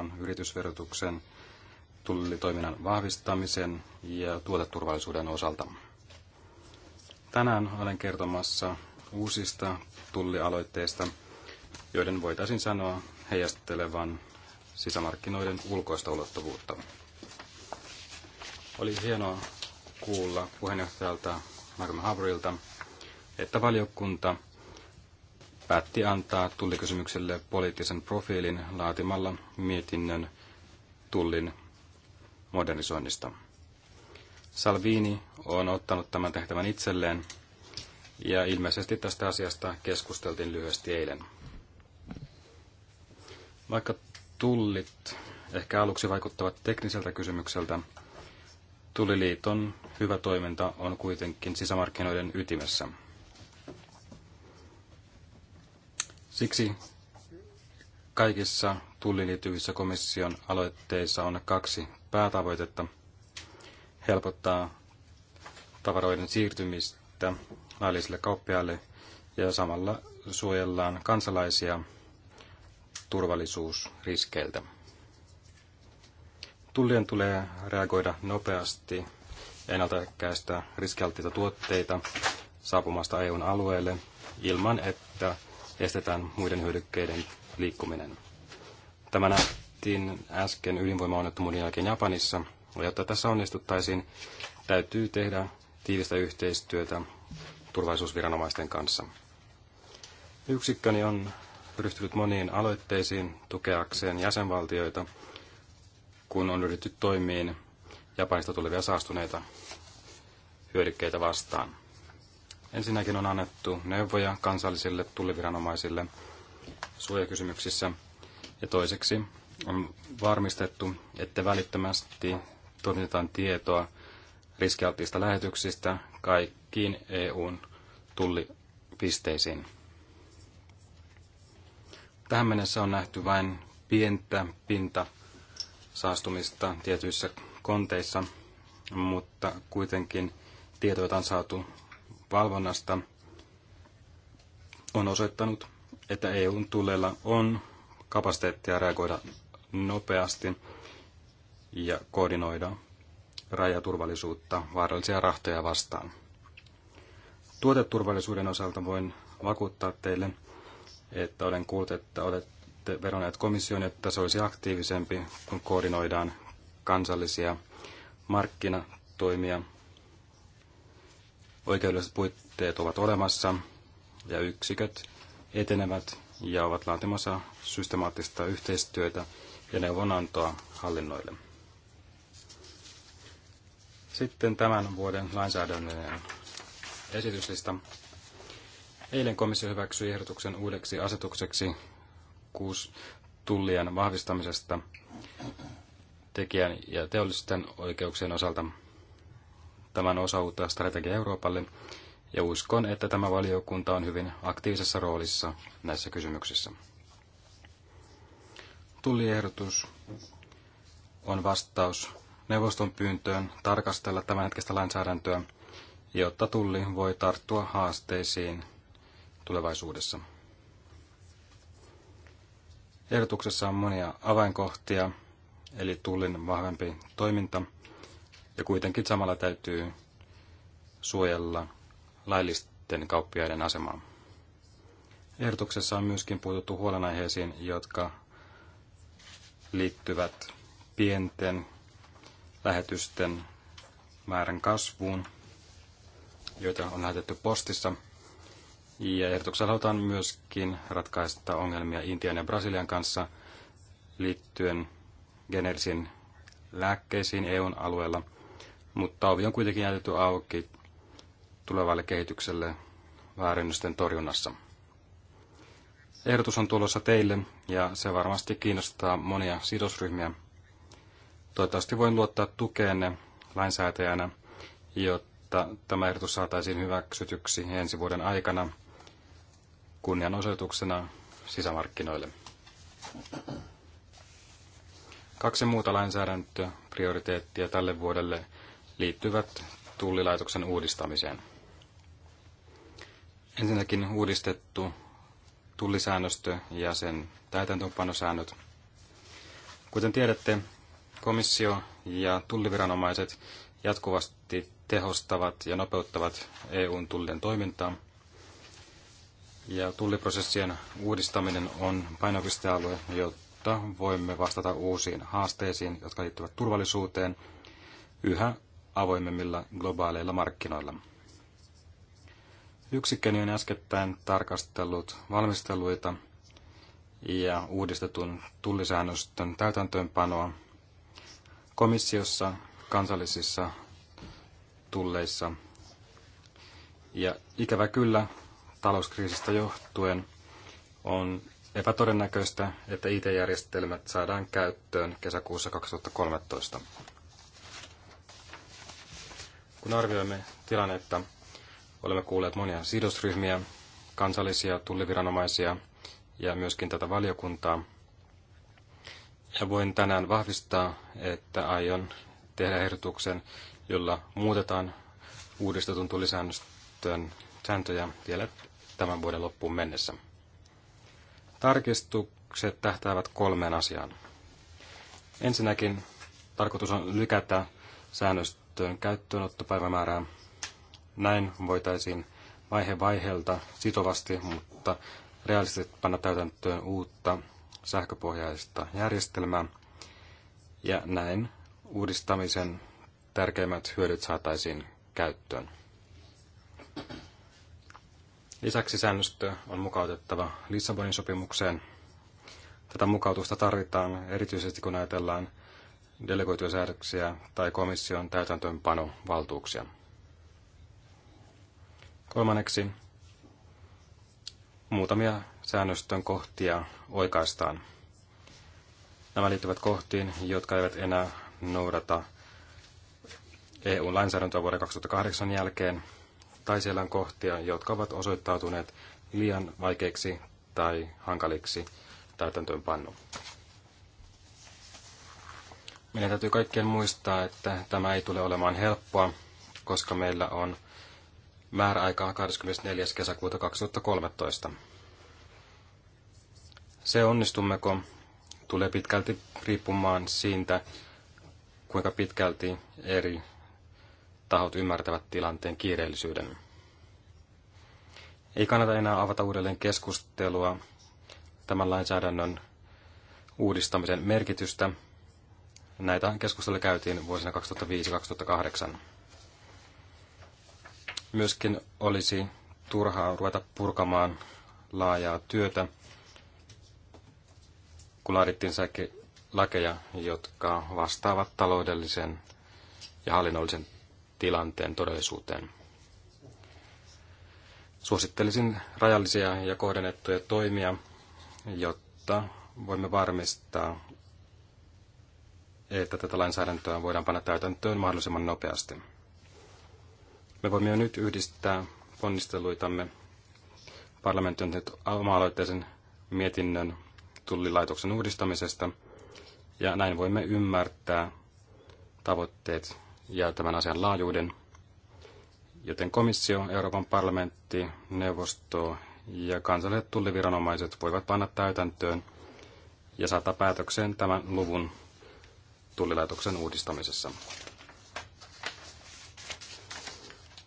on yritysverotuksen, tullitoiminnan vahvistamisen ja tuoteturvallisuuden osalta. Tänään olen kertomassa uusista tullialoitteista, joiden voitaisiin sanoa heijastelevan sisämarkkinoiden ulkoista ulottuvuutta. Oli hienoa kuulla puheenjohtajalta Malcolm Havrilta, että valiokunta – päätti antaa tullikysymykselle poliittisen profiilin laatimalla mietinnön tullin modernisoinnista. Salvini on ottanut tämän tehtävän itselleen ja ilmeisesti tästä asiasta keskusteltiin lyhyesti eilen. Vaikka tullit ehkä aluksi vaikuttavat tekniseltä kysymykseltä, tulliliiton hyvä toiminta on kuitenkin sisämarkkinoiden ytimessä – Siksi kaikissa tulliin liittyvissä komission aloitteissa on kaksi päätavoitetta. Helpottaa tavaroiden siirtymistä laillisille kauppiaille ja samalla suojellaan kansalaisia turvallisuusriskeiltä. Tullien tulee reagoida nopeasti ja ennaltaehkäistä riskialttiita tuotteita saapumasta EUn alueelle ilman, että estetään muiden hyödykkeiden liikkuminen. Tämä nähtiin äsken ydinvoimaonnettomuuden jälkeen Japanissa, ja jotta tässä onnistuttaisiin, täytyy tehdä tiivistä yhteistyötä turvallisuusviranomaisten kanssa. Yksikköni on ryhtynyt moniin aloitteisiin tukeakseen jäsenvaltioita, kun on ryhdytty toimiin Japanista tulevia saastuneita hyödykkeitä vastaan. Ensinnäkin on annettu neuvoja kansallisille tulliviranomaisille suojakysymyksissä ja toiseksi on varmistettu, että välittömästi toimitetaan tietoa riskialttiista lähetyksistä kaikkiin EUn tullipisteisiin. Tähän mennessä on nähty vain pientä pinta saastumista tietyissä konteissa, mutta kuitenkin tietoja on saatu valvonnasta on osoittanut, että EUn tulleilla on kapasiteettia reagoida nopeasti ja koordinoida rajaturvallisuutta vaarallisia rahtoja vastaan. Tuoteturvallisuuden osalta voin vakuuttaa teille, että olen kuullut, että olette veroneet komission, että se olisi aktiivisempi, kun koordinoidaan kansallisia markkinatoimia Oikeudelliset puitteet ovat olemassa ja yksiköt etenevät ja ovat laatimassa systemaattista yhteistyötä ja neuvonantoa hallinnoille. Sitten tämän vuoden lainsäädännön esityslista. Eilen komissio hyväksyi ehdotuksen uudeksi asetukseksi kuusi tullien vahvistamisesta tekijän ja teollisten oikeuksien osalta Tämän on osa uutta Euroopalle, ja uskon, että tämä valiokunta on hyvin aktiivisessa roolissa näissä kysymyksissä. Tulliehdotus on vastaus neuvoston pyyntöön tarkastella tämänhetkistä lainsäädäntöä, jotta tulli voi tarttua haasteisiin tulevaisuudessa. Ehdotuksessa on monia avainkohtia, eli tullin vahvempi toiminta – ja kuitenkin samalla täytyy suojella laillisten kauppiaiden asemaa. Ehdotuksessa on myöskin puututtu huolenaiheisiin, jotka liittyvät pienten lähetysten määrän kasvuun, joita on lähetetty postissa. Ja ehdotuksella halutaan myöskin ratkaista ongelmia Intian ja Brasilian kanssa liittyen generisiin lääkkeisiin EUn alueella – mutta ovi on kuitenkin jätetty auki tulevalle kehitykselle väärennysten torjunnassa. Ehdotus on tulossa teille ja se varmasti kiinnostaa monia sidosryhmiä. Toivottavasti voin luottaa tukeenne lainsäätäjänä, jotta tämä ehdotus saataisiin hyväksytyksi ensi vuoden aikana kunnianosoituksena sisämarkkinoille. Kaksi muuta lainsäädäntöprioriteettia tälle vuodelle liittyvät tullilaitoksen uudistamiseen. Ensinnäkin uudistettu tullisäännöstö ja sen täytäntöönpanosäännöt. Kuten tiedätte, komissio ja tulliviranomaiset jatkuvasti tehostavat ja nopeuttavat EUn tullien toimintaa. Ja tulliprosessien uudistaminen on painopistealue, jotta voimme vastata uusiin haasteisiin, jotka liittyvät turvallisuuteen, yhä avoimemmilla globaaleilla markkinoilla. Yksikköni on äskettäin tarkastellut valmisteluita ja uudistetun tullisäännöstön täytäntöönpanoa komissiossa, kansallisissa tulleissa. Ja ikävä kyllä talouskriisistä johtuen on epätodennäköistä, että IT-järjestelmät saadaan käyttöön kesäkuussa 2013. Kun arvioimme tilannetta, olemme kuulleet monia sidosryhmiä, kansallisia tulliviranomaisia ja myöskin tätä valiokuntaa. Ja voin tänään vahvistaa, että aion tehdä ehdotuksen, jolla muutetaan uudistetun tullisäännöstön sääntöjä vielä tämän vuoden loppuun mennessä. Tarkistukset tähtäävät kolmeen asiaan. Ensinnäkin tarkoitus on lykätä säännöstä käyttöön käyttöönottopäivämäärää. Näin voitaisiin vaihe vaiheelta sitovasti, mutta realistisesti panna täytäntöön uutta sähköpohjaista järjestelmää. Ja näin uudistamisen tärkeimmät hyödyt saataisiin käyttöön. Lisäksi säännöstö on mukautettava Lissabonin sopimukseen. Tätä mukautusta tarvitaan erityisesti kun ajatellaan delegoituja säädöksiä tai komission täytäntöönpanovaltuuksia. Kolmanneksi muutamia säännöstön kohtia oikaistaan. Nämä liittyvät kohtiin, jotka eivät enää noudata EU-lainsäädäntöä vuoden 2008 jälkeen, tai siellä on kohtia, jotka ovat osoittautuneet liian vaikeiksi tai hankaliksi täytäntöönpannu. Meidän täytyy kaikkien muistaa, että tämä ei tule olemaan helppoa, koska meillä on määräaika 24. kesäkuuta 2013. Se onnistummeko tulee pitkälti riippumaan siitä, kuinka pitkälti eri tahot ymmärtävät tilanteen kiireellisyyden. Ei kannata enää avata uudelleen keskustelua tämän lainsäädännön uudistamisen merkitystä, Näitä keskusteluja käytiin vuosina 2005-2008. Myöskin olisi turhaa ruveta purkamaan laajaa työtä, kun laadittiin lakeja, jotka vastaavat taloudellisen ja hallinnollisen tilanteen todellisuuteen. Suosittelisin rajallisia ja kohdennettuja toimia, jotta voimme varmistaa että tätä lainsäädäntöä voidaan panna täytäntöön mahdollisimman nopeasti. Me voimme jo nyt yhdistää ponnisteluitamme. parlamentin oma-aloitteisen mietinnön tullilaitoksen uudistamisesta, ja näin voimme ymmärtää tavoitteet ja tämän asian laajuuden. Joten komissio, Euroopan parlamentti, neuvosto ja kansalliset tulliviranomaiset voivat panna täytäntöön ja saattaa päätökseen tämän luvun tullilaitoksen uudistamisessa.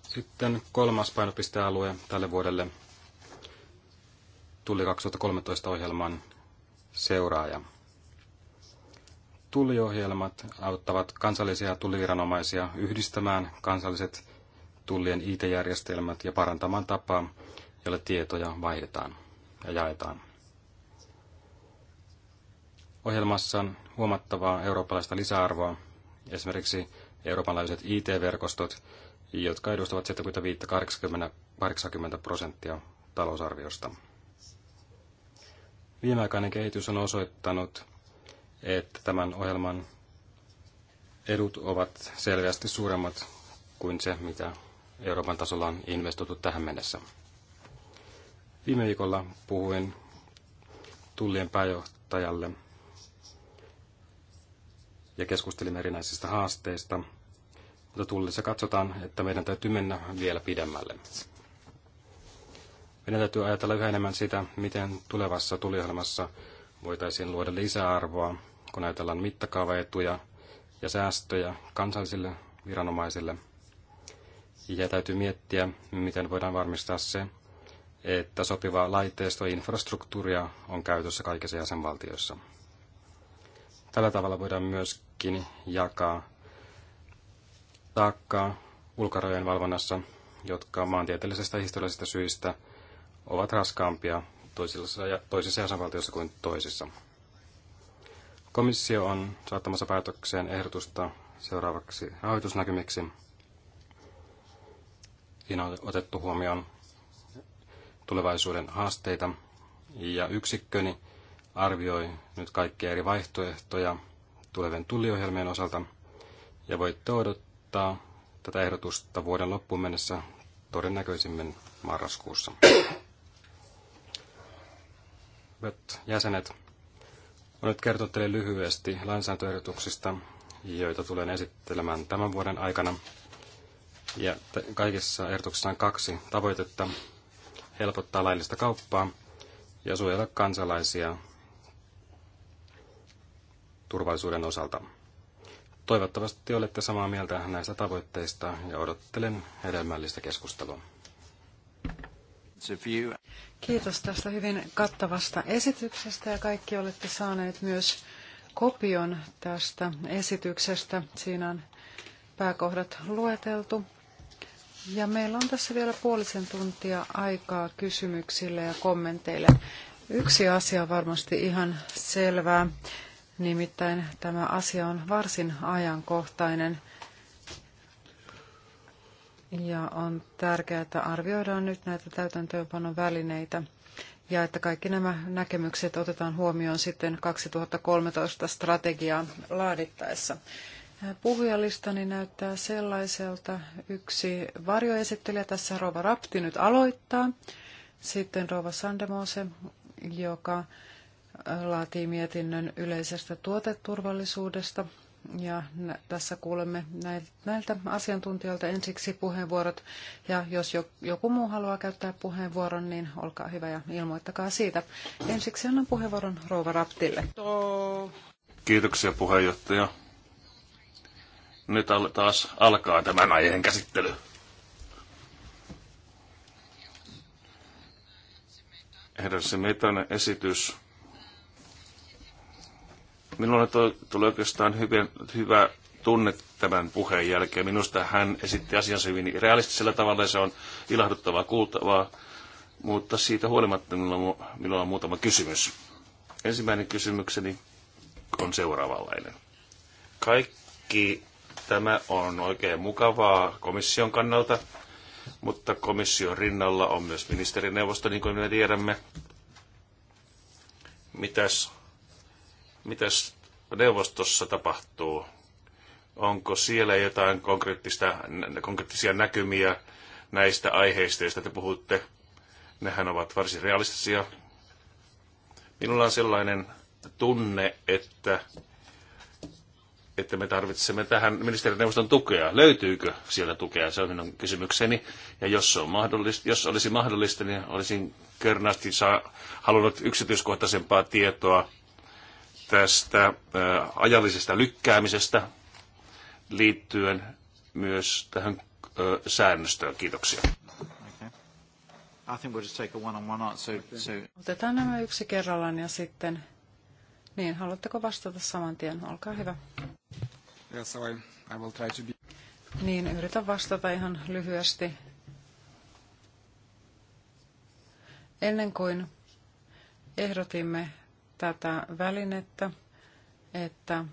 Sitten kolmas painopistealue tälle vuodelle tuli 2013 ohjelman seuraaja. Tulliohjelmat auttavat kansallisia tulliviranomaisia yhdistämään kansalliset tullien IT-järjestelmät ja parantamaan tapaa, jolla tietoja vaihdetaan ja jaetaan. Ohjelmassa huomattavaa eurooppalaista lisäarvoa, esimerkiksi eurooppalaiset IT-verkostot, jotka edustavat 75-80 prosenttia talousarviosta. Viimeaikainen kehitys on osoittanut, että tämän ohjelman edut ovat selvästi suuremmat kuin se, mitä Euroopan tasolla on investoitu tähän mennessä. Viime viikolla puhuin tullien pääjohtajalle ja keskustelimme erinäisistä haasteista, mutta tullissa katsotaan, että meidän täytyy mennä vielä pidemmälle. Meidän täytyy ajatella yhä enemmän sitä, miten tulevassa tuliohjelmassa voitaisiin luoda lisäarvoa, kun ajatellaan mittakaavaetuja ja säästöjä kansallisille viranomaisille. Ja täytyy miettiä, miten voidaan varmistaa se, että sopiva ja infrastruktuuria on käytössä kaikissa jäsenvaltioissa. Tällä tavalla voidaan myöskin jakaa taakkaa ulkorajojen valvonnassa, jotka maantieteellisestä ja historiallisista syistä ovat raskaampia toisissa jäsenvaltioissa kuin toisissa. Komissio on saattamassa päätökseen ehdotusta seuraavaksi rahoitusnäkymiksi. Siinä on otettu huomioon tulevaisuuden haasteita ja yksikköni arvioi nyt kaikkia eri vaihtoehtoja tulevien tulliohjelmien osalta ja voitte odottaa tätä ehdotusta vuoden loppuun mennessä todennäköisimmin marraskuussa. Hyvät jäsenet, olen nyt kertonut teille lyhyesti lainsäädäntöehdotuksista, joita tulen esittelemään tämän vuoden aikana. Ja kaikissa ehdotuksissa on kaksi tavoitetta. Helpottaa laillista kauppaa ja suojella kansalaisia turvallisuuden osalta. Toivottavasti olette samaa mieltä näistä tavoitteista ja odottelen hedelmällistä keskustelua. Kiitos tästä hyvin kattavasta esityksestä ja kaikki olette saaneet myös kopion tästä esityksestä. Siinä on pääkohdat lueteltu. Ja meillä on tässä vielä puolisen tuntia aikaa kysymyksille ja kommenteille. Yksi asia on varmasti ihan selvää. Nimittäin tämä asia on varsin ajankohtainen ja on tärkeää, että arvioidaan nyt näitä täytäntöönpanon välineitä ja että kaikki nämä näkemykset otetaan huomioon sitten 2013 strategiaa laadittaessa. Puhujalistani näyttää sellaiselta. Yksi varjoesittelijä tässä Rova Rapti nyt aloittaa. Sitten Rova Sandemose, joka laatii mietinnön yleisestä tuoteturvallisuudesta. Ja tässä kuulemme näiltä asiantuntijoilta ensiksi puheenvuorot. Ja jos joku muu haluaa käyttää puheenvuoron, niin olkaa hyvä ja ilmoittakaa siitä. Ensiksi annan puheenvuoron Rouva Raptille. Kiitoksia puheenjohtaja. Nyt taas alkaa tämän aiheen käsittely. Herra Semetanen esitys Minulle tuli oikeastaan hyvin, hyvä tunne tämän puheen jälkeen. Minusta hän esitti asiansa hyvin realistisella tavalla ja se on ilahduttavaa kuultavaa, mutta siitä huolimatta minulla on, minulla on muutama kysymys. Ensimmäinen kysymykseni on seuraavanlainen. Kaikki tämä on oikein mukavaa komission kannalta, mutta komission rinnalla on myös ministerineuvosto, niin kuin me tiedämme. Mitäs Mitäs neuvostossa tapahtuu? Onko siellä jotain konkreettista, konkreettisia näkymiä näistä aiheista, joista te puhutte? Nehän ovat varsin realistisia. Minulla on sellainen tunne, että, että me tarvitsemme tähän ministerineuvoston tukea. Löytyykö sieltä tukea? Se on minun kysymykseni. Ja jos, se on mahdollista, jos olisi mahdollista, niin olisin kernaasti saa, halunnut yksityiskohtaisempaa tietoa tästä ajallisesta lykkäämisestä liittyen myös tähän säännöstöön. Kiitoksia. Otetaan nämä yksi kerrallaan ja sitten, niin haluatteko vastata saman tien? Olkaa hyvä. Yes, I, I will try to be... Niin, yritän vastata ihan lyhyesti. Ennen kuin ehdotimme tätä välinettä, että,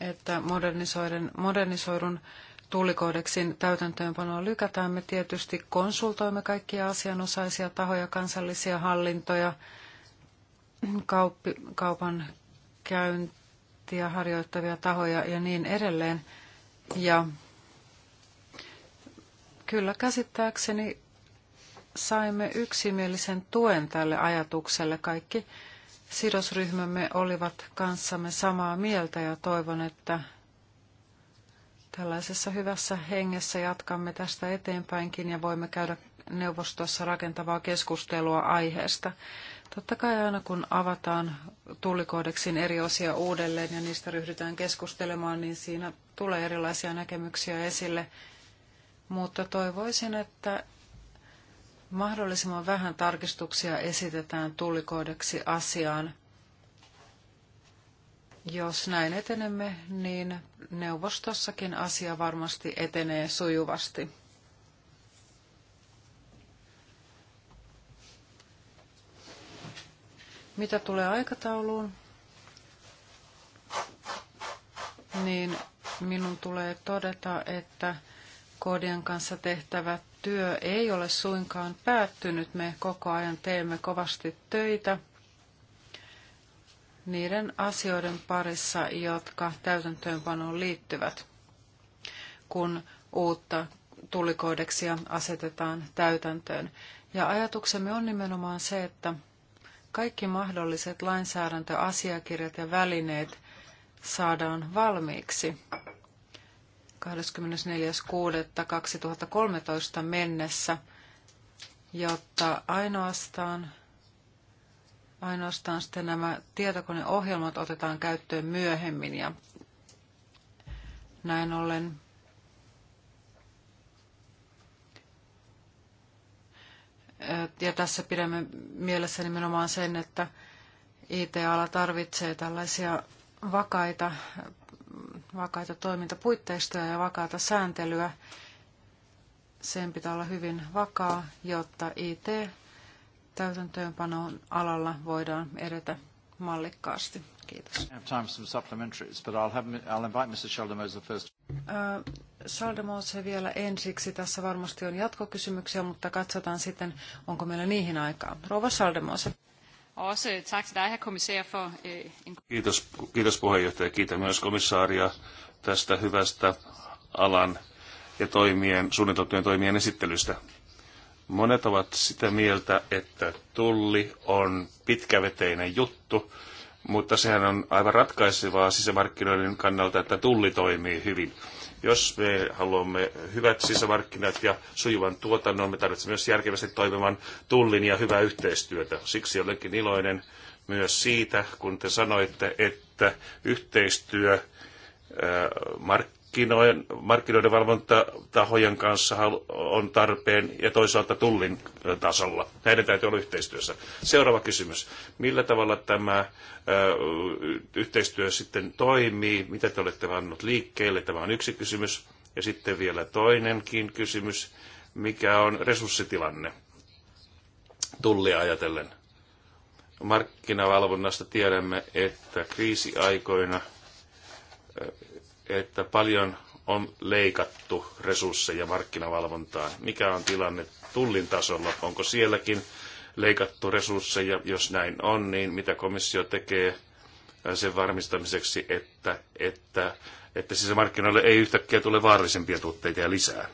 että modernisoidun, modernisoidun tuulikoodeksin täytäntöönpanoa lykätään. Me tietysti konsultoimme kaikkia asianosaisia tahoja, kansallisia hallintoja, kauppi, kaupan käyntiä harjoittavia tahoja ja niin edelleen. Ja kyllä käsittääkseni saimme yksimielisen tuen tälle ajatukselle. Kaikki sidosryhmämme olivat kanssamme samaa mieltä ja toivon, että tällaisessa hyvässä hengessä jatkamme tästä eteenpäinkin ja voimme käydä neuvostossa rakentavaa keskustelua aiheesta. Totta kai aina kun avataan tullikoodeksin eri osia uudelleen ja niistä ryhdytään keskustelemaan, niin siinä tulee erilaisia näkemyksiä esille. Mutta toivoisin, että Mahdollisimman vähän tarkistuksia esitetään tullikoodeksi asiaan. Jos näin etenemme, niin neuvostossakin asia varmasti etenee sujuvasti. Mitä tulee aikatauluun, niin minun tulee todeta, että koodien kanssa tehtävät työ ei ole suinkaan päättynyt. Me koko ajan teemme kovasti töitä niiden asioiden parissa, jotka täytäntöönpanoon liittyvät, kun uutta tulikoodeksia asetetaan täytäntöön. Ja ajatuksemme on nimenomaan se, että kaikki mahdolliset lainsäädäntöasiakirjat ja välineet saadaan valmiiksi. 24.6.2013 mennessä, jotta ainoastaan, ainoastaan sitten nämä tietokoneohjelmat otetaan käyttöön myöhemmin ja näin ollen ja tässä pidämme mielessä nimenomaan sen, että IT-ala tarvitsee tällaisia vakaita vakaita toimintapuitteistoja ja vakaata sääntelyä. Sen pitää olla hyvin vakaa, jotta IT-täytäntöönpanon alalla voidaan edetä mallikkaasti. Kiitos. Saldemose vielä ensiksi. Tässä varmasti on jatkokysymyksiä, mutta katsotaan sitten, onko meillä niihin aikaa. Rouva Saldemose. Også tak til dig, kommissær, for øh, en... Kiitos, kiitos puheenjohtaja. Kiitän myös komissaaria tästä hyvästä alan ja toimien, suunniteltujen toimien esittelystä. Monet ovat sitä mieltä, että tulli on pitkäveteinen juttu, mutta sehän on aivan ratkaisevaa sisämarkkinoiden kannalta, että tulli toimii hyvin. Jos me haluamme hyvät sisämarkkinat ja sujuvan tuotannon, me tarvitsemme myös järkevästi toimivan tullin ja hyvää yhteistyötä. Siksi olenkin iloinen myös siitä, kun te sanoitte, että yhteistyö mark- markkinoiden, markkinoiden valvontatahojen kanssa on tarpeen ja toisaalta tullin tasolla. Näiden täytyy olla yhteistyössä. Seuraava kysymys. Millä tavalla tämä yhteistyö sitten toimii? Mitä te olette vannut liikkeelle? Tämä on yksi kysymys. Ja sitten vielä toinenkin kysymys. Mikä on resurssitilanne tullia ajatellen? Markkinavalvonnasta tiedämme, että kriisiaikoina että paljon on leikattu resursseja markkinavalvontaan. Mikä on tilanne tullin tasolla? Onko sielläkin leikattu resursseja? Jos näin on, niin mitä komissio tekee sen varmistamiseksi, että, että, että sisämarkkinoille ei yhtäkkiä tule vaarallisempia tuotteita ja lisää?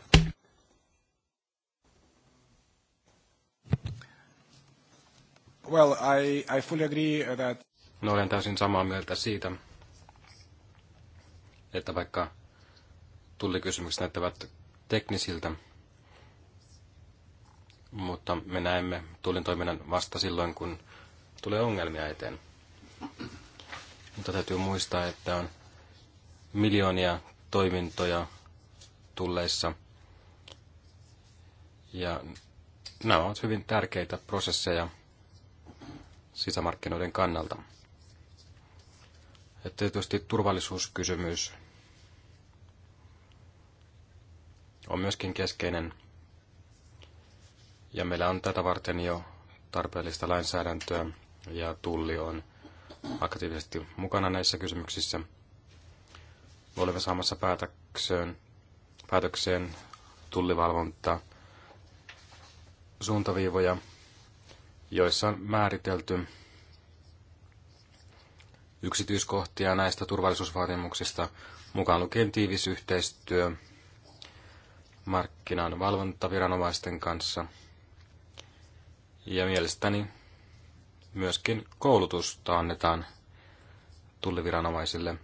Well, I, I fully agree that... No olen täysin samaa mieltä siitä, että vaikka tullikysymykset näyttävät teknisiltä, mutta me näemme tullin toiminnan vasta silloin, kun tulee ongelmia eteen. Mutta täytyy muistaa, että on miljoonia toimintoja tulleissa. Ja nämä ovat hyvin tärkeitä prosesseja sisämarkkinoiden kannalta. Ja tietysti turvallisuuskysymys on myöskin keskeinen. Ja meillä on tätä varten jo tarpeellista lainsäädäntöä ja tulli on aktiivisesti mukana näissä kysymyksissä. Me olemme saamassa päätökseen, päätökseen tullivalvonta suuntaviivoja, joissa on määritelty yksityiskohtia näistä turvallisuusvaatimuksista, mukaan lukien tiivis yhteistyö markkinan valvontaviranomaisten kanssa. Ja mielestäni myöskin koulutusta annetaan tulliviranomaisille,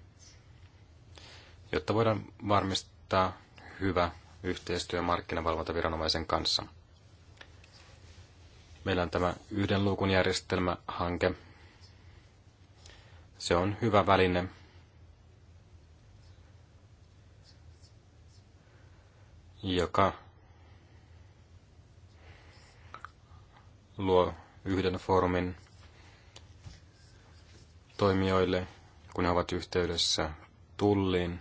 jotta voidaan varmistaa hyvä yhteistyö markkinavalvontaviranomaisen kanssa. Meillä on tämä yhden luukun järjestelmähanke. Se on hyvä väline joka luo yhden foorumin toimijoille, kun he ovat yhteydessä tulliin.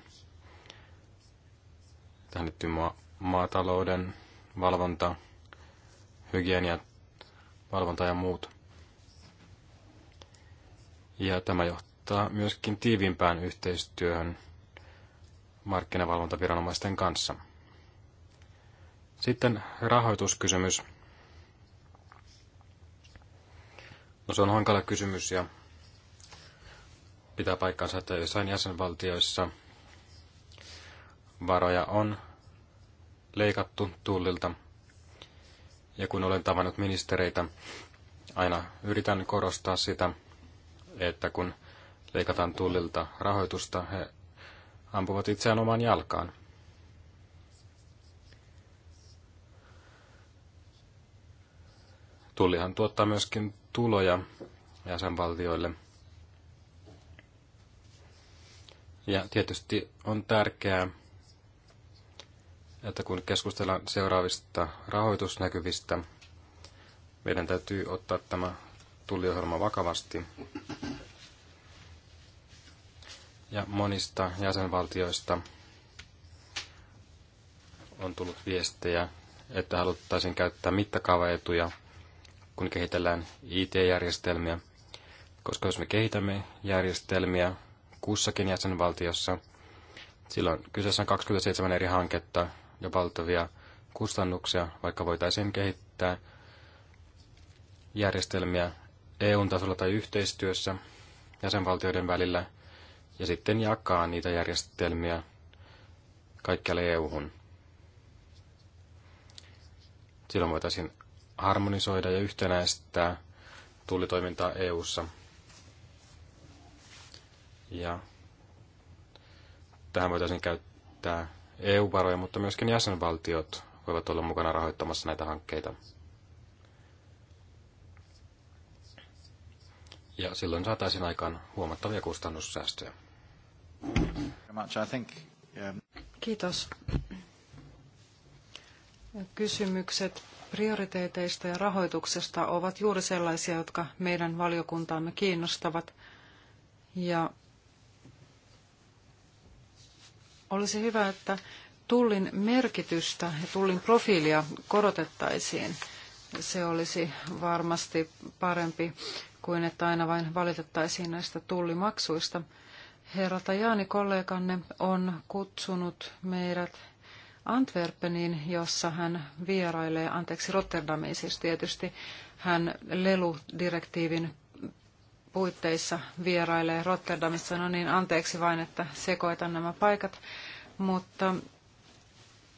Tähän liittyy ma- maatalouden valvonta, hygienia, valvonta ja muut. Ja tämä johtaa myöskin tiiviimpään yhteistyöhön markkinavalvontaviranomaisten kanssa. Sitten rahoituskysymys. No se on hankala kysymys ja pitää paikkansa, että jossain jäsenvaltioissa varoja on leikattu tullilta. Ja kun olen tavannut ministereitä, aina yritän korostaa sitä, että kun leikataan tullilta rahoitusta, he ampuvat itseään omaan jalkaan. Tullihan tuottaa myöskin tuloja jäsenvaltioille. Ja tietysti on tärkeää, että kun keskustellaan seuraavista rahoitusnäkyvistä, meidän täytyy ottaa tämä tulliohjelma vakavasti. Ja monista jäsenvaltioista on tullut viestejä, että haluttaisiin käyttää mittakaavaetuja – kun kehitellään IT-järjestelmiä, koska jos me kehitämme järjestelmiä kussakin jäsenvaltiossa, silloin kyseessä on 27 eri hanketta ja valtavia kustannuksia, vaikka voitaisiin kehittää järjestelmiä EU-tasolla tai yhteistyössä jäsenvaltioiden välillä ja sitten jakaa niitä järjestelmiä kaikkialle EU-hun. Silloin voitaisiin harmonisoida ja yhtenäistää tullitoimintaa EU:ssa. Ja tähän voitaisiin käyttää EU-varoja, mutta myöskin jäsenvaltiot voivat olla mukana rahoittamassa näitä hankkeita. Ja silloin saataisiin aikaan huomattavia kustannussäästöjä. Kiitos. Kysymykset prioriteeteista ja rahoituksesta ovat juuri sellaisia, jotka meidän valiokuntaamme kiinnostavat. Ja olisi hyvä, että tullin merkitystä ja tullin profiilia korotettaisiin. Se olisi varmasti parempi kuin että aina vain valitettaisiin näistä tullimaksuista. Herra Tajani kolleganne on kutsunut meidät Antwerpeniin, jossa hän vierailee, anteeksi Rotterdamiin siis tietysti, hän leludirektiivin puitteissa vierailee Rotterdamissa. No niin, anteeksi vain, että sekoitan nämä paikat, mutta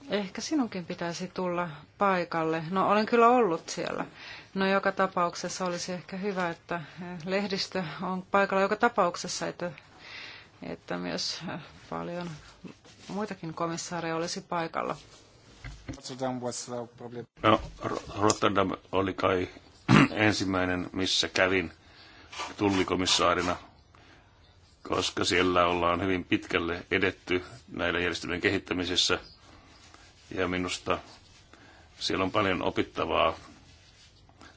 ehkä sinunkin pitäisi tulla paikalle. No olen kyllä ollut siellä. No joka tapauksessa olisi ehkä hyvä, että lehdistö on paikalla joka tapauksessa, että, että myös paljon muitakin komissaareja olisi paikalla. Uh, no, Rotterdam oli kai ensimmäinen, missä kävin tullikomissaarina, koska siellä ollaan hyvin pitkälle edetty näiden järjestelmien kehittämisessä. Ja minusta siellä on paljon opittavaa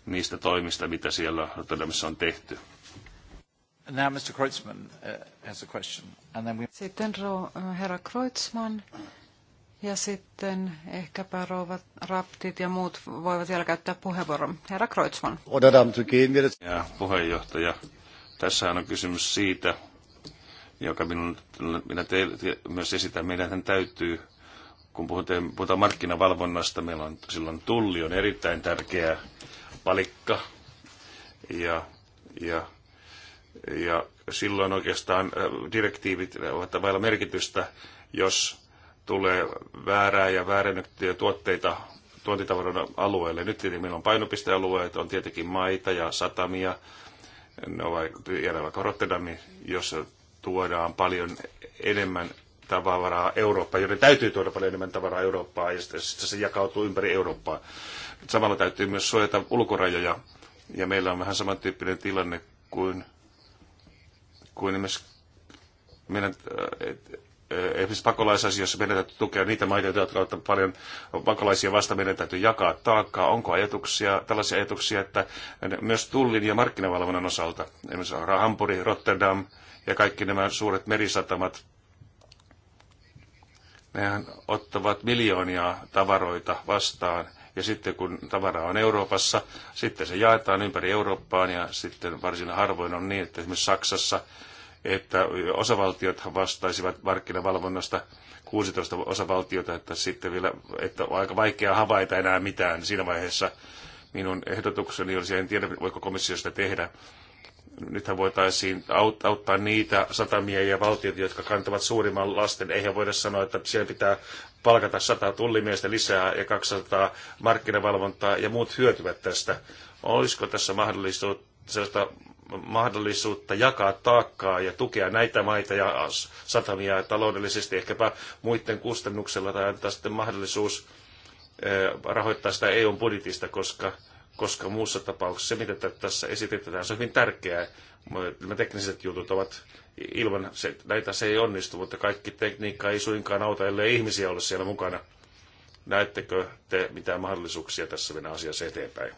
niistä toimista, mitä siellä Rotterdamissa on tehty. Now Mr. Kreutzmann uh, has a question. And then we... Sitten äh, herra Kreutzmann ja sitten ehkäpä rouvat raptit ja muut voivat vielä käyttää puheenvuoron. Herra Kreutzmann. Ja puheenjohtaja, tässähän on kysymys siitä, joka minun, minä teille myös esitän. Meidän täytyy, kun puhutaan, puhutaan markkinavalvonnasta, meillä on silloin tulli on erittäin tärkeä palikka ja, ja ja silloin oikeastaan direktiivit ovat vailla merkitystä, jos tulee väärää ja väärennettyjä tuotteita tuontitavaroiden alueelle. Nyt tietenkin meillä on painopistealueet, on tietenkin maita ja satamia. No ovat vaikka Rotterdamin, jos tuodaan paljon enemmän tavaraa Eurooppaan, joiden täytyy tuoda paljon enemmän tavaraa Eurooppaan, ja sitten se jakautuu ympäri Eurooppaa. Samalla täytyy myös suojata ulkorajoja, ja meillä on vähän samantyyppinen tilanne kuin kuin myös meidän äh, äh, esimerkiksi pakolaisasioissa meidän täytyy tukea niitä maita, jotka ovat paljon pakolaisia vasta. Meidän täytyy jakaa taakkaa. Onko ajatuksia, tällaisia ajatuksia, että myös tullin ja markkinavalvonnan osalta, esimerkiksi Hampuri, Rotterdam ja kaikki nämä suuret merisatamat, nehän ottavat miljoonia tavaroita vastaan – ja sitten kun tavara on Euroopassa, sitten se jaetaan ympäri Eurooppaan ja sitten varsin harvoin on niin, että esimerkiksi Saksassa, että osavaltiot vastaisivat markkinavalvonnasta 16 osavaltiota, että sitten vielä, että on aika vaikea havaita enää mitään siinä vaiheessa. Minun ehdotukseni olisi, en tiedä voiko komissio sitä tehdä, nythän voitaisiin auttaa niitä satamia ja valtioita, jotka kantavat suurimman lasten. Eihän voida sanoa, että siellä pitää palkata 100 tullimiestä lisää ja 200 markkinavalvontaa ja muut hyötyvät tästä. Olisiko tässä mahdollisuutta, mahdollisuutta jakaa taakkaa ja tukea näitä maita ja satamia taloudellisesti ehkäpä muiden kustannuksella tai antaa sitten mahdollisuus eh, rahoittaa sitä EUn budjetista, koska, koska muussa tapauksessa se, mitä tässä esitetään, se on hyvin tärkeää, Nämä tekniset jutut ovat ilman, se, näitä se ei onnistu, mutta kaikki tekniikka ei suinkaan auta, ellei ihmisiä ole siellä mukana. Näettekö te mitään mahdollisuuksia tässä mennä asiassa eteenpäin?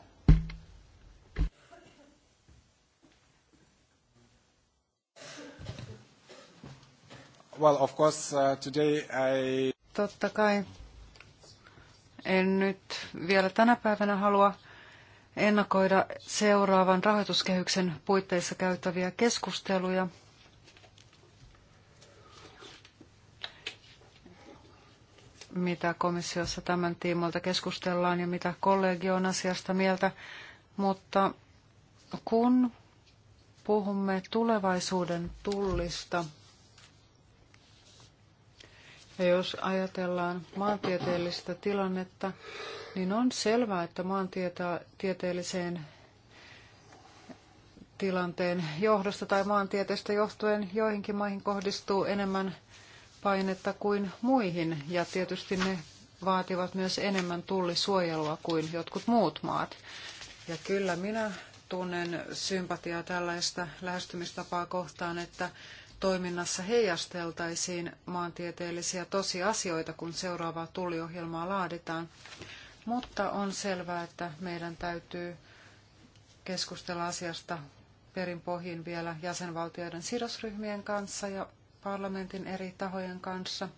Well, of course, uh, today I... Totta kai. En nyt vielä tänä päivänä halua ennakoida seuraavan rahoituskehyksen puitteissa käytäviä keskusteluja. mitä komissiossa tämän tiimoilta keskustellaan ja mitä kollegio on asiasta mieltä. Mutta kun puhumme tulevaisuuden tullista, ja jos ajatellaan maantieteellistä tilannetta, niin on selvää, että maantieteelliseen tilanteen johdosta tai maantieteestä johtuen joihinkin maihin kohdistuu enemmän painetta kuin muihin. Ja tietysti ne vaativat myös enemmän tullisuojelua kuin jotkut muut maat. Ja kyllä minä tunnen sympatiaa tällaista lähestymistapaa kohtaan, että toiminnassa heijasteltaisiin maantieteellisiä tosiasioita, kun seuraavaa tuliohjelmaa laaditaan. Mutta on selvää, että meidän täytyy keskustella asiasta perin pohjin vielä jäsenvaltioiden sidosryhmien kanssa ja parlamentin eri tahojen kanssa.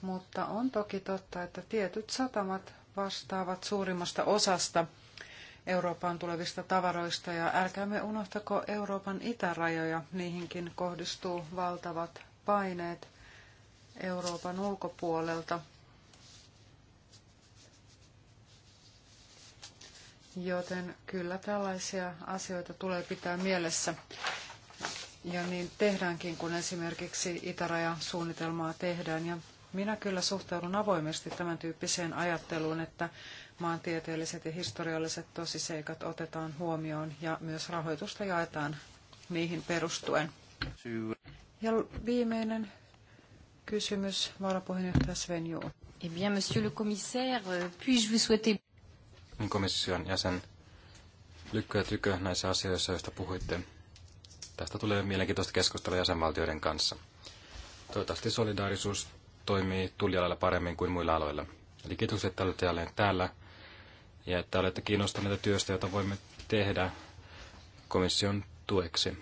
Mutta on toki totta, että tietyt satamat vastaavat suurimmasta osasta Eurooppaan tulevista tavaroista ja älkäämme unohtako Euroopan itärajoja, niihinkin kohdistuu valtavat paineet Euroopan ulkopuolelta. Joten kyllä tällaisia asioita tulee pitää mielessä. Ja niin tehdäänkin, kun esimerkiksi itärajasuunnitelmaa tehdään. Ja minä kyllä suhtaudun avoimesti tämän tyyppiseen ajatteluun, että maantieteelliset ja historialliset tosiseikat otetaan huomioon ja myös rahoitusta jaetaan niihin perustuen. Ja viimeinen kysymys varapuheenjohtaja Sven Eh bien, monsieur le commissaire, euh, puis-je vous souhaiter... Niin, komission jäsen, lykkö ja tykö näissä asioissa, joista puhuitte. Tästä tulee mielenkiintoista keskustelua jäsenvaltioiden kanssa. Toivottavasti solidaarisuus toimii tulialalla paremmin kuin muilla aloilla. Eli kiitokset, että olette jälleen täällä ja että olette kiinnostuneita työstä, jota voimme tehdä komission tueksi.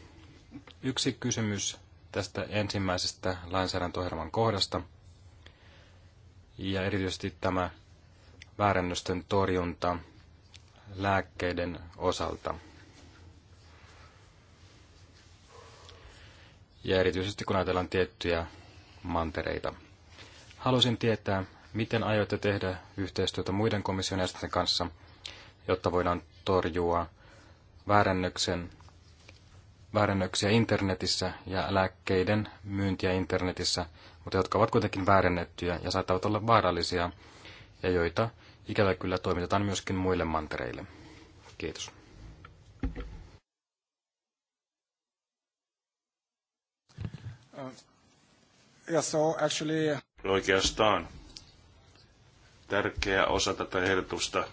Yksi kysymys tästä ensimmäisestä lainsäädäntöohjelman kohdasta ja erityisesti tämä väärännösten torjunta lääkkeiden osalta. Ja erityisesti kun ajatellaan tiettyjä mantereita. Haluaisin tietää, Miten aiotte tehdä yhteistyötä muiden komission jäsenten kanssa, jotta voidaan torjua väärännöksen, väärännöksiä internetissä ja lääkkeiden myyntiä internetissä, mutta jotka ovat kuitenkin väärennettyjä ja saattavat olla vaarallisia ja joita ikävä kyllä toimitetaan myöskin muille mantereille. Kiitos. Uh, yeah, so actually... Uh, Oikeastaan tärkeä osa tätä ehdotusta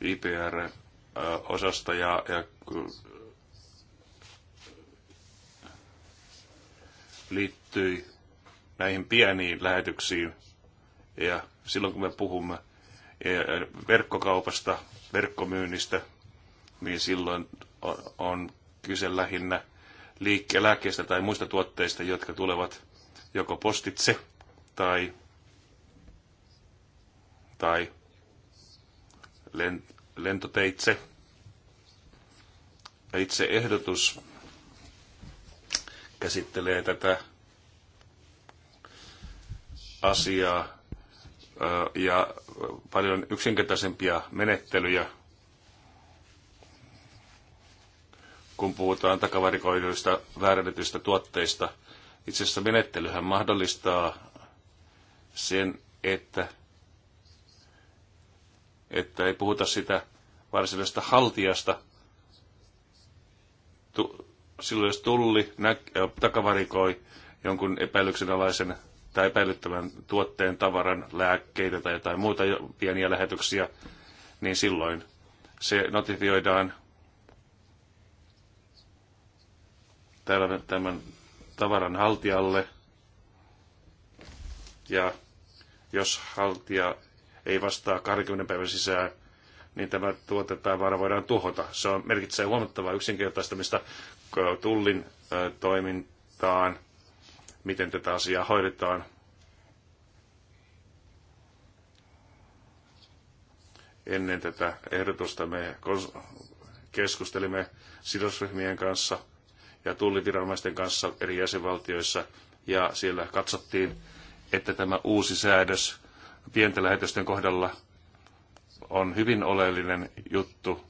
IPR-osasta ja, ja liittyi näihin pieniin lähetyksiin. Ja silloin kun me puhumme e, verkkokaupasta, verkkomyynnistä, niin silloin on kyse lähinnä liikke- tai muista tuotteista, jotka tulevat joko postitse tai tai lentoteitse. Ja itse ehdotus käsittelee tätä asiaa ja paljon yksinkertaisempia menettelyjä, kun puhutaan takavarikoiduista väärennetyistä tuotteista. Itse asiassa menettelyhän mahdollistaa sen, että että ei puhuta sitä varsinaisesta haltiasta. Tu, silloin jos tulli nä, takavarikoi jonkun epäilyksenalaisen tai epäilyttävän tuotteen, tavaran, lääkkeitä tai jotain muuta pieniä lähetyksiä, niin silloin se notifioidaan tämän tavaran haltijalle. Ja jos haltija ei vastaa 20 päivän sisään, niin tämä tuote tai vaara voidaan tuhota. Se on, merkitsee huomattavaa yksinkertaistamista tullin toimintaan, miten tätä asiaa hoidetaan. Ennen tätä ehdotusta me keskustelimme sidosryhmien kanssa ja tulliviranomaisten kanssa eri jäsenvaltioissa, ja siellä katsottiin, että tämä uusi säädös pienten lähetysten kohdalla on hyvin oleellinen juttu,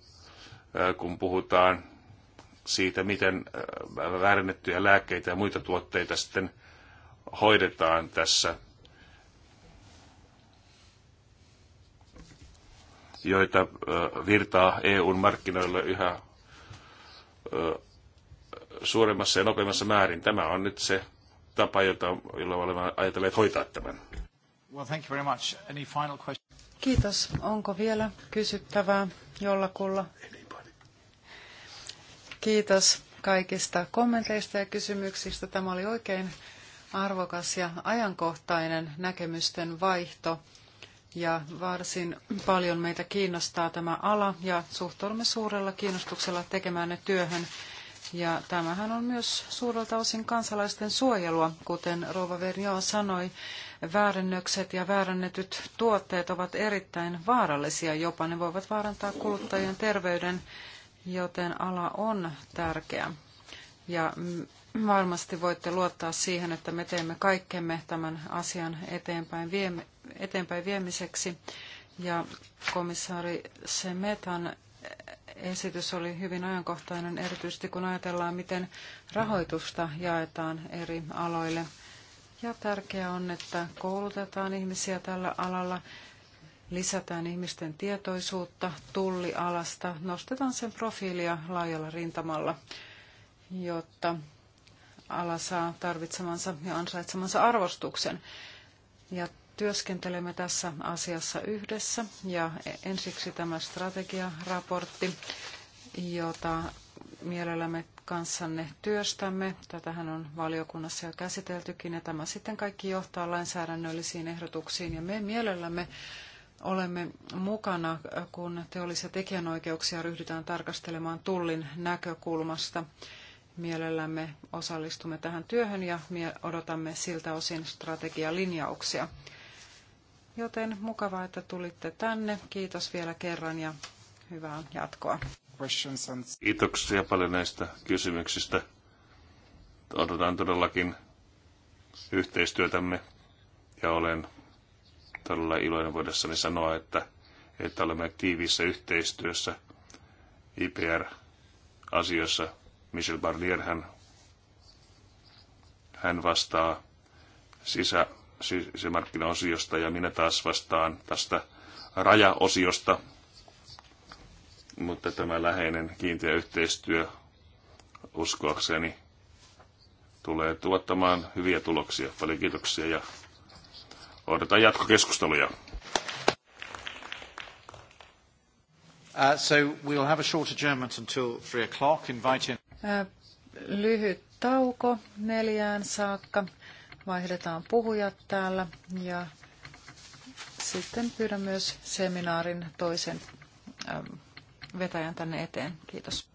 kun puhutaan siitä, miten väärennettyjä lääkkeitä ja muita tuotteita sitten hoidetaan tässä, joita virtaa EUn markkinoille yhä suuremmassa ja nopeammassa määrin. Tämä on nyt se tapa, jota, jolla olemme ajatelleet hoitaa tämän. Well, thank you very much. Any final question? Kiitos. Onko vielä kysyttävää jollakulla? Kiitos kaikista kommenteista ja kysymyksistä. Tämä oli oikein arvokas ja ajankohtainen näkemysten vaihto. Ja varsin paljon meitä kiinnostaa tämä ala ja suhtaudumme suurella kiinnostuksella tekemäänne työhön. Ja tämähän on myös suurelta osin kansalaisten suojelua, kuten Rova Vernio sanoi väärennökset ja väärennetyt tuotteet ovat erittäin vaarallisia jopa. Ne voivat vaarantaa kuluttajien terveyden, joten ala on tärkeä. Ja varmasti voitte luottaa siihen, että me teemme kaikkemme tämän asian eteenpäin, eteenpäin viemiseksi. Ja komissaari Semetan esitys oli hyvin ajankohtainen, erityisesti kun ajatellaan, miten rahoitusta jaetaan eri aloille – ja tärkeää on, että koulutetaan ihmisiä tällä alalla, lisätään ihmisten tietoisuutta tullialasta, nostetaan sen profiilia laajalla rintamalla, jotta ala saa tarvitsemansa ja ansaitsemansa arvostuksen. Ja työskentelemme tässä asiassa yhdessä ja ensiksi tämä strategiaraportti, jota mielellämme kanssanne työstämme. Tätähän on valiokunnassa jo käsiteltykin ja tämä sitten kaikki johtaa lainsäädännöllisiin ehdotuksiin ja me mielellämme olemme mukana, kun teollisia tekijänoikeuksia ryhdytään tarkastelemaan tullin näkökulmasta. Mielellämme osallistumme tähän työhön ja odotamme siltä osin strategialinjauksia. Joten mukavaa, että tulitte tänne. Kiitos vielä kerran ja hyvää jatkoa. Kiitoksia paljon näistä kysymyksistä. Odotan todellakin yhteistyötämme ja olen todella iloinen voidessani sanoa, että, että olemme tiiviissä yhteistyössä IPR-asioissa. Michel Barnier, hän, hän vastaa sisä, sisämarkkinaosiosta ja minä taas vastaan tästä rajaosiosta mutta tämä läheinen kiinteä yhteistyö uskoakseni tulee tuottamaan hyviä tuloksia. Paljon kiitoksia ja odotan jatkokeskusteluja. Uh, so we'll have a short adjournment until three o'clock, inviting... Uh, lyhyt tauko neljään saakka. Vaihdetaan puhujat täällä ja sitten pyydän myös seminaarin toisen uh, vetäjän tänne eteen. Kiitos.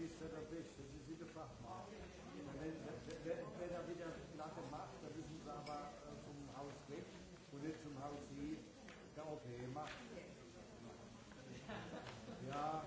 ist er der Beste, das ist der Fachmann. Wenn, wenn, wenn er wieder Platte macht, dann müssen sie aber zum Haus weg und nicht zum Haus hin, der OP macht. Ja.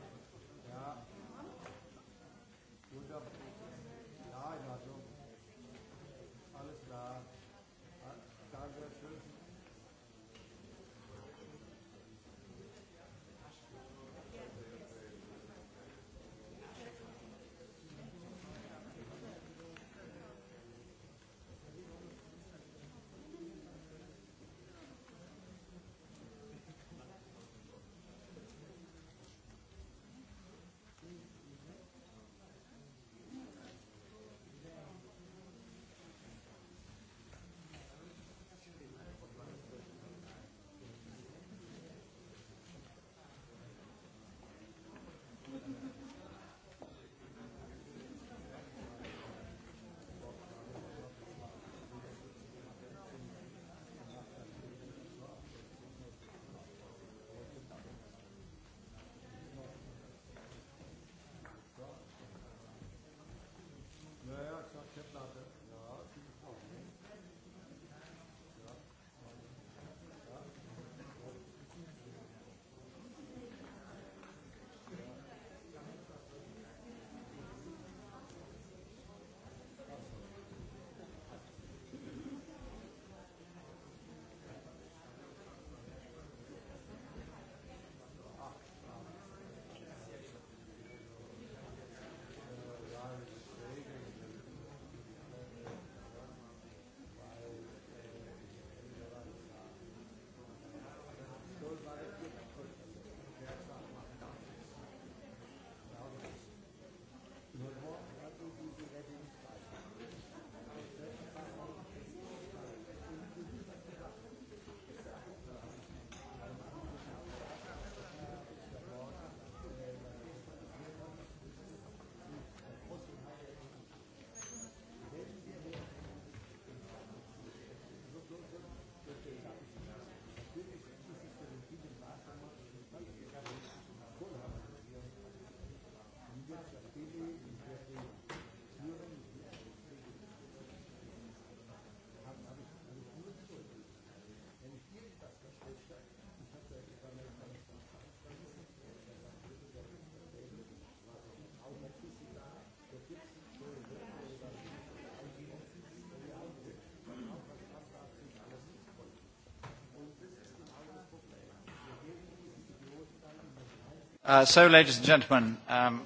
Uh, so, ladies and gentlemen, um...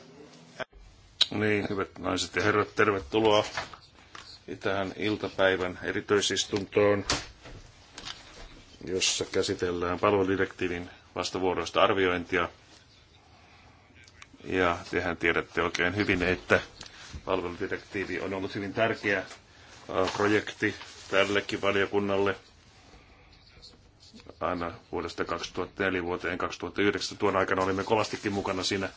Niin, hyvät naiset ja herrat, tervetuloa tähän iltapäivän erityisistuntoon, jossa käsitellään palveludirektiivin vastavuoroista arviointia. Ja tehän tiedätte oikein hyvin, että palveludirektiivi on ollut hyvin tärkeä uh, projekti tällekin valiokunnalle – aina vuodesta 2004 vuoteen 2009. Tuon aikana olimme kovastikin mukana siinä.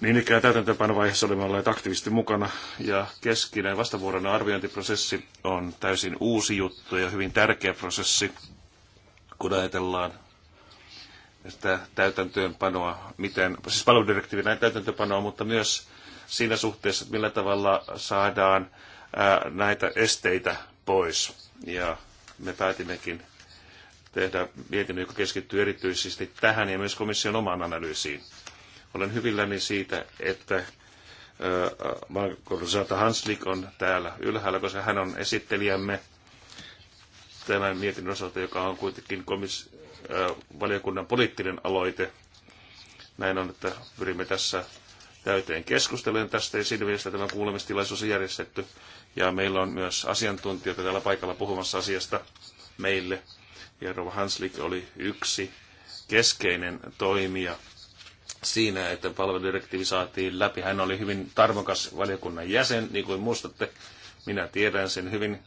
Niin ikään täytäntöönpanovaiheessa olimme olleet aktiivisesti mukana ja keskinen vastavuoroinen arviointiprosessi on täysin uusi juttu ja hyvin tärkeä prosessi, kun ajatellaan sitä täytäntöönpanoa, miten, siis palveludirektiivin näin täytäntöönpanoa, mutta myös siinä suhteessa, millä tavalla saadaan ää, näitä esteitä pois. Ja me päätimmekin tehdä mietinnön, joka keskittyy erityisesti tähän ja myös komission omaan analyysiin. Olen hyvilläni siitä, että Marko Hanslik on täällä ylhäällä, koska hän on esittelijämme tämän mietinnön osalta, joka on kuitenkin komis- valiokunnan poliittinen aloite. Näin on, että pyrimme tässä täyteen keskusteluun tästä ja siinä mielessä tämä kuulemistilaisuus on järjestetty. Ja meillä on myös asiantuntijoita täällä paikalla puhumassa asiasta meille ja Hanslik oli yksi keskeinen toimija siinä, että palveludirektiivi saatiin läpi. Hän oli hyvin tarmokas valiokunnan jäsen, niin kuin muistatte. Minä tiedän sen hyvin.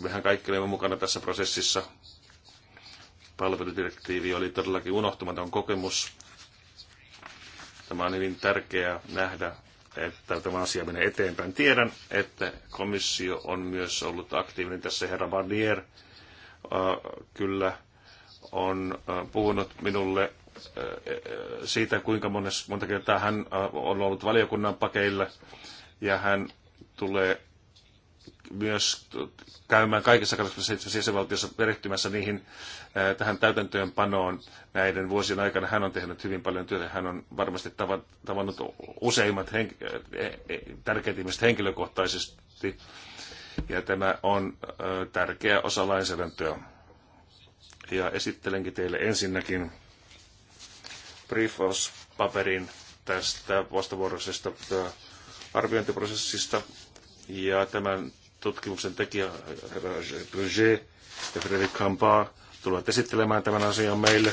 Mehän kaikki olemme mukana tässä prosessissa. Palveludirektiivi oli todellakin unohtumaton kokemus. Tämä on hyvin tärkeää nähdä, että tämä asia menee eteenpäin. Tiedän, että komissio on myös ollut aktiivinen tässä herra Barnier Äh, kyllä on äh, puhunut minulle äh, siitä, kuinka monessa, monta kertaa hän on ollut valiokunnan pakeilla ja hän tulee myös käymään kaikissa 27 jäsenvaltiossa perehtymässä niihin tähän täytäntöönpanoon näiden vuosien aikana. Hän on tehnyt hyvin paljon työtä. Hän on varmasti tavannut useimmat henk- e, e, tärkeimmät ihmiset henkilökohtaisesti ja tämä on tärkeä osa lainsäädäntöä. Ja esittelenkin teille ensinnäkin briefauspaperin tästä vastavuoroisesta arviointiprosessista. Ja tämän tutkimuksen tekijä Roger ja Frédéric Campaa tulevat esittelemään tämän asian meille.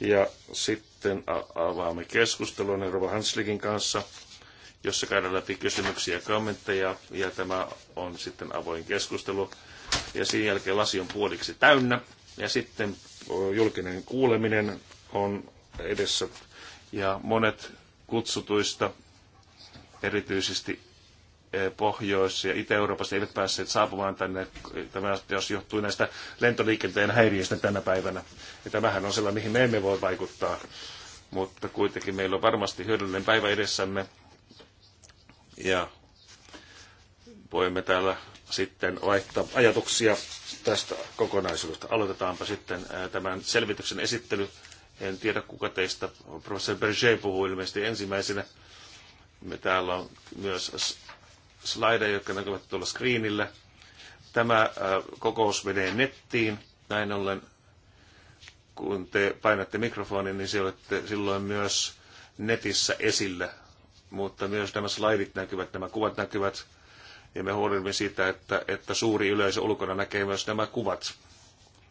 Ja sitten avaamme keskustelun Euroopan Hanslikin kanssa jossa käydään läpi kysymyksiä ja kommentteja, ja tämä on sitten avoin keskustelu. Ja sen jälkeen lasi on puoliksi täynnä, ja sitten julkinen kuuleminen on edessä, ja monet kutsutuista, erityisesti Pohjois- ja Itä-Euroopasta eivät päässeet saapumaan tänne. Tämä jos johtuu näistä lentoliikenteen häiriöistä tänä päivänä. Ja tämähän on sellainen, mihin me emme voi vaikuttaa. Mutta kuitenkin meillä on varmasti hyödyllinen päivä edessämme. Ja voimme täällä sitten vaihtaa ajatuksia tästä kokonaisuudesta. Aloitetaanpa sitten tämän selvityksen esittely. En tiedä kuka teistä, professori Berger puhuu ilmeisesti ensimmäisenä. Me täällä on myös slideja, jotka näkyvät tuolla screenillä. Tämä kokous menee nettiin. Näin ollen, kun te painatte mikrofonin, niin se olette silloin myös netissä esillä mutta myös nämä slaidit näkyvät, nämä kuvat näkyvät, ja me huolimme siitä, että, että suuri yleisö ulkona näkee myös nämä kuvat.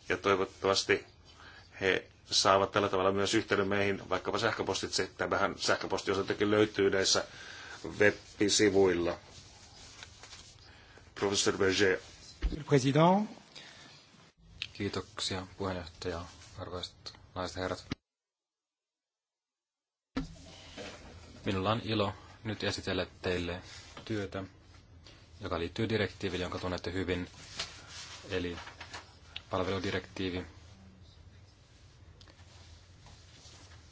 Ja toivottavasti he saavat tällä tavalla myös yhteyden meihin, vaikkapa sähköpostitse. Tämähän sähköpostiosoitekin löytyy näissä web-sivuilla. Professor Berger. President. Kiitoksia puheenjohtaja, arvoisat naiset herrat. Minulla on ilo nyt esitellä teille työtä, joka liittyy direktiiviin, jonka tunnette hyvin, eli palveludirektiivi.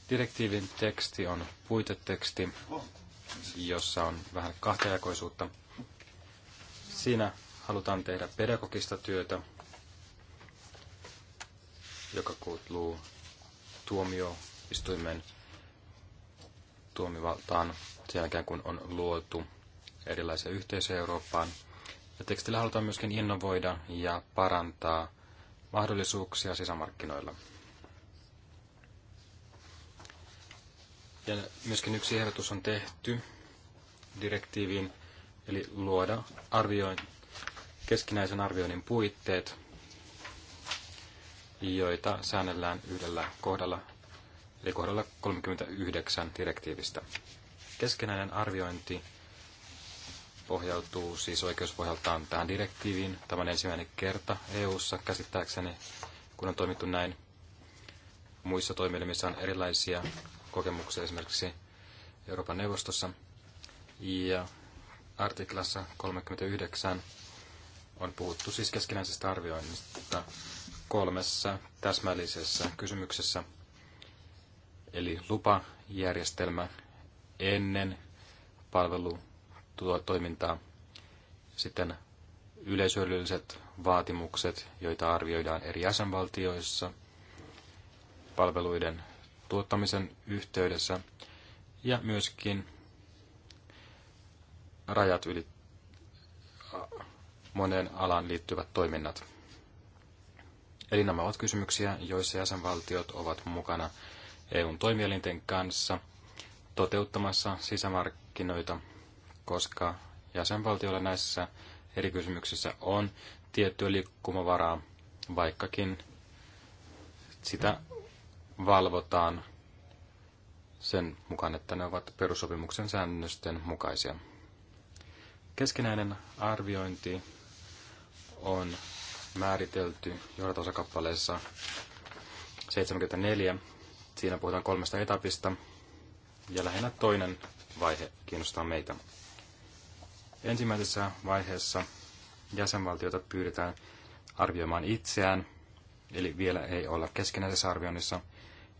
Direktiivin teksti on puiteteksti, jossa on vähän kahtajakoisuutta. Siinä halutaan tehdä pedagogista työtä, joka kuuluu tuomioistuimen tuomivaltaan sen jälkeen, kun on luotu erilaisia yhteisöjä Eurooppaan. Ja tekstillä halutaan myöskin innovoida ja parantaa mahdollisuuksia sisämarkkinoilla. Ja myöskin yksi ehdotus on tehty direktiiviin, eli luoda arvioin, keskinäisen arvioinnin puitteet, joita säännellään yhdellä kohdalla eli kohdalla 39 direktiivistä. Keskenäinen arviointi pohjautuu siis oikeuspohjaltaan tähän direktiiviin. Tämä on ensimmäinen kerta EU-ssa käsittääkseni, kun on toimittu näin. Muissa toimielimissä on erilaisia kokemuksia, esimerkiksi Euroopan neuvostossa. Ja artiklassa 39 on puhuttu siis keskinäisestä arvioinnista kolmessa täsmällisessä kysymyksessä – eli lupajärjestelmä ennen palvelutoimintaa, sitten yleishyödylliset vaatimukset, joita arvioidaan eri jäsenvaltioissa palveluiden tuottamisen yhteydessä, ja myöskin rajat yli moneen alaan liittyvät toiminnat. Eli nämä ovat kysymyksiä, joissa jäsenvaltiot ovat mukana EUn toimielinten kanssa toteuttamassa sisämarkkinoita, koska jäsenvaltioilla näissä eri kysymyksissä on tiettyä liikkumavaraa, vaikkakin sitä valvotaan sen mukaan, että ne ovat perussopimuksen säännösten mukaisia. Keskinäinen arviointi on määritelty johdatusosakappaleessa 74 Siinä puhutaan kolmesta etapista ja lähinnä toinen vaihe kiinnostaa meitä. Ensimmäisessä vaiheessa jäsenvaltiota pyydetään arvioimaan itseään, eli vielä ei olla keskinäisessä arvioinnissa.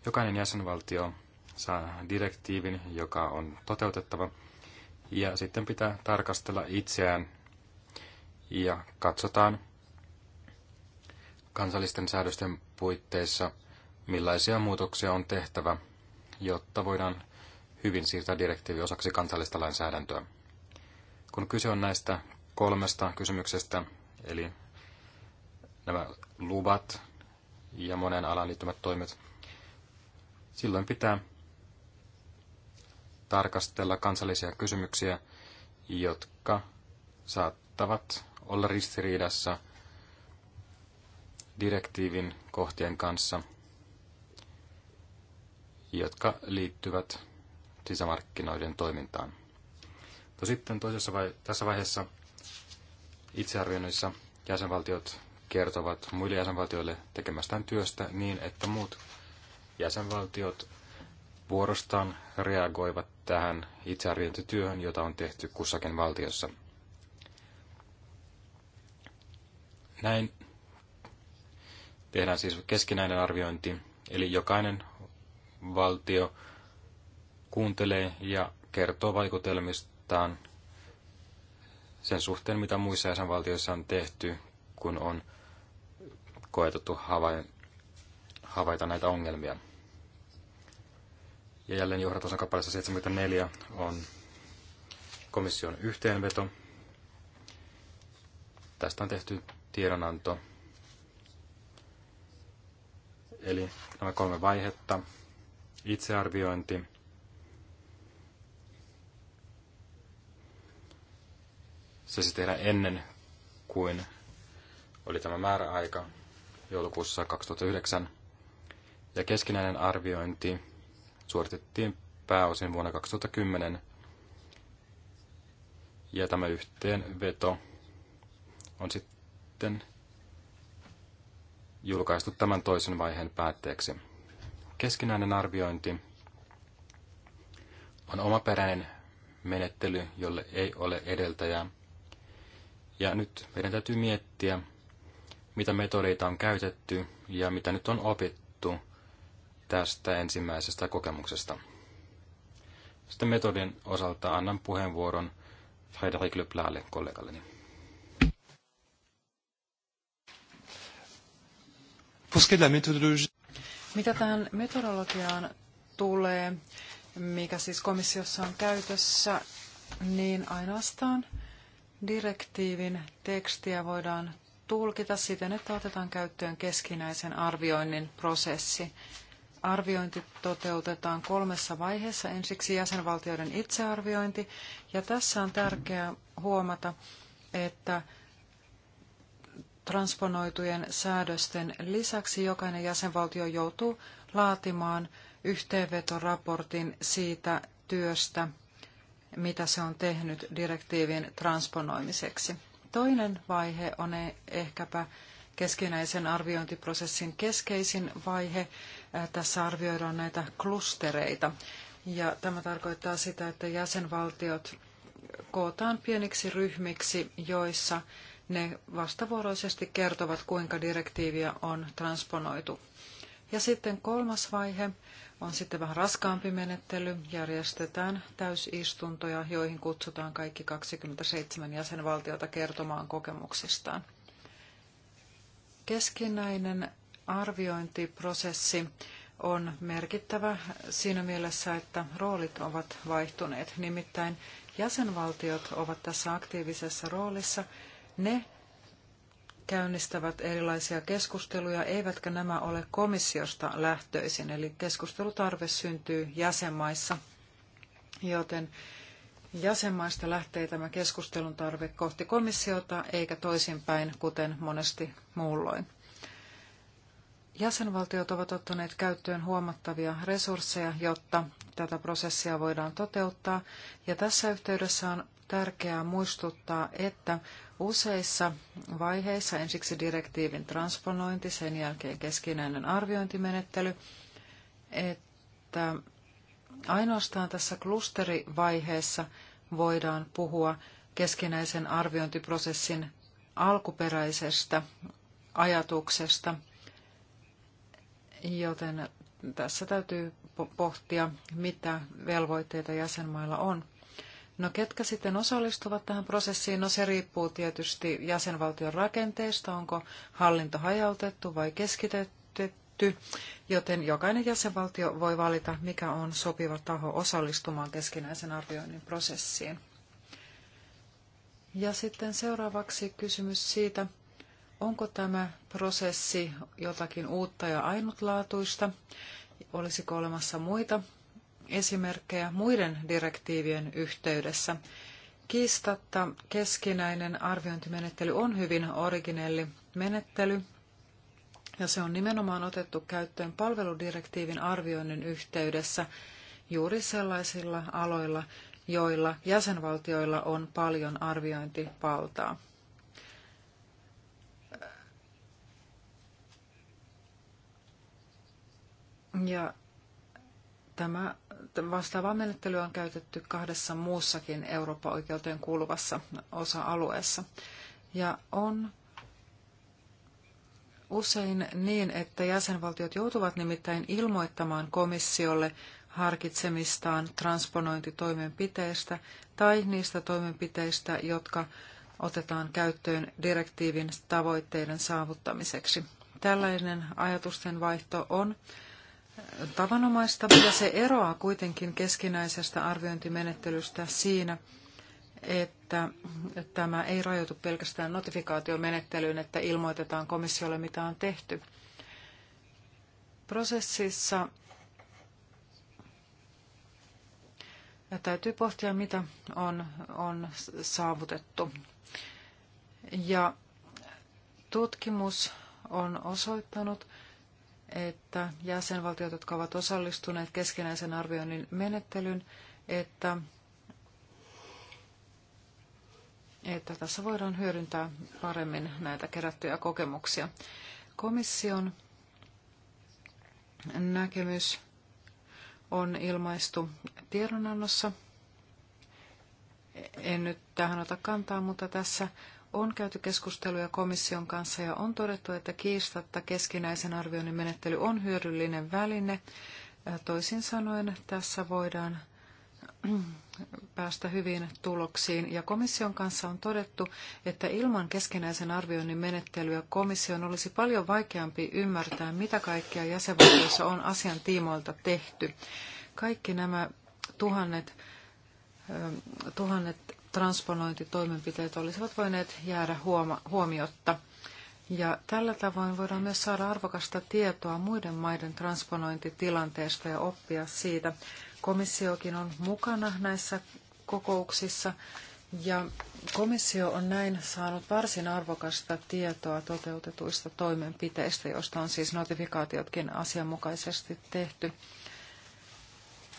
Jokainen jäsenvaltio saa direktiivin, joka on toteutettava, ja sitten pitää tarkastella itseään ja katsotaan kansallisten säädösten puitteissa, millaisia muutoksia on tehtävä, jotta voidaan hyvin siirtää direktiivi osaksi kansallista lainsäädäntöä. Kun kyse on näistä kolmesta kysymyksestä, eli nämä luvat ja monen alan liittymät toimet, silloin pitää tarkastella kansallisia kysymyksiä, jotka saattavat olla ristiriidassa direktiivin kohtien kanssa – jotka liittyvät sisämarkkinoiden toimintaan. Mutta no sitten toisessa vai- tässä vaiheessa itsearvioinnissa jäsenvaltiot kertovat muille jäsenvaltioille tekemästään työstä niin, että muut jäsenvaltiot vuorostaan reagoivat tähän itsearviointityöhön, jota on tehty kussakin valtiossa. Näin tehdään siis keskinäinen arviointi, eli jokainen valtio kuuntelee ja kertoo vaikutelmistaan sen suhteen, mitä muissa jäsenvaltioissa on tehty, kun on koetettu havaita näitä ongelmia. Ja jälleen johdatosan kappaleessa 74 on komission yhteenveto. Tästä on tehty tiedonanto. Eli nämä kolme vaihetta, itsearviointi. Se siis tehdään ennen kuin oli tämä määräaika joulukuussa 2009. Ja keskinäinen arviointi suoritettiin pääosin vuonna 2010. Ja tämä yhteenveto on sitten julkaistu tämän toisen vaiheen päätteeksi. Keskinäinen arviointi on omaperäinen menettely, jolle ei ole edeltäjää. Ja nyt meidän täytyy miettiä, mitä metodeita on käytetty ja mitä nyt on opittu tästä ensimmäisestä kokemuksesta. Sitten metodin osalta annan puheenvuoron Frederik Lyplälle kollegalleni. Pour ce qui est de la méthodologie, mitä tähän metodologiaan tulee, mikä siis komissiossa on käytössä, niin ainoastaan direktiivin tekstiä voidaan tulkita siten, että otetaan käyttöön keskinäisen arvioinnin prosessi. Arviointi toteutetaan kolmessa vaiheessa. Ensiksi jäsenvaltioiden itsearviointi. Ja tässä on tärkeää huomata, että transponoitujen säädösten lisäksi jokainen jäsenvaltio joutuu laatimaan yhteenvetoraportin siitä työstä, mitä se on tehnyt direktiivin transponoimiseksi. Toinen vaihe on e- ehkäpä keskinäisen arviointiprosessin keskeisin vaihe. Äh, tässä arvioidaan näitä klustereita. Ja tämä tarkoittaa sitä, että jäsenvaltiot kootaan pieniksi ryhmiksi, joissa ne vastavuoroisesti kertovat, kuinka direktiiviä on transponoitu. Ja sitten kolmas vaihe on sitten vähän raskaampi menettely. Järjestetään täysistuntoja, joihin kutsutaan kaikki 27 jäsenvaltiota kertomaan kokemuksistaan. Keskinäinen arviointiprosessi on merkittävä siinä mielessä, että roolit ovat vaihtuneet. Nimittäin jäsenvaltiot ovat tässä aktiivisessa roolissa ne käynnistävät erilaisia keskusteluja, eivätkä nämä ole komissiosta lähtöisin, eli keskustelutarve syntyy jäsenmaissa, joten jäsenmaista lähtee tämä keskustelun tarve kohti komissiota, eikä toisinpäin, kuten monesti muulloin. Jäsenvaltiot ovat ottaneet käyttöön huomattavia resursseja, jotta tätä prosessia voidaan toteuttaa, ja tässä yhteydessä on tärkeää muistuttaa, että useissa vaiheissa, ensiksi direktiivin transponointi, sen jälkeen keskinäinen arviointimenettely, että ainoastaan tässä klusterivaiheessa voidaan puhua keskinäisen arviointiprosessin alkuperäisestä ajatuksesta, joten tässä täytyy pohtia, mitä velvoitteita jäsenmailla on. No ketkä sitten osallistuvat tähän prosessiin? No se riippuu tietysti jäsenvaltion rakenteesta, onko hallinto hajautettu vai keskitetty, joten jokainen jäsenvaltio voi valita, mikä on sopiva taho osallistumaan keskinäisen arvioinnin prosessiin. Ja sitten seuraavaksi kysymys siitä, onko tämä prosessi jotakin uutta ja ainutlaatuista, olisiko olemassa muita esimerkkejä muiden direktiivien yhteydessä. Kiistatta keskinäinen arviointimenettely on hyvin originelli menettely, ja se on nimenomaan otettu käyttöön palveludirektiivin arvioinnin yhteydessä juuri sellaisilla aloilla, joilla jäsenvaltioilla on paljon arviointivaltaa. Ja Tämä vastaava menettely on käytetty kahdessa muussakin Euroopan oikeuteen kuuluvassa osa-alueessa. Ja on usein niin, että jäsenvaltiot joutuvat nimittäin ilmoittamaan komissiolle harkitsemistaan transponointitoimenpiteistä tai niistä toimenpiteistä, jotka otetaan käyttöön direktiivin tavoitteiden saavuttamiseksi. Tällainen ajatusten vaihto on tavanomaista ja se eroaa kuitenkin keskinäisestä arviointimenettelystä siinä, että tämä ei rajoitu pelkästään notifikaatiomenettelyyn, että ilmoitetaan komissiolle, mitä on tehty. Prosessissa ja täytyy pohtia, mitä on, on saavutettu. Ja tutkimus on osoittanut, että jäsenvaltiot, jotka ovat osallistuneet keskinäisen arvioinnin menettelyn, että, että tässä voidaan hyödyntää paremmin näitä kerättyjä kokemuksia. Komission näkemys on ilmaistu tiedonannossa. En nyt tähän ota kantaa, mutta tässä on käyty keskusteluja komission kanssa ja on todettu, että kiistatta keskinäisen arvioinnin menettely on hyödyllinen väline. Toisin sanoen tässä voidaan päästä hyviin tuloksiin. Ja komission kanssa on todettu, että ilman keskinäisen arvioinnin menettelyä komission olisi paljon vaikeampi ymmärtää, mitä kaikkea jäsenvaltioissa on asian tiimoilta tehty. Kaikki nämä tuhannet, tuhannet transponointitoimenpiteet olisivat voineet jäädä huomiotta. Ja tällä tavoin voidaan myös saada arvokasta tietoa muiden maiden transponointitilanteesta ja oppia siitä. Komissiokin on mukana näissä kokouksissa ja komissio on näin saanut varsin arvokasta tietoa toteutetuista toimenpiteistä, joista on siis notifikaatiotkin asianmukaisesti tehty.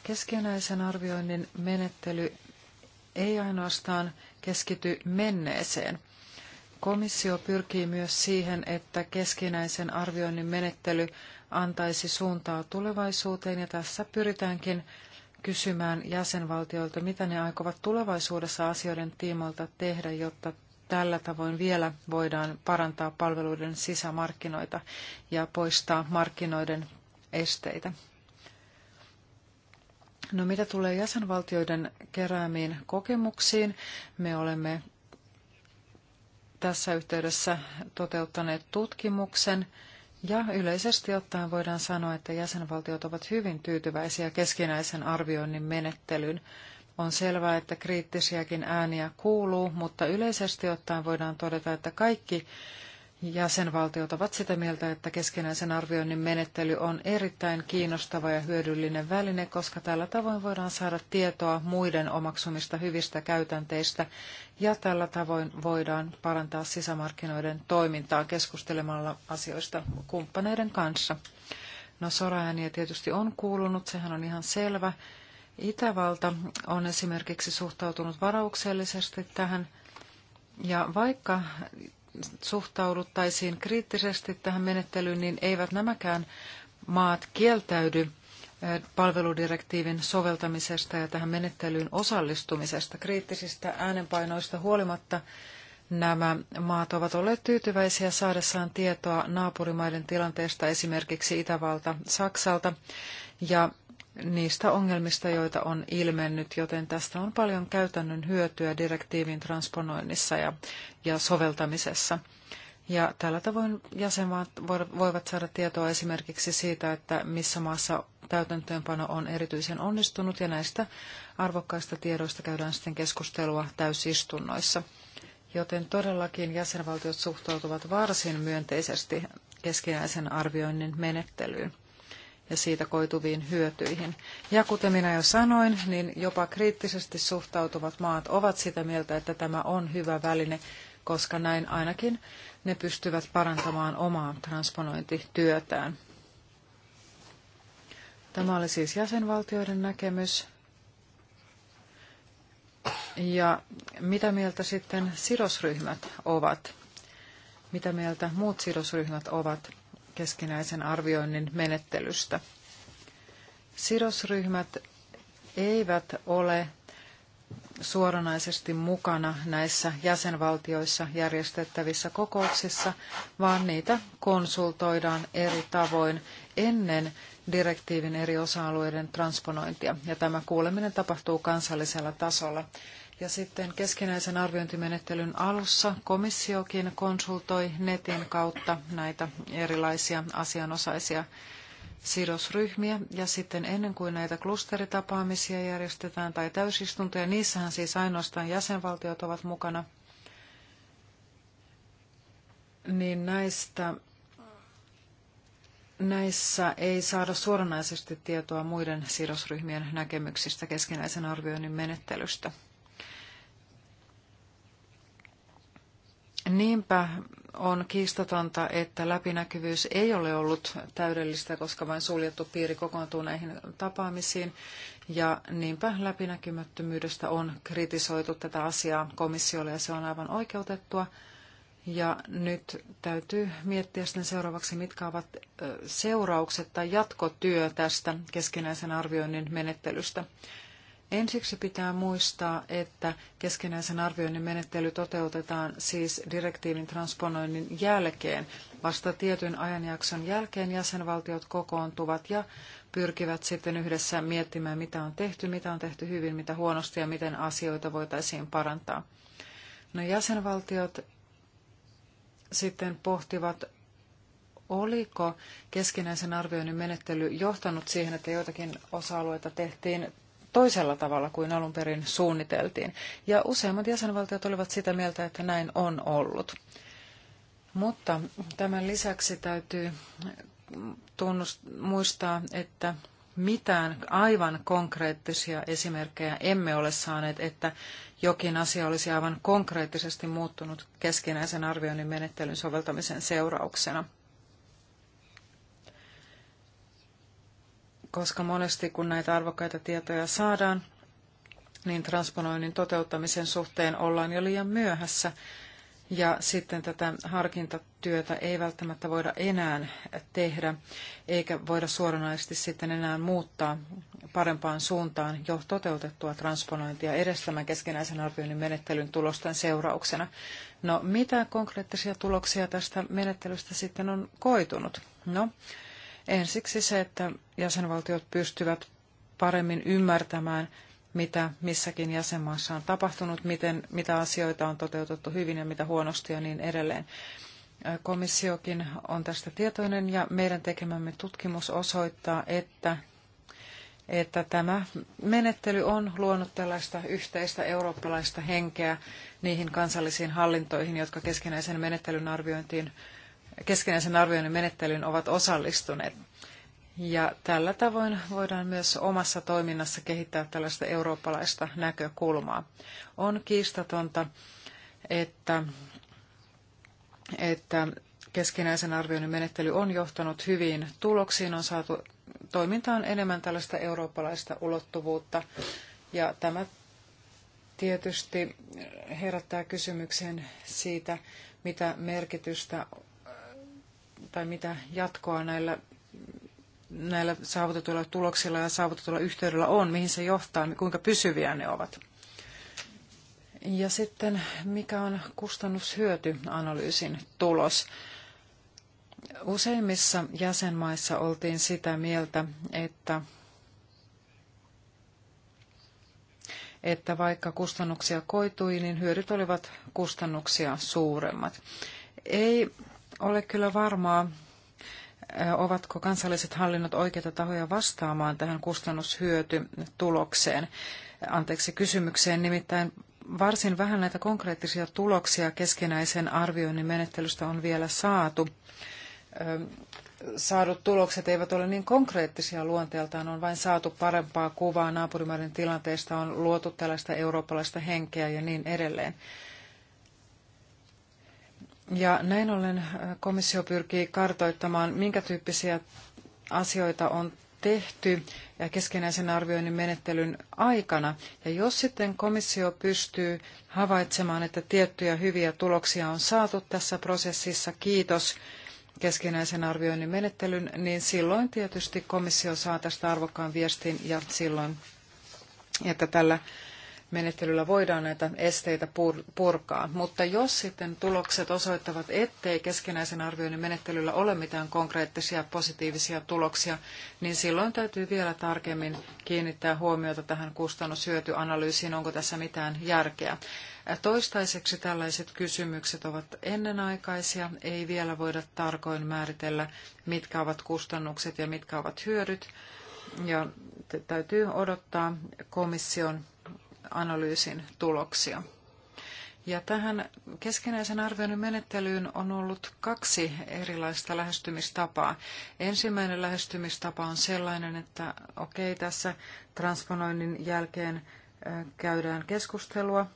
Keskinäisen arvioinnin menettely ei ainoastaan keskity menneeseen. Komissio pyrkii myös siihen, että keskinäisen arvioinnin menettely antaisi suuntaa tulevaisuuteen, ja tässä pyritäänkin kysymään jäsenvaltioilta, mitä ne aikovat tulevaisuudessa asioiden tiimoilta tehdä, jotta tällä tavoin vielä voidaan parantaa palveluiden sisämarkkinoita ja poistaa markkinoiden esteitä. No mitä tulee jäsenvaltioiden keräämiin kokemuksiin, me olemme tässä yhteydessä toteuttaneet tutkimuksen ja yleisesti ottaen voidaan sanoa, että jäsenvaltiot ovat hyvin tyytyväisiä keskinäisen arvioinnin menettelyyn. On selvää, että kriittisiäkin ääniä kuuluu, mutta yleisesti ottaen voidaan todeta, että kaikki jäsenvaltiot ovat sitä mieltä, että keskinäisen arvioinnin menettely on erittäin kiinnostava ja hyödyllinen väline, koska tällä tavoin voidaan saada tietoa muiden omaksumista hyvistä käytänteistä ja tällä tavoin voidaan parantaa sisämarkkinoiden toimintaa keskustelemalla asioista kumppaneiden kanssa. No soraääniä tietysti on kuulunut, sehän on ihan selvä. Itävalta on esimerkiksi suhtautunut varauksellisesti tähän ja vaikka suhtauduttaisiin kriittisesti tähän menettelyyn, niin eivät nämäkään maat kieltäydy palveludirektiivin soveltamisesta ja tähän menettelyyn osallistumisesta. Kriittisistä äänenpainoista huolimatta nämä maat ovat olleet tyytyväisiä saadessaan tietoa naapurimaiden tilanteesta esimerkiksi Itävalta Saksalta ja niistä ongelmista, joita on ilmennyt, joten tästä on paljon käytännön hyötyä direktiivin transponoinnissa ja, ja soveltamisessa. Ja tällä tavoin jäsenmaat voivat saada tietoa esimerkiksi siitä, että missä maassa täytäntöönpano on erityisen onnistunut, ja näistä arvokkaista tiedoista käydään sitten keskustelua täysistunnoissa. Joten todellakin jäsenvaltiot suhtautuvat varsin myönteisesti keskinäisen arvioinnin menettelyyn ja siitä koituviin hyötyihin. Ja kuten minä jo sanoin, niin jopa kriittisesti suhtautuvat maat ovat sitä mieltä, että tämä on hyvä väline, koska näin ainakin ne pystyvät parantamaan omaa transponointityötään. Tämä oli siis jäsenvaltioiden näkemys. Ja mitä mieltä sitten sidosryhmät ovat? Mitä mieltä muut sidosryhmät ovat? keskinäisen arvioinnin menettelystä. Sidosryhmät eivät ole suoranaisesti mukana näissä jäsenvaltioissa järjestettävissä kokouksissa, vaan niitä konsultoidaan eri tavoin ennen direktiivin eri osa-alueiden transponointia. Ja tämä kuuleminen tapahtuu kansallisella tasolla. Ja sitten keskinäisen arviointimenettelyn alussa komissiokin konsultoi netin kautta näitä erilaisia asianosaisia sidosryhmiä. Ja sitten ennen kuin näitä klusteritapaamisia järjestetään tai täysistuntoja, niissähän siis ainoastaan jäsenvaltiot ovat mukana, niin näistä Näissä ei saada suoranaisesti tietoa muiden sidosryhmien näkemyksistä keskinäisen arvioinnin menettelystä. Niinpä on kiistatonta, että läpinäkyvyys ei ole ollut täydellistä, koska vain suljettu piiri kokoontuu näihin tapaamisiin. Ja niinpä läpinäkymättömyydestä on kritisoitu tätä asiaa komissiolle ja se on aivan oikeutettua. Ja nyt täytyy miettiä sitten seuraavaksi, mitkä ovat seuraukset tai jatkotyö tästä keskinäisen arvioinnin menettelystä. Ensiksi pitää muistaa, että keskinäisen arvioinnin menettely toteutetaan siis direktiivin transponoinnin jälkeen. Vasta tietyn ajanjakson jälkeen jäsenvaltiot kokoontuvat ja pyrkivät sitten yhdessä miettimään, mitä on tehty, mitä on tehty hyvin, mitä huonosti ja miten asioita voitaisiin parantaa. No jäsenvaltiot sitten pohtivat, oliko keskinäisen arvioinnin menettely johtanut siihen, että joitakin osa-alueita tehtiin toisella tavalla kuin alun perin suunniteltiin. Ja useimmat jäsenvaltiot olivat sitä mieltä, että näin on ollut. Mutta tämän lisäksi täytyy tunnust- muistaa, että mitään aivan konkreettisia esimerkkejä emme ole saaneet, että jokin asia olisi aivan konkreettisesti muuttunut keskinäisen arvioinnin menettelyn soveltamisen seurauksena. koska monesti kun näitä arvokkaita tietoja saadaan, niin transponoinnin toteuttamisen suhteen ollaan jo liian myöhässä. Ja sitten tätä harkintatyötä ei välttämättä voida enää tehdä, eikä voida suoranaisesti sitten enää muuttaa parempaan suuntaan jo toteutettua transponointia edes tämän keskinäisen arvioinnin menettelyn tulosten seurauksena. No, mitä konkreettisia tuloksia tästä menettelystä sitten on koitunut? No, Ensiksi se, että jäsenvaltiot pystyvät paremmin ymmärtämään, mitä missäkin jäsenmaassa on tapahtunut, miten, mitä asioita on toteutettu hyvin ja mitä huonosti ja niin edelleen. Komissiokin on tästä tietoinen ja meidän tekemämme tutkimus osoittaa, että, että tämä menettely on luonut tällaista yhteistä eurooppalaista henkeä niihin kansallisiin hallintoihin, jotka keskinäisen menettelyn arviointiin keskinäisen arvioinnin menettelyyn ovat osallistuneet. Ja tällä tavoin voidaan myös omassa toiminnassa kehittää tällaista eurooppalaista näkökulmaa. On kiistatonta, että, että keskinäisen arvioinnin menettely on johtanut hyviin tuloksiin, on saatu toimintaan enemmän tällaista eurooppalaista ulottuvuutta. Ja tämä tietysti herättää kysymyksen siitä, mitä merkitystä tai mitä jatkoa näillä, näillä saavutetuilla tuloksilla ja saavutetuilla yhteydellä on, mihin se johtaa, kuinka pysyviä ne ovat. Ja sitten mikä on kustannushyötyanalyysin tulos? Useimmissa jäsenmaissa oltiin sitä mieltä, että, että vaikka kustannuksia koitui, niin hyödyt olivat kustannuksia suuremmat. Ei ole kyllä varmaa, ovatko kansalliset hallinnot oikeita tahoja vastaamaan tähän kustannushyötytulokseen. Anteeksi kysymykseen, nimittäin varsin vähän näitä konkreettisia tuloksia keskinäisen arvioinnin menettelystä on vielä saatu. Saadut tulokset eivät ole niin konkreettisia luonteeltaan, on vain saatu parempaa kuvaa naapurimaiden tilanteesta, on luotu tällaista eurooppalaista henkeä ja niin edelleen. Ja näin ollen äh, komissio pyrkii kartoittamaan, minkä tyyppisiä asioita on tehty ja äh, keskinäisen arvioinnin menettelyn aikana. Ja jos sitten komissio pystyy havaitsemaan, että tiettyjä hyviä tuloksia on saatu tässä prosessissa, kiitos keskinäisen arvioinnin menettelyn, niin silloin tietysti komissio saa tästä arvokkaan viestin ja silloin, että tällä menettelyllä voidaan näitä esteitä purkaa. Mutta jos sitten tulokset osoittavat, ettei keskinäisen arvioinnin menettelyllä ole mitään konkreettisia positiivisia tuloksia, niin silloin täytyy vielä tarkemmin kiinnittää huomiota tähän kustannushyötyanalyysiin, onko tässä mitään järkeä. Toistaiseksi tällaiset kysymykset ovat ennenaikaisia, ei vielä voida tarkoin määritellä, mitkä ovat kustannukset ja mitkä ovat hyödyt. Ja täytyy odottaa komission analyysin tuloksia. Ja tähän keskinäisen arvioinnin menettelyyn on ollut kaksi erilaista lähestymistapaa. Ensimmäinen lähestymistapa on sellainen, että okei, okay, tässä transponoinnin jälkeen käydään keskustelua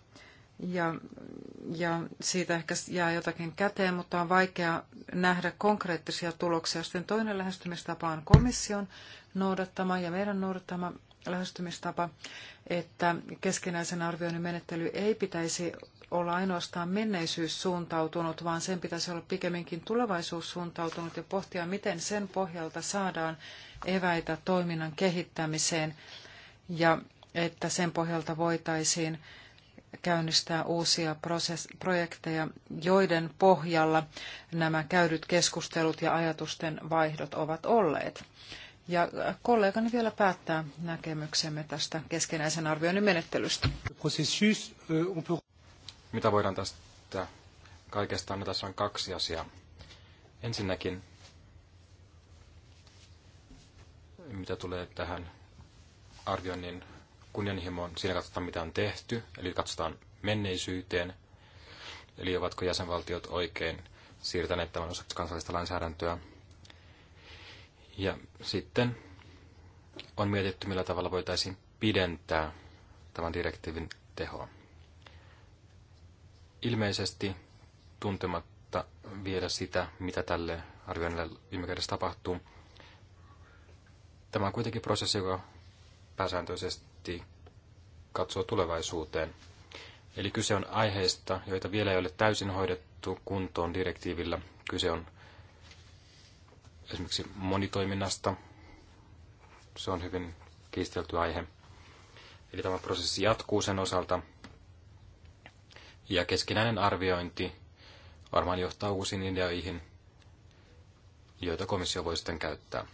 ja, ja siitä ehkä jää jotakin käteen, mutta on vaikea nähdä konkreettisia tuloksia. Sitten toinen lähestymistapa on komission noudattama ja meidän noudattama lähestymistapa, että keskinäisen arvioinnin menettely ei pitäisi olla ainoastaan menneisyyssuuntautunut, vaan sen pitäisi olla pikemminkin tulevaisuussuuntautunut ja pohtia, miten sen pohjalta saadaan eväitä toiminnan kehittämiseen ja että sen pohjalta voitaisiin käynnistää uusia projekteja, joiden pohjalla nämä käydyt keskustelut ja ajatusten vaihdot ovat olleet. Ja äh, kollegani vielä päättää näkemyksemme tästä keskenäisen arvioinnin menettelystä. Äh, mitä voidaan tästä kaikesta? No, tässä on kaksi asiaa. Ensinnäkin, mitä tulee tähän arvioinnin kunnianhimoon, siinä katsotaan mitä on tehty, eli katsotaan menneisyyteen, eli ovatko jäsenvaltiot oikein siirtäneet tämän osaksi kansallista lainsäädäntöä ja sitten on mietitty, millä tavalla voitaisiin pidentää tämän direktiivin tehoa. Ilmeisesti tuntematta vielä sitä, mitä tälle arvioinnille viime kädessä tapahtuu. Tämä on kuitenkin prosessi, joka pääsääntöisesti katsoo tulevaisuuteen. Eli kyse on aiheista, joita vielä ei ole täysin hoidettu kuntoon direktiivillä. Kyse on esimerkiksi monitoiminnasta. Se on hyvin kiistelty aihe. Eli tämä prosessi jatkuu sen osalta. Ja keskinäinen arviointi varmaan johtaa uusiin ideoihin, joita komissio voi sitten käyttää.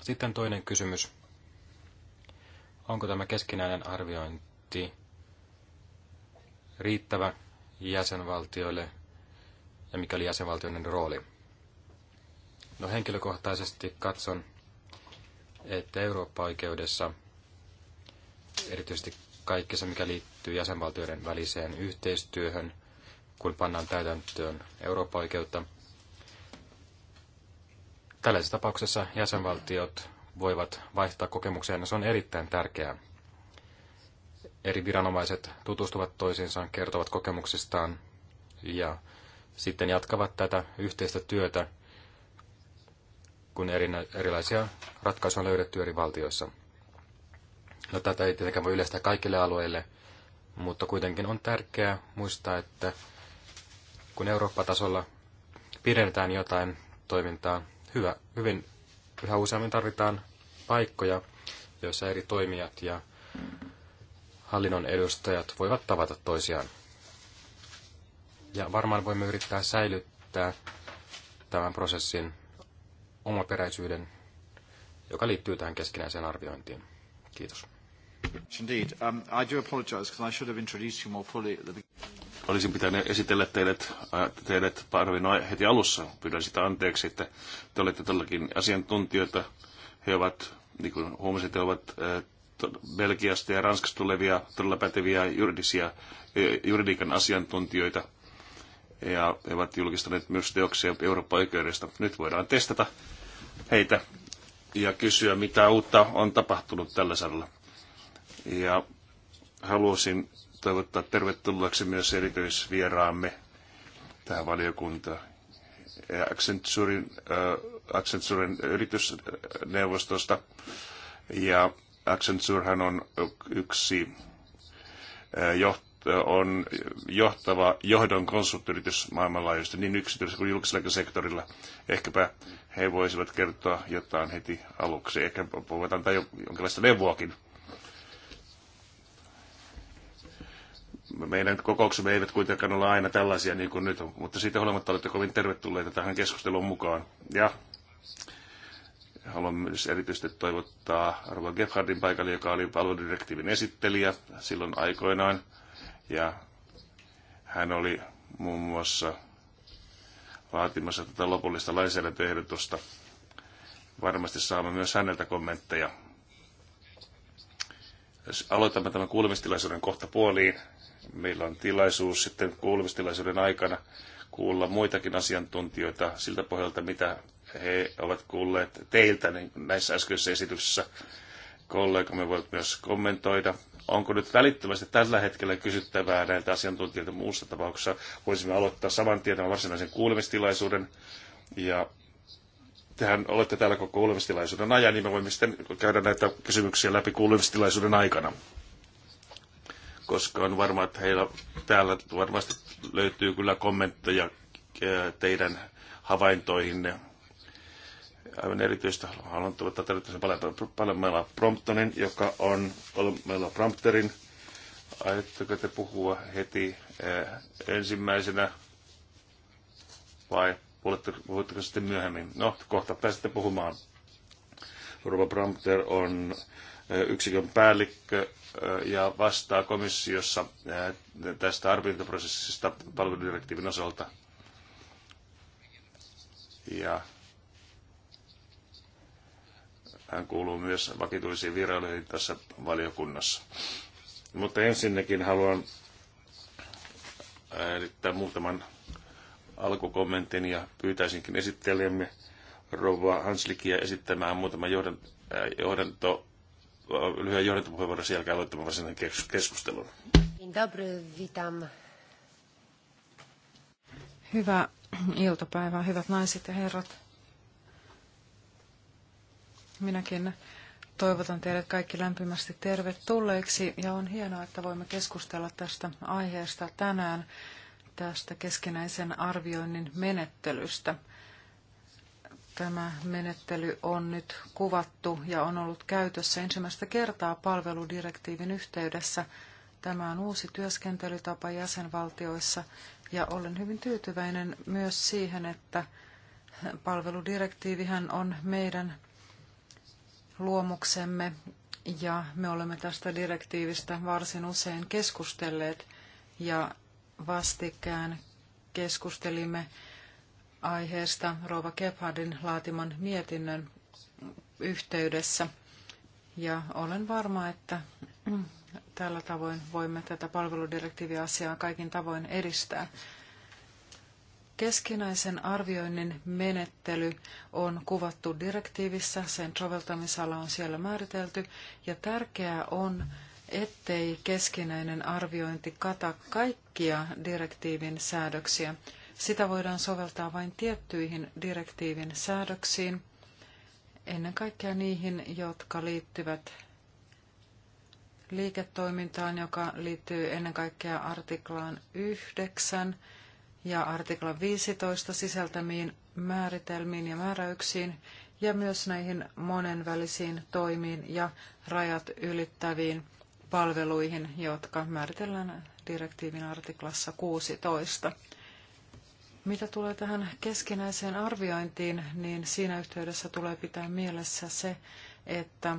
Sitten toinen kysymys. Onko tämä keskinäinen arviointi riittävä jäsenvaltioille ja mikä oli jäsenvaltioiden rooli? No henkilökohtaisesti katson, että Eurooppa-oikeudessa erityisesti kaikki se, mikä liittyy jäsenvaltioiden väliseen yhteistyöhön, kun pannaan täytäntöön Eurooppa-oikeutta, tällaisessa tapauksessa jäsenvaltiot voivat vaihtaa kokemuksia, ja se on erittäin tärkeää. Eri viranomaiset tutustuvat toisiinsa, kertovat kokemuksistaan ja sitten jatkavat tätä yhteistä työtä kun erinä, erilaisia ratkaisuja on löydetty eri valtioissa. No, tätä ei tietenkään voi yleistää kaikille alueille, mutta kuitenkin on tärkeää muistaa, että kun Eurooppa-tasolla pidennetään jotain toimintaa, hyvä, hyvin yhä useammin tarvitaan paikkoja, joissa eri toimijat ja hallinnon edustajat voivat tavata toisiaan. Ja varmaan voimme yrittää säilyttää tämän prosessin omaperäisyyden, joka liittyy tähän keskinäiseen arviointiin. Kiitos. Indeed. Um, I do apologize because I should have introduced you more fully at the Olisin pitänyt esitellä teidät, teidät Parvin heti alussa. Pyydän sitä anteeksi, että te olette todellakin asiantuntijoita. He ovat, niin kuin huomasit, he ovat Belgiasta ja Ranskasta tulevia todella päteviä juridisia, juridiikan asiantuntijoita ja he ovat julkistaneet myös teoksia Eurooppa-oikeudesta. Nyt voidaan testata heitä ja kysyä, mitä uutta on tapahtunut tällä saralla. Ja haluaisin toivottaa tervetulleeksi myös erityisvieraamme tähän valiokuntaan. Accenturin, äh, Accenturin yritysneuvostosta. Ja Accenturehan on yksi äh, johtaja on johtava johdon konsulttiyritys maailmanlaajuisesti niin yksityisellä kuin julkisella sektorilla. Ehkäpä he voisivat kertoa jotain heti aluksi. Ehkä voivat antaa jonkinlaista neuvoakin. Meidän kokouksemme eivät kuitenkaan ole aina tällaisia niin kuin nyt, mutta siitä huolimatta olette kovin tervetulleita tähän keskusteluun mukaan. Ja haluan myös erityisesti toivottaa Arvo Gebhardin paikalle, joka oli palveludirektiivin esittelijä silloin aikoinaan ja hän oli muun muassa vaatimassa tätä lopullista lainsäädäntöehdotusta. Varmasti saamme myös häneltä kommentteja. aloitamme tämän kuulemistilaisuuden kohta puoliin. Meillä on tilaisuus sitten kuulemistilaisuuden aikana kuulla muitakin asiantuntijoita siltä pohjalta, mitä he ovat kuulleet teiltä niin näissä äskeisissä esityksissä. Kollegamme voivat myös kommentoida Onko nyt välittömästi tällä hetkellä kysyttävää näiltä asiantuntijoilta muussa tapauksessa? Voisimme aloittaa saman tien tämän varsinaisen kuulemistilaisuuden. Ja tehän olette täällä koko kuulemistilaisuuden ajan, niin me voimme sitten käydä näitä kysymyksiä läpi kuulemistilaisuuden aikana. Koska on varma, että heillä täällä varmasti löytyy kyllä kommentteja eh, teidän havaintoihinne aivan erityistä haluan tuottaa tarvittaisiin paljon, paljon meillä Promptonin, joka on ollut meillä Prompterin. Aiotteko te puhua heti eh, ensimmäisenä vai puhutteko sitten myöhemmin? No, kohta pääsette puhumaan. Rova Prompter on eh, yksikön päällikkö eh, ja vastaa komissiossa tästä arviointiprosessista palveludirektiivin osalta. Ja hän kuuluu myös vakituisiin viroihin tässä valiokunnassa. Mutta ensinnäkin haluan erittää muutaman alkukommentin ja pyytäisinkin esittelijämme rouva Hanslikia esittämään muutama johdan, äh, johdanto, äh, lyhyen johdantopuheenvuoron sen jälkeen aloittamaan varsinaisen keskustelun. Hyvää iltapäivää, hyvät naiset ja herrat. Minäkin toivotan teidät kaikki lämpimästi tervetulleeksi ja on hienoa, että voimme keskustella tästä aiheesta tänään tästä keskinäisen arvioinnin menettelystä. Tämä menettely on nyt kuvattu ja on ollut käytössä ensimmäistä kertaa palveludirektiivin yhteydessä. Tämä on uusi työskentelytapa jäsenvaltioissa ja olen hyvin tyytyväinen myös siihen, että palveludirektiivihän on meidän luomuksemme ja me olemme tästä direktiivistä varsin usein keskustelleet ja vastikään keskustelimme aiheesta Rova Gebhardin laatiman mietinnön yhteydessä. Ja olen varma, että tällä tavoin voimme tätä palveludirektiiviasiaa kaikin tavoin edistää. Keskinäisen arvioinnin menettely on kuvattu direktiivissä, sen soveltamisala on siellä määritelty, ja tärkeää on, ettei keskinäinen arviointi kata kaikkia direktiivin säädöksiä. Sitä voidaan soveltaa vain tiettyihin direktiivin säädöksiin, ennen kaikkea niihin, jotka liittyvät liiketoimintaan, joka liittyy ennen kaikkea artiklaan 9 ja artikla 15 sisältämiin määritelmiin ja määräyksiin ja myös näihin monenvälisiin toimiin ja rajat ylittäviin palveluihin, jotka määritellään direktiivin artiklassa 16. Mitä tulee tähän keskinäiseen arviointiin, niin siinä yhteydessä tulee pitää mielessä se, että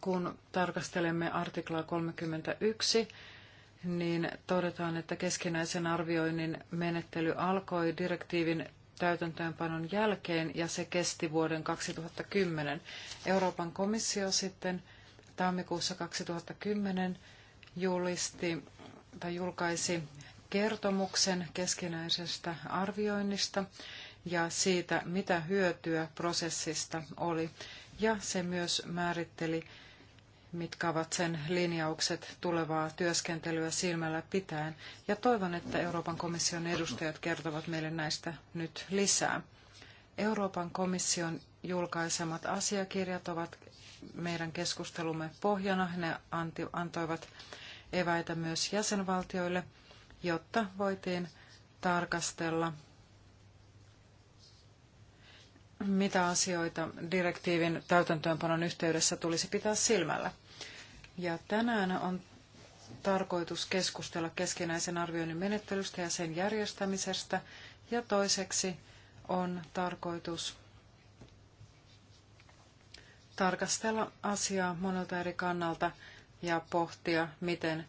kun tarkastelemme artiklaa 31, niin todetaan, että keskinäisen arvioinnin menettely alkoi direktiivin täytäntöönpanon jälkeen ja se kesti vuoden 2010. Euroopan komissio sitten tammikuussa 2010 julisti tai julkaisi kertomuksen keskinäisestä arvioinnista ja siitä, mitä hyötyä prosessista oli. Ja se myös määritteli mitkä ovat sen linjaukset tulevaa työskentelyä silmällä pitäen. Ja toivon, että Euroopan komission edustajat kertovat meille näistä nyt lisää. Euroopan komission julkaisemat asiakirjat ovat meidän keskustelumme pohjana. Ne antoivat eväitä myös jäsenvaltioille, jotta voitiin tarkastella mitä asioita direktiivin täytäntöönpanon yhteydessä tulisi pitää silmällä. Ja tänään on tarkoitus keskustella keskinäisen arvioinnin menettelystä ja sen järjestämisestä, ja toiseksi on tarkoitus tarkastella asiaa monelta eri kannalta ja pohtia, miten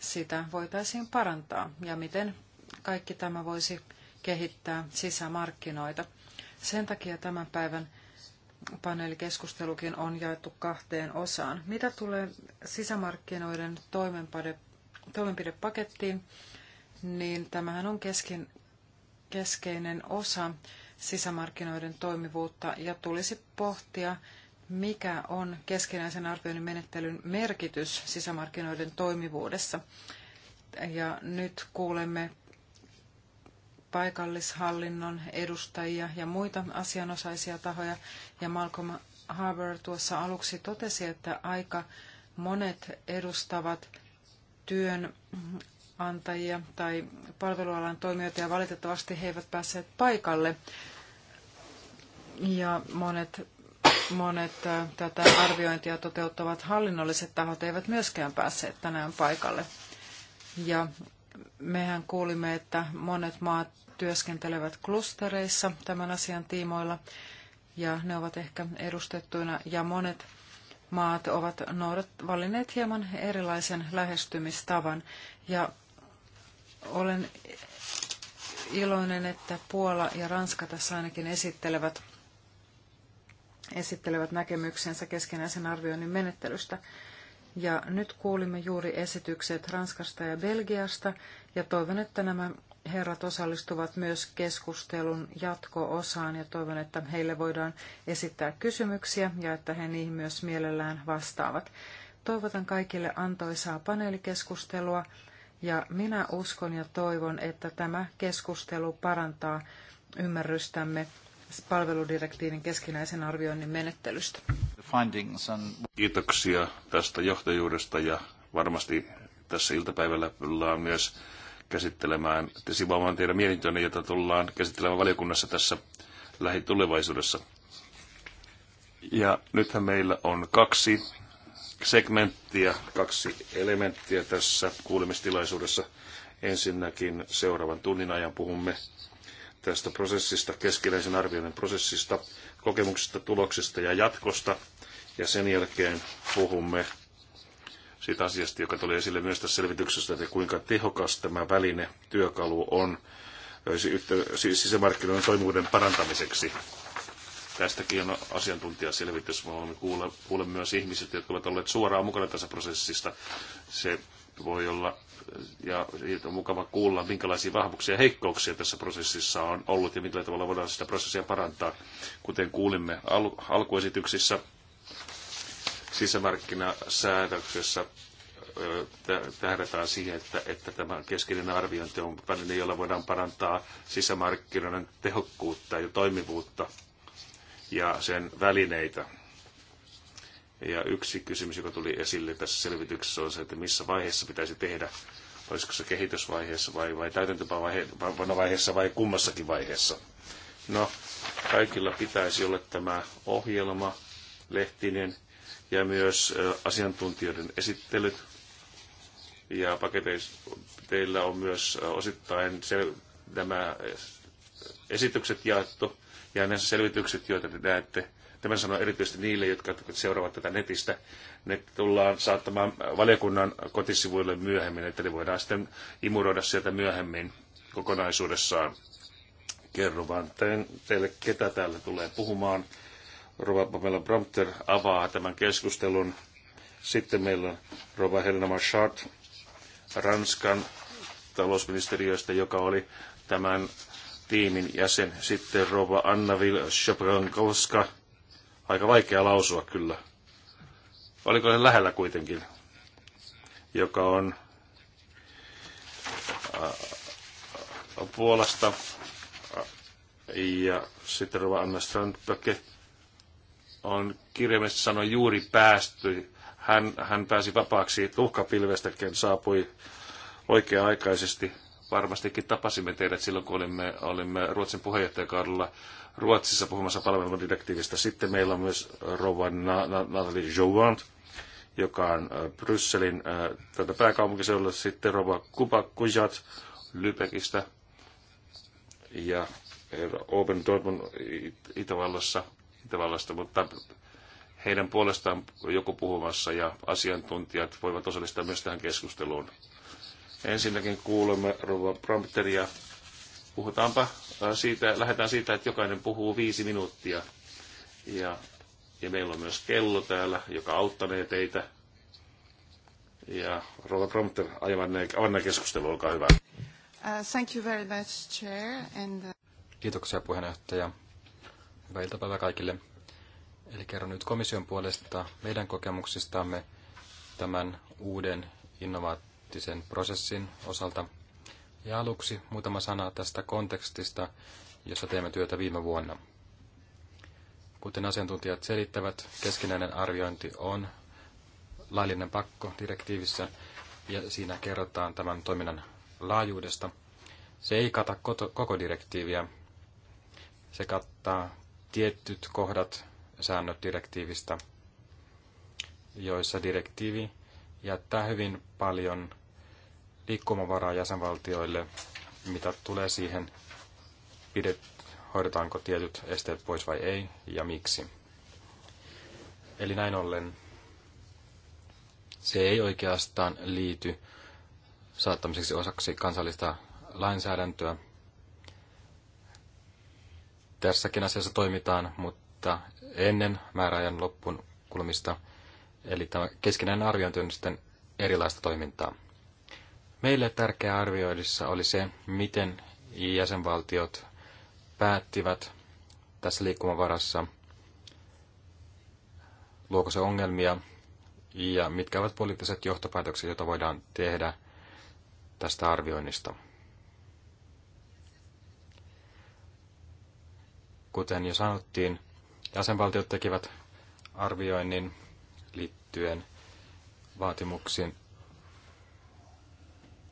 sitä voitaisiin parantaa ja miten kaikki tämä voisi kehittää sisämarkkinoita. Sen takia tämän päivän paneelikeskustelukin on jaettu kahteen osaan. Mitä tulee sisämarkkinoiden toimenpidepakettiin, niin tämähän on keskin, keskeinen osa sisämarkkinoiden toimivuutta ja tulisi pohtia, mikä on keskinäisen arvioinnin menettelyn merkitys sisämarkkinoiden toimivuudessa. Ja nyt kuulemme paikallishallinnon edustajia ja muita asianosaisia tahoja. Ja Malcolm Harbour tuossa aluksi totesi, että aika monet edustavat työnantajia tai palvelualan toimijoita ja valitettavasti he eivät päässeet paikalle. Ja monet, monet tätä arviointia toteuttavat hallinnolliset tahot eivät myöskään päässeet tänään paikalle. Ja Mehän kuulimme, että monet maat työskentelevät klustereissa tämän asian tiimoilla ja ne ovat ehkä edustettuina ja monet maat ovat noudat, valinneet hieman erilaisen lähestymistavan ja olen iloinen, että Puola ja Ranska tässä ainakin esittelevät, esittelevät näkemyksensä keskinäisen arvioinnin menettelystä. Ja nyt kuulimme juuri esitykset Ranskasta ja Belgiasta ja toivon, että nämä herrat osallistuvat myös keskustelun jatko-osaan ja toivon, että heille voidaan esittää kysymyksiä ja että he niihin myös mielellään vastaavat. Toivotan kaikille antoisaa paneelikeskustelua ja minä uskon ja toivon, että tämä keskustelu parantaa ymmärrystämme palveludirektiivin keskinäisen arvioinnin menettelystä findings and... Kiitoksia tästä johtajuudesta ja varmasti tässä iltapäivällä tullaan myös käsittelemään, te sivuamaan teidän mietintönne, jota tullaan käsittelemään valiokunnassa tässä lähitulevaisuudessa. Ja nythän meillä on kaksi segmenttiä, kaksi elementtiä tässä kuulemistilaisuudessa. Ensinnäkin seuraavan tunnin ajan puhumme tästä prosessista, keskinäisen arvioinnin prosessista, kokemuksista, tuloksista ja jatkosta – ja sen jälkeen puhumme siitä asiasta, joka tuli esille myös tässä selvityksessä, että kuinka tehokas tämä väline, työkalu on sisämarkkinoiden toimivuuden parantamiseksi. Tästäkin on asiantuntijaselvitys. Me olemme kuule, kuule myös ihmiset, jotka ovat olleet suoraan mukana tässä prosessista. Se voi olla ja on mukava kuulla, minkälaisia vahvuuksia ja heikkouksia tässä prosessissa on ollut ja millä tavalla voidaan sitä prosessia parantaa. Kuten kuulimme al- alkuesityksissä, sisämarkkinasäädöksessä tähdätään siihen, että, että tämä keskeinen arviointi on väline, jolla voidaan parantaa sisämarkkinoiden tehokkuutta ja toimivuutta ja sen välineitä. Ja yksi kysymys, joka tuli esille tässä selvityksessä, on se, että missä vaiheessa pitäisi tehdä. Olisiko se kehitysvaiheessa vai, vai vaiheessa vai kummassakin vaiheessa? No, kaikilla pitäisi olla tämä ohjelma, lehtinen, ja myös asiantuntijoiden esittelyt. Ja paketeilla on myös osittain se, nämä esitykset jaettu ja näissä selvitykset, joita te näette, tämän sanon erityisesti niille, jotka seuraavat tätä netistä, ne tullaan saattamaan valiokunnan kotisivuille myöhemmin, että ne voidaan sitten imuroida sieltä myöhemmin kokonaisuudessaan. Kerro vaan teille, ketä täällä tulee puhumaan Rova Pamela Prompter avaa tämän keskustelun. Sitten meillä on Rova Helena Marchard Ranskan talousministeriöstä, joka oli tämän tiimin jäsen. Sitten Rova Annaville Shabrankowska. Aika vaikea lausua kyllä. Oliko se lähellä kuitenkin? Joka on äh, Puolasta. Ja sitten Rova Anna Strandböcke, on kirjaimellisesti sanoen juuri päästy. Hän, hän pääsi vapaaksi uhkapilvestäkin, saapui oikea-aikaisesti. Varmastikin tapasimme teidät silloin, kun olimme, olimme Ruotsin puheenjohtajakaudella Ruotsissa puhumassa palveludirektiivistä. Sitten meillä on myös rouva Nathalie Jouant, joka on äh, Brysselin äh, tätä pääkaupunkiseudulla. Sitten rouva Kuba Kujat Lübeckistä ja Open Dortmund Itävallassa Itävallasta, mutta heidän puolestaan joku puhumassa ja asiantuntijat voivat osallistua myös tähän keskusteluun. Ensinnäkin kuulemme Rova Prompteria. Puhutaanpa äh, siitä, lähdetään siitä, että jokainen puhuu viisi minuuttia. Ja, ja meillä on myös kello täällä, joka auttanee teitä. Ja Rova Prompter, aivan näin keskustelu, olkaa hyvä. Uh, thank you very much, Chair. And, uh... Kiitoksia puheenjohtaja. Hyvää iltapäivää kaikille. Eli kerron nyt komission puolesta meidän kokemuksistamme tämän uuden innovaattisen prosessin osalta. Ja aluksi muutama sana tästä kontekstista, jossa teemme työtä viime vuonna. Kuten asiantuntijat selittävät, keskinäinen arviointi on laillinen pakko direktiivissä ja siinä kerrotaan tämän toiminnan laajuudesta. Se ei kata koko direktiiviä. Se kattaa tietyt kohdat säännöt direktiivistä, joissa direktiivi jättää hyvin paljon liikkumavaraa jäsenvaltioille, mitä tulee siihen, pidet, hoidetaanko tietyt esteet pois vai ei ja miksi. Eli näin ollen se ei oikeastaan liity saattamiseksi osaksi kansallista lainsäädäntöä, tässäkin asiassa toimitaan, mutta ennen määräajan loppuun kulmista. Eli tämä keskinäinen arviointi on sitten erilaista toimintaa. Meille tärkeä arvioidissa oli se, miten jäsenvaltiot päättivät tässä liikkumavarassa, luoko se ongelmia ja mitkä ovat poliittiset johtopäätökset, joita voidaan tehdä tästä arvioinnista. Kuten jo sanottiin, jäsenvaltiot tekevät arvioinnin liittyen vaatimuksiin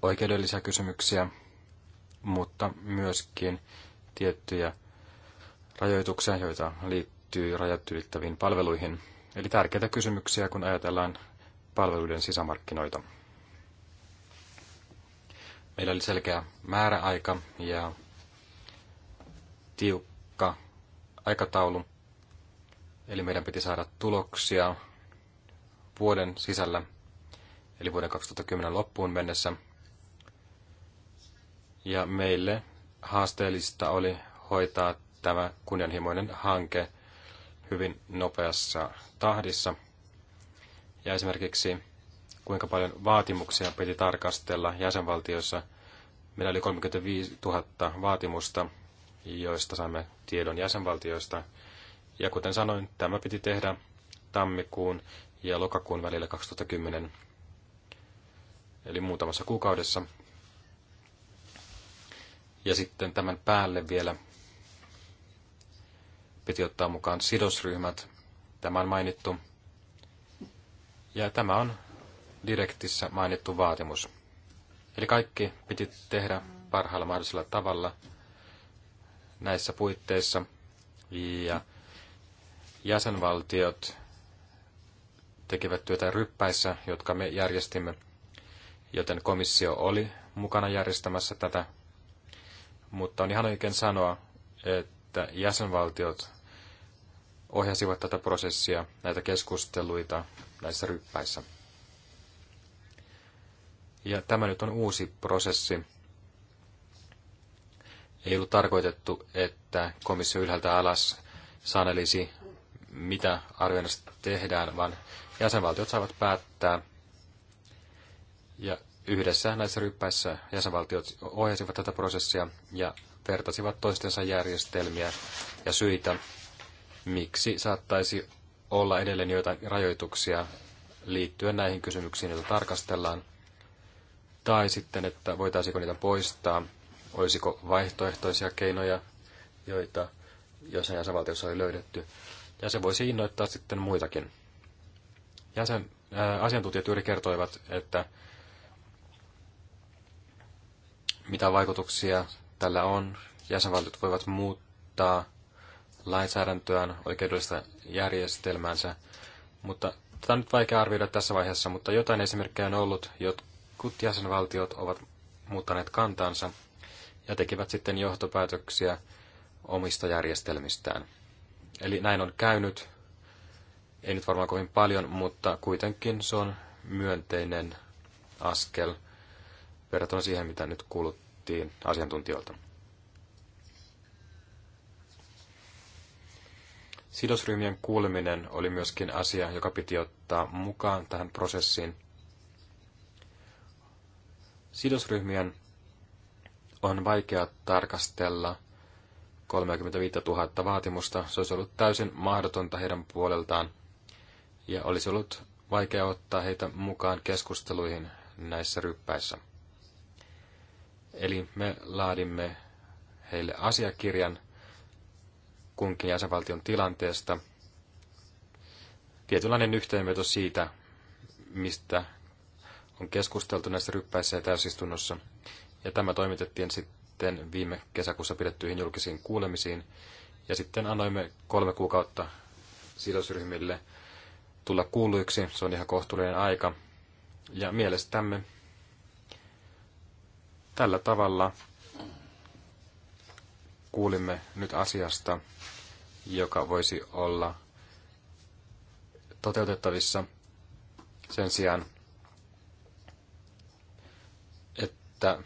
oikeudellisia kysymyksiä, mutta myöskin tiettyjä rajoituksia, joita liittyy rajat ylittäviin palveluihin. Eli tärkeitä kysymyksiä, kun ajatellaan palveluiden sisämarkkinoita. Meillä oli selkeä määräaika ja tiukka aikataulu. Eli meidän piti saada tuloksia vuoden sisällä, eli vuoden 2010 loppuun mennessä. Ja meille haasteellista oli hoitaa tämä kunnianhimoinen hanke hyvin nopeassa tahdissa. Ja esimerkiksi kuinka paljon vaatimuksia piti tarkastella jäsenvaltioissa. Meillä oli 35 000 vaatimusta joista saimme tiedon jäsenvaltioista. Ja kuten sanoin, tämä piti tehdä tammikuun ja lokakuun välillä 2010, eli muutamassa kuukaudessa. Ja sitten tämän päälle vielä piti ottaa mukaan sidosryhmät, tämä on mainittu. Ja tämä on direktissä mainittu vaatimus. Eli kaikki piti tehdä parhaalla mahdollisella tavalla – näissä puitteissa ja jäsenvaltiot tekivät työtä ryppäissä, jotka me järjestimme, joten komissio oli mukana järjestämässä tätä. Mutta on ihan oikein sanoa, että jäsenvaltiot ohjasivat tätä prosessia, näitä keskusteluita näissä ryppäissä. Ja tämä nyt on uusi prosessi, ei ollut tarkoitettu, että komissio ylhäältä alas sanelisi, mitä arvioinnista tehdään, vaan jäsenvaltiot saavat päättää. Ja yhdessä näissä ryppäissä jäsenvaltiot ohjasivat tätä prosessia ja vertasivat toistensa järjestelmiä ja syitä, miksi saattaisi olla edelleen joitain rajoituksia liittyen näihin kysymyksiin, joita tarkastellaan, tai sitten, että voitaisiinko niitä poistaa Olisiko vaihtoehtoisia keinoja, joita jossain jäsenvaltiossa oli löydetty? Ja se voisi innoittaa sitten muitakin. Jäsen, ää, äh, asiantuntijat juuri kertoivat, että mitä vaikutuksia tällä on. Jäsenvaltiot voivat muuttaa lainsäädäntöään, oikeudellista järjestelmäänsä, mutta tätä on nyt vaikea arvioida tässä vaiheessa, mutta jotain esimerkkejä on ollut. Jotkut jäsenvaltiot ovat muuttaneet kantansa ja tekivät sitten johtopäätöksiä omista järjestelmistään. Eli näin on käynyt. Ei nyt varmaan kovin paljon, mutta kuitenkin se on myönteinen askel verrattuna siihen, mitä nyt kuuluttiin asiantuntijoilta. Sidosryhmien kuuleminen oli myöskin asia, joka piti ottaa mukaan tähän prosessiin. Sidosryhmien on vaikea tarkastella 35 000 vaatimusta. Se olisi ollut täysin mahdotonta heidän puoleltaan ja olisi ollut vaikea ottaa heitä mukaan keskusteluihin näissä ryppäissä. Eli me laadimme heille asiakirjan kunkin jäsenvaltion tilanteesta, tietynlainen yhteenveto siitä, mistä on keskusteltu näissä ryppäissä ja täysistunnossa. Ja tämä toimitettiin sitten viime kesäkuussa pidettyihin julkisiin kuulemisiin. Ja sitten annoimme kolme kuukautta sidosryhmille tulla kuulluiksi. Se on ihan kohtuullinen aika. Ja mielestämme tällä tavalla kuulimme nyt asiasta, joka voisi olla toteutettavissa sen sijaan, että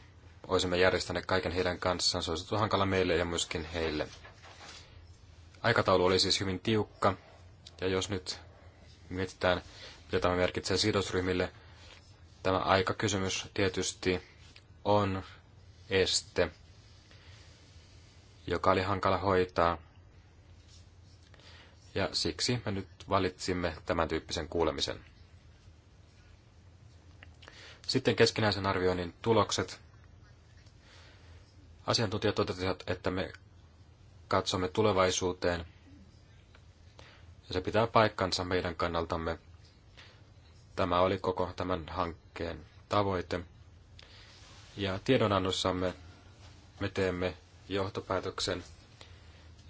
olisimme järjestäneet kaiken heidän kanssaan. Se olisi hankala meille ja myöskin heille. Aikataulu oli siis hyvin tiukka, ja jos nyt mietitään, mitä tämä merkitsee sidosryhmille, tämä aikakysymys tietysti on este, joka oli hankala hoitaa. Ja siksi me nyt valitsimme tämän tyyppisen kuulemisen. Sitten keskinäisen arvioinnin tulokset. Asiantuntijat totesivat, että me katsomme tulevaisuuteen, ja se pitää paikkansa meidän kannaltamme. Tämä oli koko tämän hankkeen tavoite. Ja tiedonannossamme me teemme johtopäätöksen,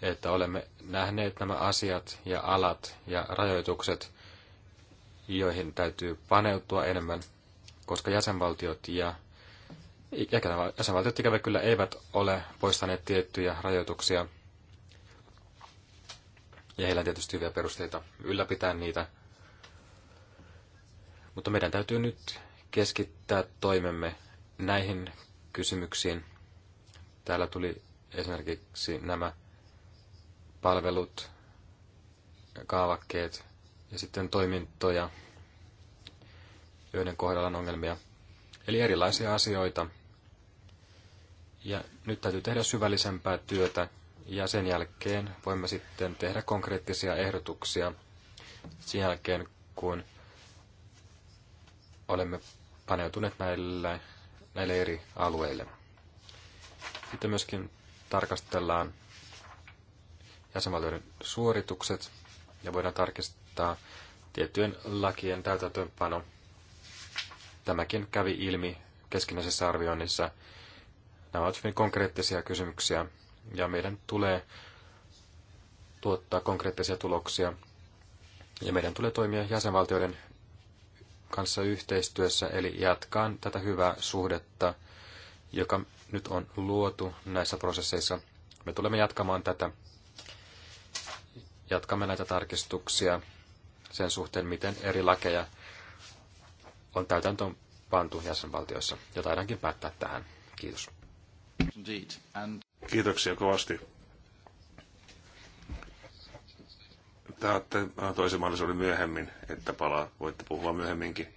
että olemme nähneet nämä asiat ja alat ja rajoitukset, joihin täytyy paneutua enemmän, koska jäsenvaltiot ja jäsenvaltiot ikävä kyllä eivät ole poistaneet tiettyjä rajoituksia. Ja heillä on tietysti hyviä perusteita ylläpitää niitä. Mutta meidän täytyy nyt keskittää toimemme näihin kysymyksiin. Täällä tuli esimerkiksi nämä palvelut, kaavakkeet ja sitten toimintoja, joiden kohdalla on ongelmia. Eli erilaisia asioita, ja nyt täytyy tehdä syvällisempää työtä ja sen jälkeen voimme sitten tehdä konkreettisia ehdotuksia sen jälkeen, kun olemme paneutuneet näille, näille eri alueille. Sitten myöskin tarkastellaan jäsenvaltioiden suoritukset ja voidaan tarkistaa tiettyjen lakien täytäntöönpano. Tämäkin kävi ilmi keskinäisessä arvioinnissa Nämä ovat hyvin konkreettisia kysymyksiä ja meidän tulee tuottaa konkreettisia tuloksia ja meidän tulee toimia jäsenvaltioiden kanssa yhteistyössä, eli jatkaa tätä hyvää suhdetta, joka nyt on luotu näissä prosesseissa. Me tulemme jatkamaan tätä, jatkamme näitä tarkistuksia sen suhteen, miten eri lakeja on täytäntöön pantu jäsenvaltioissa. Ja taidankin päättää tähän. Kiitos. Kiitoksia kovasti. Taatte äh, toisen mahdollisuuden myöhemmin, että palaa. Voitte puhua myöhemminkin.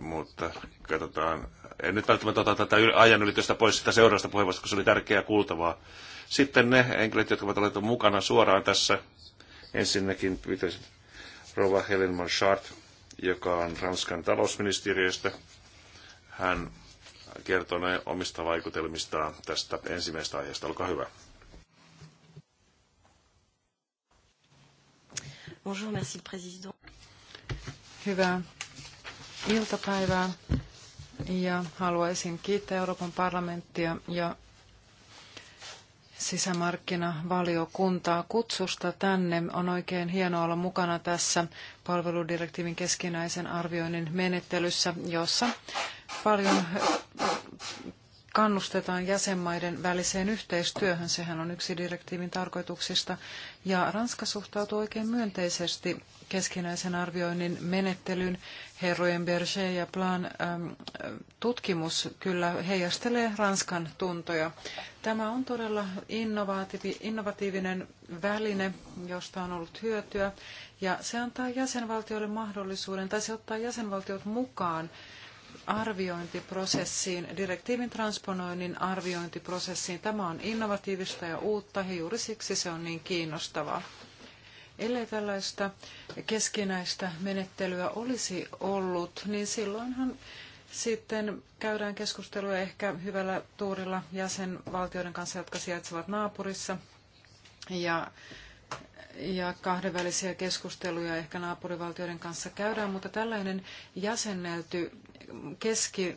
Mutta katsotaan. En nyt välttämättä ota tätä ajan ylitystä pois sitä seuraavasta puheenvuorosta, koska se oli tärkeää kuultavaa. Sitten ne henkilöt, jotka ovat olleet mukana suoraan tässä. Ensinnäkin pyytäisin Rova Helen Marchard, joka on Ranskan talousministeriöstä. Hän kertonee omista vaikutelmistaan tästä ensimmäisestä aiheesta. Olkaa hyvä. Bonjour, merci président. Hyvää iltapäivää ja haluaisin kiittää Euroopan parlamenttia ja sisämarkkinavaliokuntaa kutsusta tänne. On oikein hienoa olla mukana tässä palveludirektiivin keskinäisen arvioinnin menettelyssä, jossa paljon kannustetaan jäsenmaiden väliseen yhteistyöhön. Sehän on yksi direktiivin tarkoituksista. Ja Ranska suhtautuu oikein myönteisesti keskinäisen arvioinnin menettelyn. Herrojen Berger ja Plan ähm, tutkimus kyllä heijastelee Ranskan tuntoja. Tämä on todella innovatiivinen väline, josta on ollut hyötyä. Ja se antaa jäsenvaltioille mahdollisuuden, tai se ottaa jäsenvaltiot mukaan arviointiprosessiin, direktiivin transponoinnin arviointiprosessiin. Tämä on innovatiivista ja uutta ja juuri siksi se on niin kiinnostavaa. Ellei tällaista keskinäistä menettelyä olisi ollut, niin silloinhan sitten käydään keskustelua ehkä hyvällä tuurilla jäsenvaltioiden kanssa, jotka sijaitsevat naapurissa. Ja ja kahdenvälisiä keskusteluja ehkä naapurivaltioiden kanssa käydään, mutta tällainen jäsennelty keski,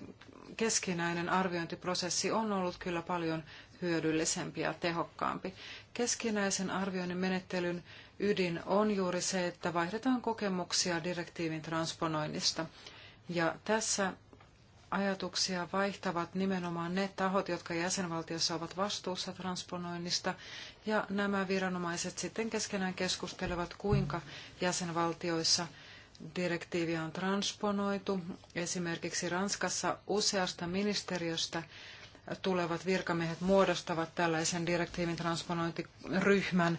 keskinäinen arviointiprosessi on ollut kyllä paljon hyödyllisempi ja tehokkaampi. Keskinäisen arvioinnin menettelyn ydin on juuri se, että vaihdetaan kokemuksia direktiivin transponoinnista. Ja tässä ajatuksia vaihtavat nimenomaan ne tahot, jotka jäsenvaltiossa ovat vastuussa transponoinnista, ja nämä viranomaiset sitten keskenään keskustelevat, kuinka jäsenvaltioissa – Direktiivi on transponoitu. Esimerkiksi Ranskassa useasta ministeriöstä tulevat virkamiehet muodostavat tällaisen direktiivin transponointiryhmän,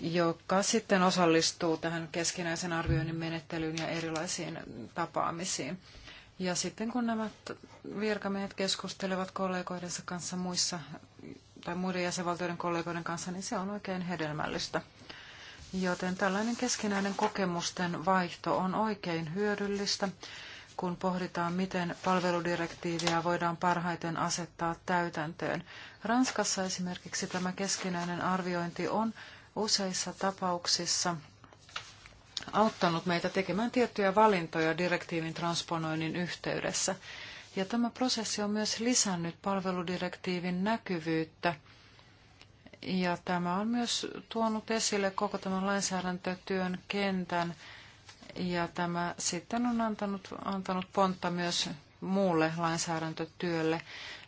joka sitten osallistuu tähän keskinäisen arvioinnin menettelyyn ja erilaisiin tapaamisiin. Ja sitten kun nämä virkamiehet keskustelevat kollegoidensa kanssa muissa tai muiden jäsenvaltioiden kollegoiden kanssa, niin se on oikein hedelmällistä. Joten tällainen keskinäinen kokemusten vaihto on oikein hyödyllistä, kun pohditaan, miten palveludirektiiviä voidaan parhaiten asettaa täytäntöön. Ranskassa esimerkiksi tämä keskinäinen arviointi on useissa tapauksissa auttanut meitä tekemään tiettyjä valintoja direktiivin transponoinnin yhteydessä. Ja tämä prosessi on myös lisännyt palveludirektiivin näkyvyyttä ja tämä on myös tuonut esille koko tämän lainsäädäntötyön kentän. Ja tämä sitten on antanut, antanut pontta myös muulle lainsäädäntötyölle,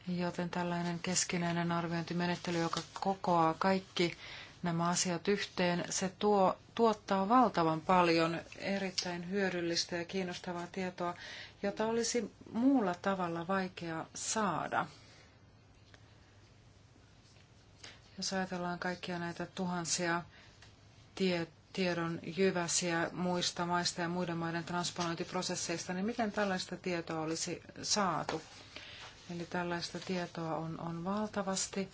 joten tällainen keskinäinen arviointimenettely, joka kokoaa kaikki nämä asiat yhteen, se tuo, tuottaa valtavan paljon erittäin hyödyllistä ja kiinnostavaa tietoa, jota olisi muulla tavalla vaikea saada. Jos ajatellaan kaikkia näitä tuhansia tie, tiedon jyväsiä muista maista ja muiden maiden transponointiprosesseista, niin miten tällaista tietoa olisi saatu? Eli tällaista tietoa on, on valtavasti.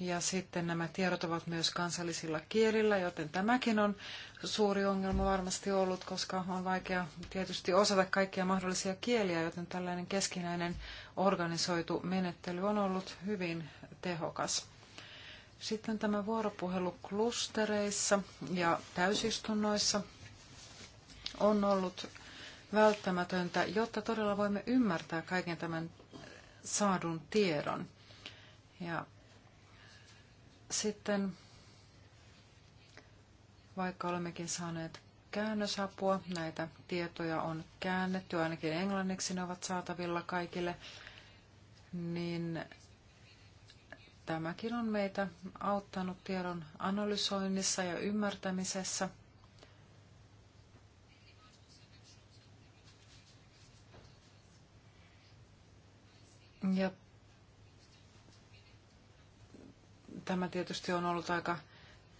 Ja sitten nämä tiedot ovat myös kansallisilla kielillä, joten tämäkin on suuri ongelma varmasti ollut, koska on vaikea tietysti osata kaikkia mahdollisia kieliä, joten tällainen keskinäinen organisoitu menettely on ollut hyvin tehokas. Sitten tämä vuoropuhelu klustereissa ja täysistunnoissa on ollut välttämätöntä, jotta todella voimme ymmärtää kaiken tämän saadun tiedon. Ja sitten, vaikka olemmekin saaneet käännösapua, näitä tietoja on käännetty, ainakin englanniksi ne ovat saatavilla kaikille, niin Tämäkin on meitä auttanut tiedon analysoinnissa ja ymmärtämisessä. Ja tämä tietysti on ollut aika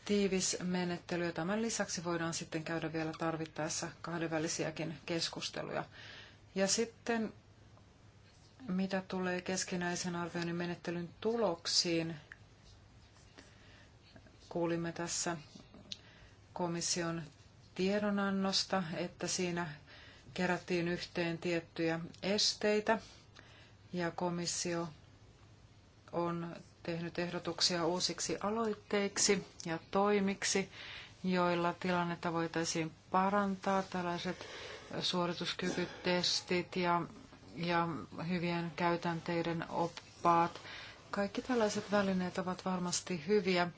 tiivis menettely ja tämän lisäksi voidaan sitten käydä vielä tarvittaessa kahdenvälisiäkin keskusteluja. Ja sitten mitä tulee keskinäisen arvioinnin menettelyn tuloksiin, kuulimme tässä komission tiedonannosta, että siinä kerättiin yhteen tiettyjä esteitä ja komissio on tehnyt ehdotuksia uusiksi aloitteiksi ja toimiksi, joilla tilannetta voitaisiin parantaa. Tällaiset suorituskykytestit ja ja hyvien käytänteiden oppaat. Kaikki tällaiset välineet ovat varmasti hyviä,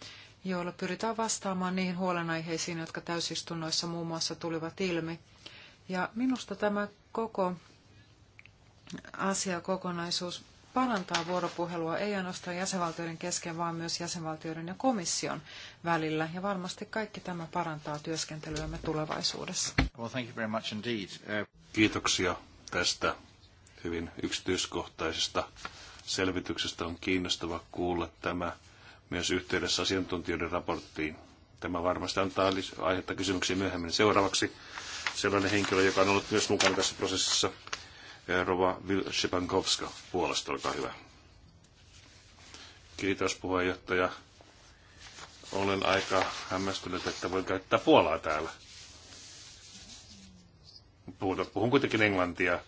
joilla pyritään vastaamaan niihin huolenaiheisiin, jotka täysistunnoissa muun muassa tulivat ilmi. Ja minusta tämä koko asiakokonaisuus parantaa vuoropuhelua ei ainoastaan jäsenvaltioiden kesken, vaan myös jäsenvaltioiden ja komission välillä. Ja varmasti kaikki tämä parantaa työskentelyämme tulevaisuudessa. Well, uh, Kiitoksia tästä hyvin yksityiskohtaisesta selvityksestä. On kiinnostava kuulla tämä myös yhteydessä asiantuntijoiden raporttiin. Tämä varmasti antaa aihetta kysymyksiä myöhemmin. Seuraavaksi sellainen henkilö, joka on ollut myös mukana tässä prosessissa, eh, Rova Shepankovska puolesta, olkaa hyvä. Kiitos puheenjohtaja. Olen aika hämmästynyt, että voin käyttää Puolaa täällä. Puhun, puhun kuitenkin englantia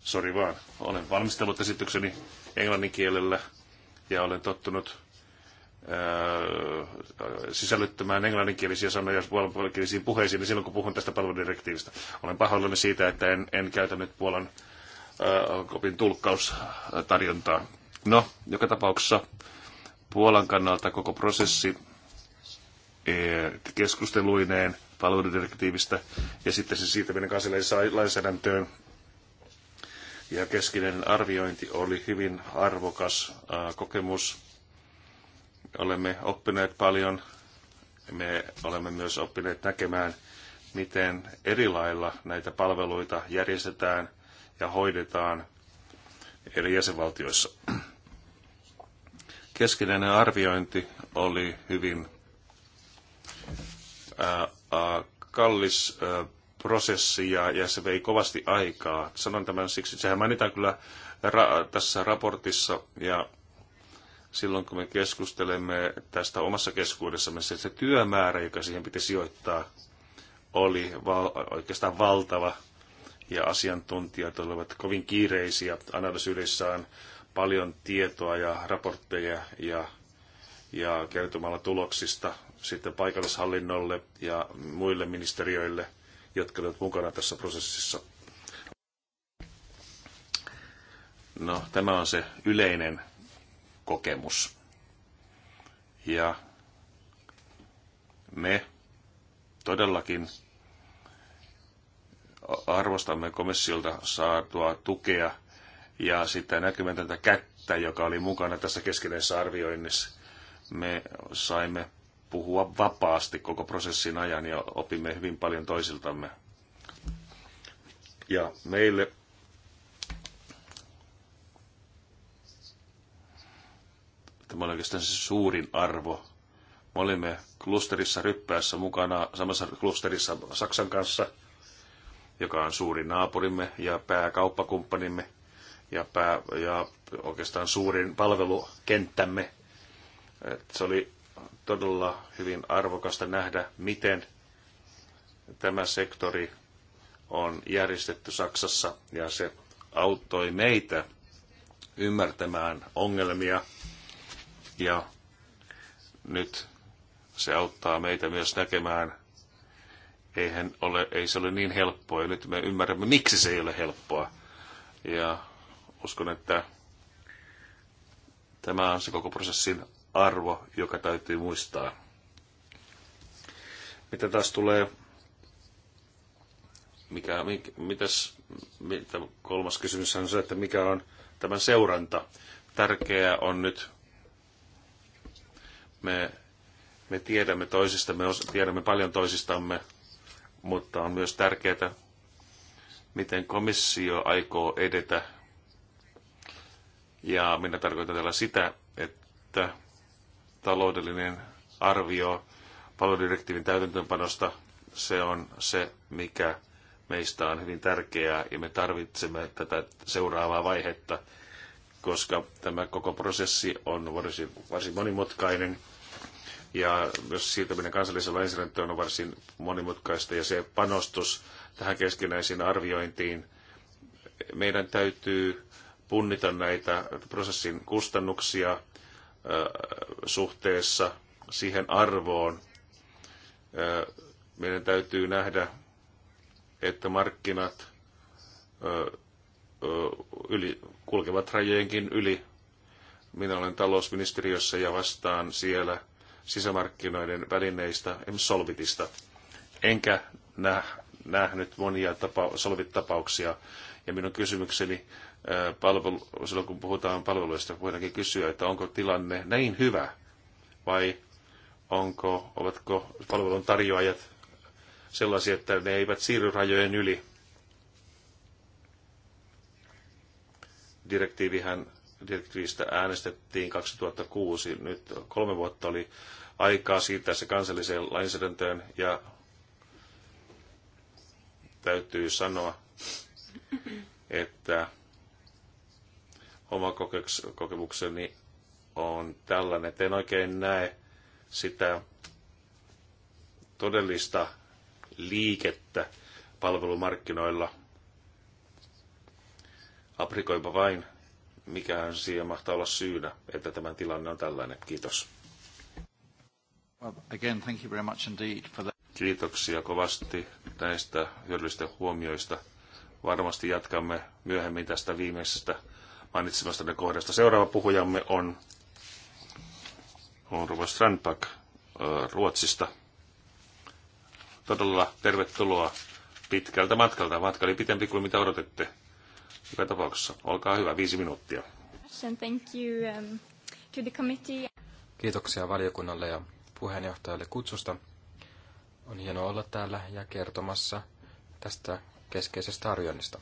sori vaan, olen valmistellut esitykseni englannin kielellä ja olen tottunut äh, sisällyttämään englanninkielisiä sanoja puolankielisiin puheisiin, niin silloin kun puhun tästä palveludirektiivistä. Olen pahoillani siitä, että en, en käytä nyt Puolan ää, äh, kopin tulkkaustarjontaa. No, joka tapauksessa Puolan kannalta koko prosessi eh, keskusteluineen palveludirektiivistä ja sitten se siirtäminen kansalaisen lainsäädäntöön ja keskinen arviointi oli hyvin arvokas kokemus. Olemme oppineet paljon. Me olemme myös oppineet näkemään, miten eri lailla näitä palveluita järjestetään ja hoidetaan eri jäsenvaltioissa. Keskinäinen arviointi oli hyvin kallis prosessi ja, ja se vei kovasti aikaa. Sanon tämän siksi, että sehän mainitaan kyllä ra- tässä raportissa ja silloin kun me keskustelemme tästä omassa keskuudessamme, se, se työmäärä, joka siihen piti sijoittaa, oli val- oikeastaan valtava ja asiantuntijat olivat kovin kiireisiä analysoidessaan paljon tietoa ja raportteja ja, ja kertomalla tuloksista sitten paikallishallinnolle ja muille ministeriöille – jotka olivat mukana tässä prosessissa. No, tämä on se yleinen kokemus. Ja me todellakin arvostamme komissiolta saatua tukea ja sitä näkymätöntä kättä, joka oli mukana tässä keskeisessä arvioinnissa. Me saimme puhua vapaasti koko prosessin ajan ja opimme hyvin paljon toisiltamme. Ja meille tämä oli oikeastaan se suurin arvo. Me olimme klusterissa ryppäässä mukana, samassa klusterissa Saksan kanssa, joka on suuri naapurimme ja pääkauppakumppanimme ja, pää, ja oikeastaan suurin palvelukenttämme. Et se oli todella hyvin arvokasta nähdä, miten tämä sektori on järjestetty Saksassa ja se auttoi meitä ymmärtämään ongelmia ja nyt se auttaa meitä myös näkemään, eihän ole, ei se ole niin helppoa ja nyt me ymmärrämme, miksi se ei ole helppoa. Ja uskon, että tämä on se koko prosessin arvo, joka täytyy muistaa. Mitä taas tulee, mikä, mikä, mitäs, mitä, kolmas kysymys on se, että mikä on tämän seuranta. Tärkeää on nyt, me, me tiedämme toisista, os, tiedämme paljon toisistamme, mutta on myös tärkeää, miten komissio aikoo edetä. Ja minä tarkoitan tällä sitä, että taloudellinen arvio palodirektiivin täytäntöönpanosta, se on se, mikä meistä on hyvin tärkeää ja me tarvitsemme tätä seuraavaa vaihetta, koska tämä koko prosessi on varsin, varsin monimutkainen ja myös siirtäminen kansalliseen lainsäädäntöön on varsin monimutkaista ja se panostus tähän keskinäisiin arviointiin, meidän täytyy punnita näitä prosessin kustannuksia suhteessa siihen arvoon. Meidän täytyy nähdä, että markkinat yli, kulkevat rajojenkin yli. Minä olen talousministeriössä ja vastaan siellä sisämarkkinoiden välineistä, solvitista. Enkä nähnyt monia tapa, solvit-tapauksia. Ja minun kysymykseni palvelu, silloin kun puhutaan palveluista, voidaankin kysyä, että onko tilanne näin hyvä vai onko, ovatko palvelun tarjoajat sellaisia, että ne eivät siirry rajojen yli. Direktiivihän direktiivistä äänestettiin 2006. Nyt kolme vuotta oli aikaa siirtää se kansalliseen lainsäädäntöön ja täytyy sanoa, että Oma kokemukseni on tällainen, että en oikein näe sitä todellista liikettä palvelumarkkinoilla. Aprikoipa vain, mikähän siihen mahtaa olla syynä, että tämä tilanne on tällainen. Kiitos. Again, thank you very much indeed for Kiitoksia kovasti näistä hyödyllisistä huomioista. Varmasti jatkamme myöhemmin tästä viimeisestä mainitsemastanne kohdasta. Seuraava puhujamme on, on Ruva Strandback Ruotsista. Todella tervetuloa pitkältä matkalta. Matka oli pitempi kuin mitä odotette. Joka tapauksessa, olkaa hyvä, viisi minuuttia. Um, Kiitoksia valiokunnalle ja puheenjohtajalle kutsusta. On hienoa olla täällä ja kertomassa tästä keskeisestä arvioinnista.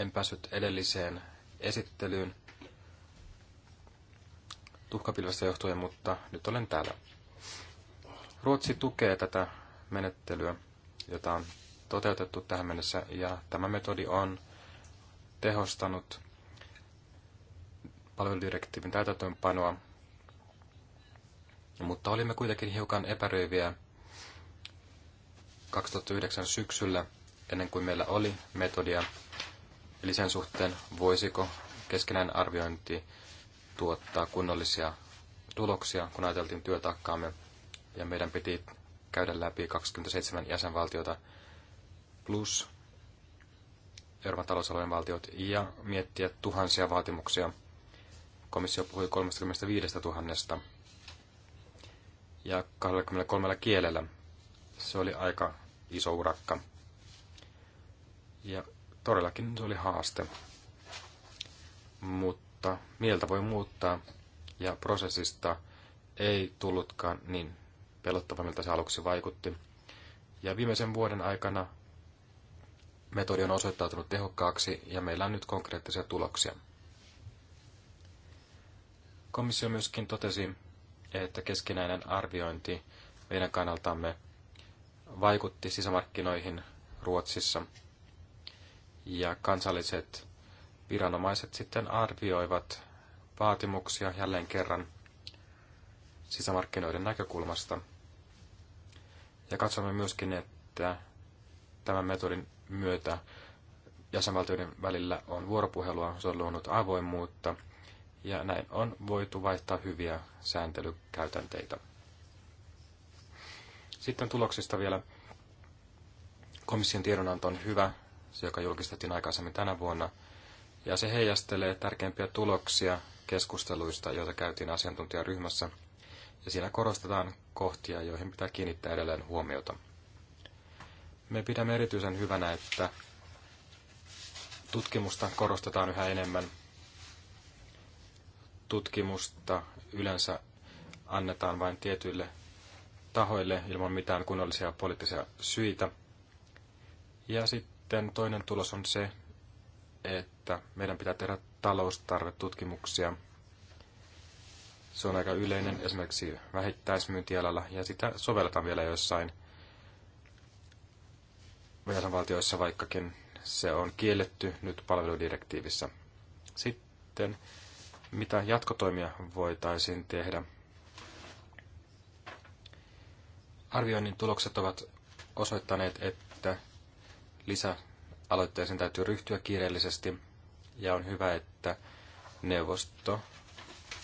En päässyt edelliseen esittelyyn tuhkapilvestä johtuen, mutta nyt olen täällä. Ruotsi tukee tätä menettelyä, jota on toteutettu tähän mennessä, ja tämä metodi on tehostanut palveludirektiivin täytäntöönpanoa, mutta olimme kuitenkin hiukan epäröiviä 2009 syksyllä, ennen kuin meillä oli metodia, Eli sen suhteen, voisiko keskenään arviointi tuottaa kunnollisia tuloksia, kun ajateltiin työtaakkaamme. Ja meidän piti käydä läpi 27 jäsenvaltiota plus Euroopan talousalueen valtiot ja miettiä tuhansia vaatimuksia. Komissio puhui 35 000 ja 23 kielellä. Se oli aika iso urakka. Ja Todellakin se oli haaste. Mutta mieltä voi muuttaa ja prosessista ei tullutkaan niin pelottava, miltä se aluksi vaikutti. Ja viimeisen vuoden aikana metodi on osoittautunut tehokkaaksi ja meillä on nyt konkreettisia tuloksia. Komissio myöskin totesi, että keskinäinen arviointi meidän kannaltamme vaikutti sisämarkkinoihin Ruotsissa – ja kansalliset viranomaiset sitten arvioivat vaatimuksia jälleen kerran sisämarkkinoiden näkökulmasta. Ja katsomme myöskin, että tämän metodin myötä jäsenvaltioiden välillä on vuoropuhelua, se on luonut avoimuutta ja näin on voitu vaihtaa hyviä sääntelykäytänteitä. Sitten tuloksista vielä. Komission tiedonanto on hyvä se joka julkistettiin aikaisemmin tänä vuonna, ja se heijastelee tärkeimpiä tuloksia keskusteluista, joita käytiin asiantuntijaryhmässä, ja siinä korostetaan kohtia, joihin pitää kiinnittää edelleen huomiota. Me pidämme erityisen hyvänä, että tutkimusta korostetaan yhä enemmän. Tutkimusta yleensä annetaan vain tietyille tahoille ilman mitään kunnollisia poliittisia syitä. Ja sitten sitten toinen tulos on se, että meidän pitää tehdä taloustarvetutkimuksia. Se on aika yleinen esimerkiksi vähittäismyyntialalla ja sitä sovelletaan vielä joissain valtioissa, vaikkakin se on kielletty nyt palveludirektiivissä. Sitten mitä jatkotoimia voitaisiin tehdä? Arvioinnin tulokset ovat osoittaneet, että lisäaloitteeseen täytyy ryhtyä kiireellisesti ja on hyvä, että neuvosto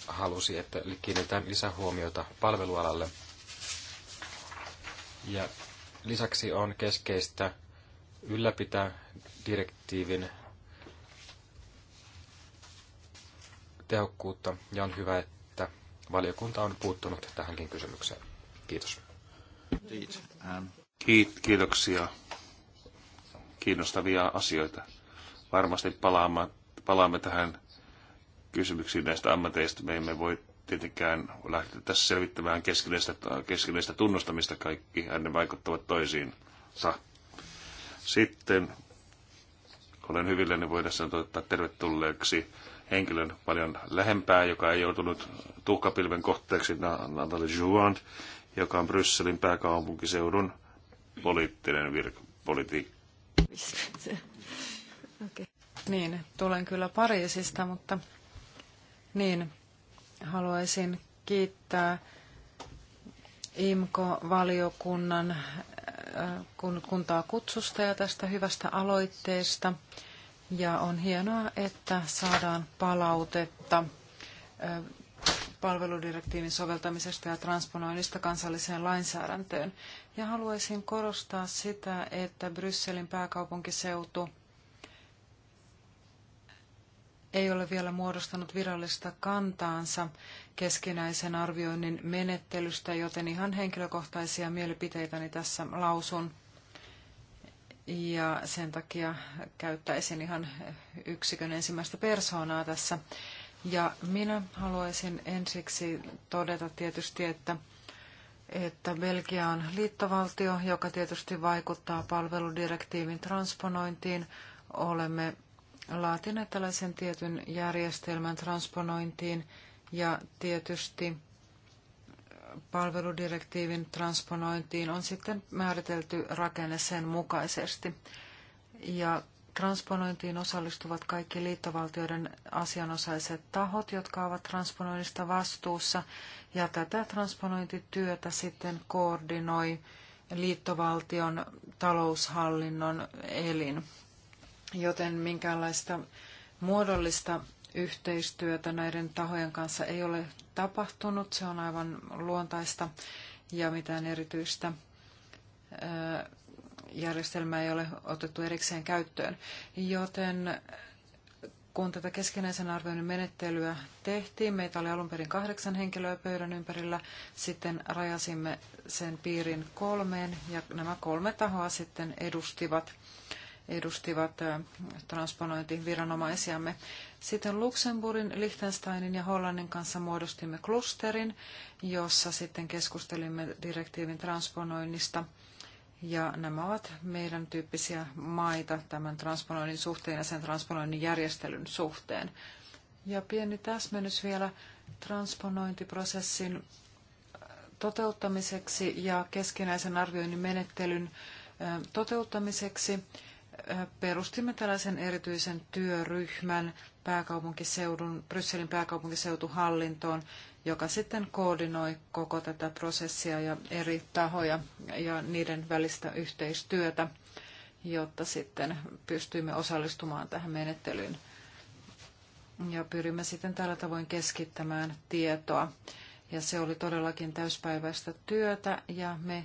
halusi, että kiinnitetään lisähuomiota palvelualalle. Ja lisäksi on keskeistä ylläpitää direktiivin tehokkuutta ja on hyvä, että valiokunta on puuttunut tähänkin kysymykseen. Kiitos. Kiit, kiitoksia kiinnostavia asioita. Varmasti palaamme, palaamme tähän kysymyksiin näistä ammateista. Me emme voi tietenkään lähteä tässä selvittämään keskinäistä, keskinäistä tunnustamista kaikki. Ne vaikuttavat toisiinsa. Sitten olen hyvilläni voida että tervetulleeksi henkilön paljon lähempää, joka ei joutunut tuhkapilven kohteeksi, Natalie Jouand, joka on Brysselin pääkaupunkiseudun poliittinen virk, politiikka. Okay. Niin, tulen kyllä Pariisista, mutta niin, haluaisin kiittää IMKO-valiokunnan äh, kuntaa kutsusta ja tästä hyvästä aloitteesta. Ja on hienoa, että saadaan palautetta äh, palveludirektiivin soveltamisesta ja transponoinnista kansalliseen lainsäädäntöön. Ja haluaisin korostaa sitä, että Brysselin pääkaupunkiseutu ei ole vielä muodostanut virallista kantaansa keskinäisen arvioinnin menettelystä, joten ihan henkilökohtaisia mielipiteitäni tässä lausun. Ja sen takia käyttäisin ihan yksikön ensimmäistä persoonaa tässä ja minä haluaisin ensiksi todeta tietysti, että, että Belgia on liittovaltio, joka tietysti vaikuttaa palveludirektiivin transponointiin. Olemme laatineet tällaisen tietyn järjestelmän transponointiin ja tietysti palveludirektiivin transponointiin on sitten määritelty rakenne sen mukaisesti. Ja Transponointiin osallistuvat kaikki liittovaltioiden asianosaiset tahot, jotka ovat transponoinnista vastuussa, ja tätä transponointityötä sitten koordinoi liittovaltion taloushallinnon elin. Joten minkäänlaista muodollista yhteistyötä näiden tahojen kanssa ei ole tapahtunut. Se on aivan luontaista ja mitään erityistä järjestelmää ei ole otettu erikseen käyttöön. Joten kun tätä keskinäisen arvioinnin menettelyä tehtiin, meitä oli alun perin kahdeksan henkilöä pöydän ympärillä, sitten rajasimme sen piirin kolmeen ja nämä kolme tahoa sitten edustivat edustivat äh, transponointiviranomaisiamme. Sitten Luxemburgin, Liechtensteinin ja Hollannin kanssa muodostimme klusterin, jossa sitten keskustelimme direktiivin transponoinnista – ja nämä ovat meidän tyyppisiä maita tämän transponoinnin suhteen ja sen transponoinnin järjestelyn suhteen. Ja pieni täsmennys vielä transponointiprosessin äh, toteuttamiseksi ja keskinäisen arvioinnin menettelyn äh, toteuttamiseksi äh, perustimme tällaisen erityisen työryhmän pääkaupunkiseudun, Brysselin pääkaupunkiseutuhallintoon, joka sitten koordinoi koko tätä prosessia ja eri tahoja ja niiden välistä yhteistyötä, jotta sitten pystyimme osallistumaan tähän menettelyyn. Ja pyrimme sitten tällä tavoin keskittämään tietoa. Ja se oli todellakin täyspäiväistä työtä ja me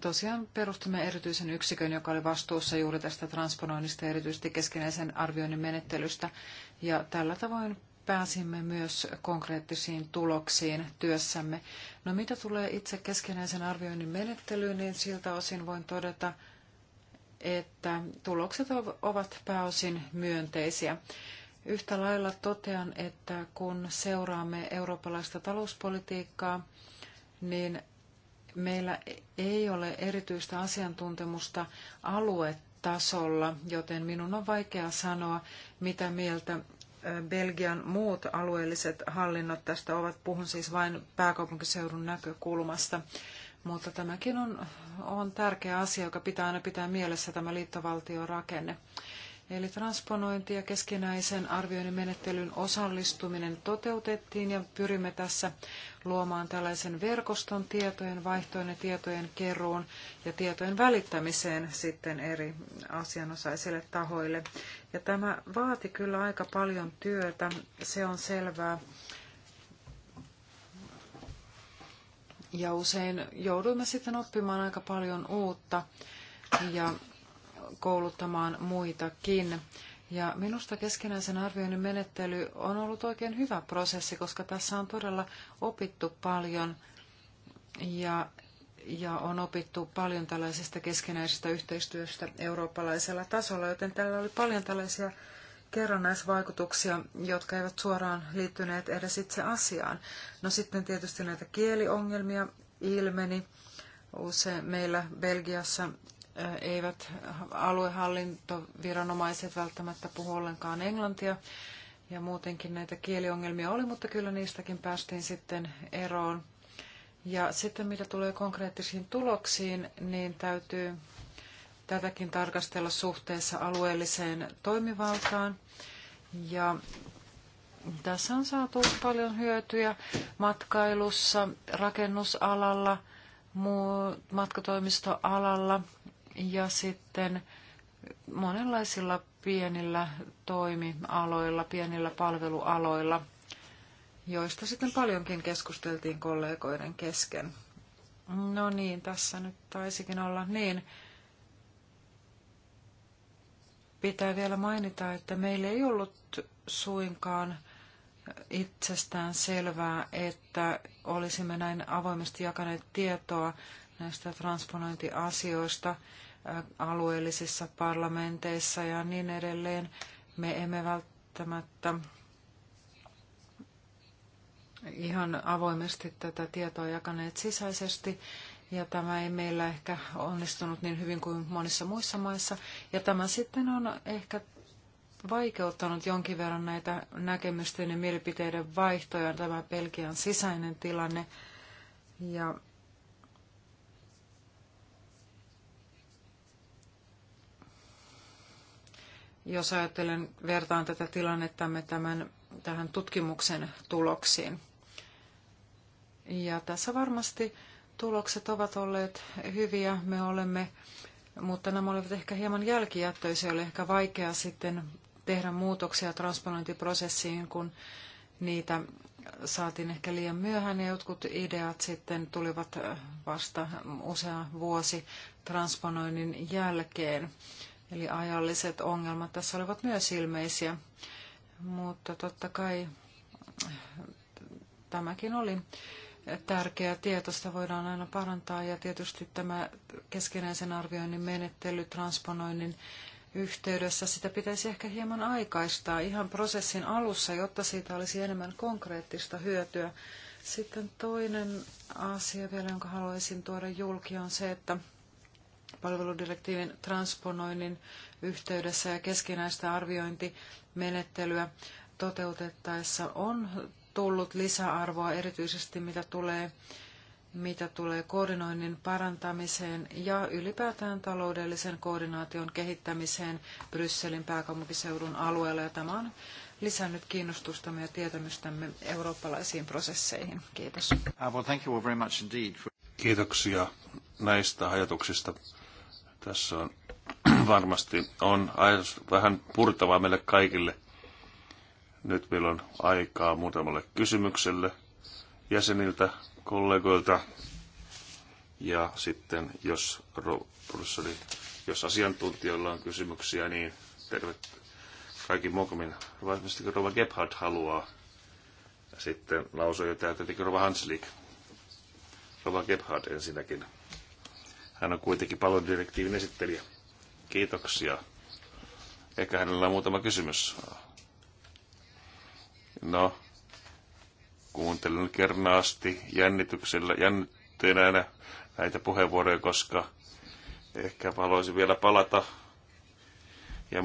tosiaan perustimme erityisen yksikön, joka oli vastuussa juuri tästä transponoinnista, erityisesti keskinäisen arvioinnin menettelystä. Ja tällä tavoin pääsimme myös konkreettisiin tuloksiin työssämme. No mitä tulee itse keskinäisen arvioinnin menettelyyn, niin siltä osin voin todeta, että tulokset ovat pääosin myönteisiä. Yhtä lailla totean, että kun seuraamme eurooppalaista talouspolitiikkaa, niin Meillä ei ole erityistä asiantuntemusta aluetasolla, joten minun on vaikea sanoa, mitä mieltä Belgian muut alueelliset hallinnot tästä ovat. Puhun siis vain pääkaupunkiseudun näkökulmasta. Mutta tämäkin on, on tärkeä asia, joka pitää aina pitää mielessä tämä liittovaltiorakenne. rakenne. Eli transponointi ja keskinäisen arvioinnin menettelyn osallistuminen toteutettiin ja pyrimme tässä luomaan tällaisen verkoston tietojen vaihtoon ja tietojen keruun ja tietojen välittämiseen sitten eri asianosaisille tahoille. Ja tämä vaati kyllä aika paljon työtä, se on selvää. Ja usein jouduimme sitten oppimaan aika paljon uutta. Ja kouluttamaan muitakin. Ja minusta keskinäisen arvioinnin menettely on ollut oikein hyvä prosessi, koska tässä on todella opittu paljon ja, ja on opittu paljon tällaisesta keskinäisestä yhteistyöstä eurooppalaisella tasolla, joten tällä oli paljon tällaisia kerrannaisvaikutuksia, jotka eivät suoraan liittyneet edes itse asiaan. No sitten tietysti näitä kieliongelmia ilmeni. Usein meillä Belgiassa eivät aluehallintoviranomaiset välttämättä puhu ollenkaan englantia. Ja muutenkin näitä kieliongelmia oli, mutta kyllä niistäkin päästiin sitten eroon. Ja sitten mitä tulee konkreettisiin tuloksiin, niin täytyy tätäkin tarkastella suhteessa alueelliseen toimivaltaan. Ja tässä on saatu paljon hyötyjä matkailussa, rakennusalalla, matkatoimistoalalla – ja sitten monenlaisilla pienillä toimialoilla, pienillä palvelualoilla, joista sitten paljonkin keskusteltiin kollegoiden kesken. No niin, tässä nyt taisikin olla niin. Pitää vielä mainita, että meillä ei ollut suinkaan itsestään selvää, että olisimme näin avoimesti jakaneet tietoa näistä transponointiasioista äh, alueellisissa parlamenteissa ja niin edelleen. Me emme välttämättä ihan avoimesti tätä tietoa jakaneet sisäisesti, ja tämä ei meillä ehkä onnistunut niin hyvin kuin monissa muissa maissa. Ja tämä sitten on ehkä vaikeuttanut jonkin verran näitä näkemysten ja mielipiteiden vaihtoja, tämä Belgian sisäinen tilanne. Ja jos ajattelen, vertaan tätä tilannettamme tämän, tähän tutkimuksen tuloksiin. Ja tässä varmasti tulokset ovat olleet hyviä, me olemme, mutta nämä olivat ehkä hieman jälkijättöisiä, oli ehkä vaikea sitten tehdä muutoksia transplantointiprosessiin, kun niitä saatiin ehkä liian myöhään ja jotkut ideat sitten tulivat vasta usea vuosi transponoinnin jälkeen. Eli ajalliset ongelmat tässä olivat myös ilmeisiä, mutta totta kai tämäkin oli tärkeä tietosta voidaan aina parantaa ja tietysti tämä keskinäisen arvioinnin menettely transponoinnin yhteydessä sitä pitäisi ehkä hieman aikaistaa ihan prosessin alussa, jotta siitä olisi enemmän konkreettista hyötyä. Sitten toinen asia vielä, jonka haluaisin tuoda julki, on se, että palveludirektiivin transponoinnin yhteydessä ja keskinäistä arviointimenettelyä toteutettaessa on tullut lisäarvoa erityisesti mitä tulee, mitä tulee koordinoinnin parantamiseen ja ylipäätään taloudellisen koordinaation kehittämiseen Brysselin pääkaupunkiseudun alueella. Ja tämä on lisännyt kiinnostustamme ja tietämystämme eurooppalaisiin prosesseihin. Kiitos. Uh, Kiitoksia näistä ajatuksista. Tässä on varmasti on vähän purtavaa meille kaikille. Nyt meillä on aikaa muutamalle kysymykselle jäseniltä, kollegoilta. Ja sitten, jos, professori, jos asiantuntijoilla on kysymyksiä, niin tervet kaikki mokomin. Varmasti Rova Gebhard haluaa ja sitten lausui jo että Rova Hanslik. Rova Gebhard ensinnäkin. Hän on kuitenkin direktiivin esittelijä. Kiitoksia. Ehkä hänellä on muutama kysymys. No, kuuntelen kernaasti jännityksellä, jännitteenä näitä puheenvuoroja, koska ehkä haluaisin vielä palata ja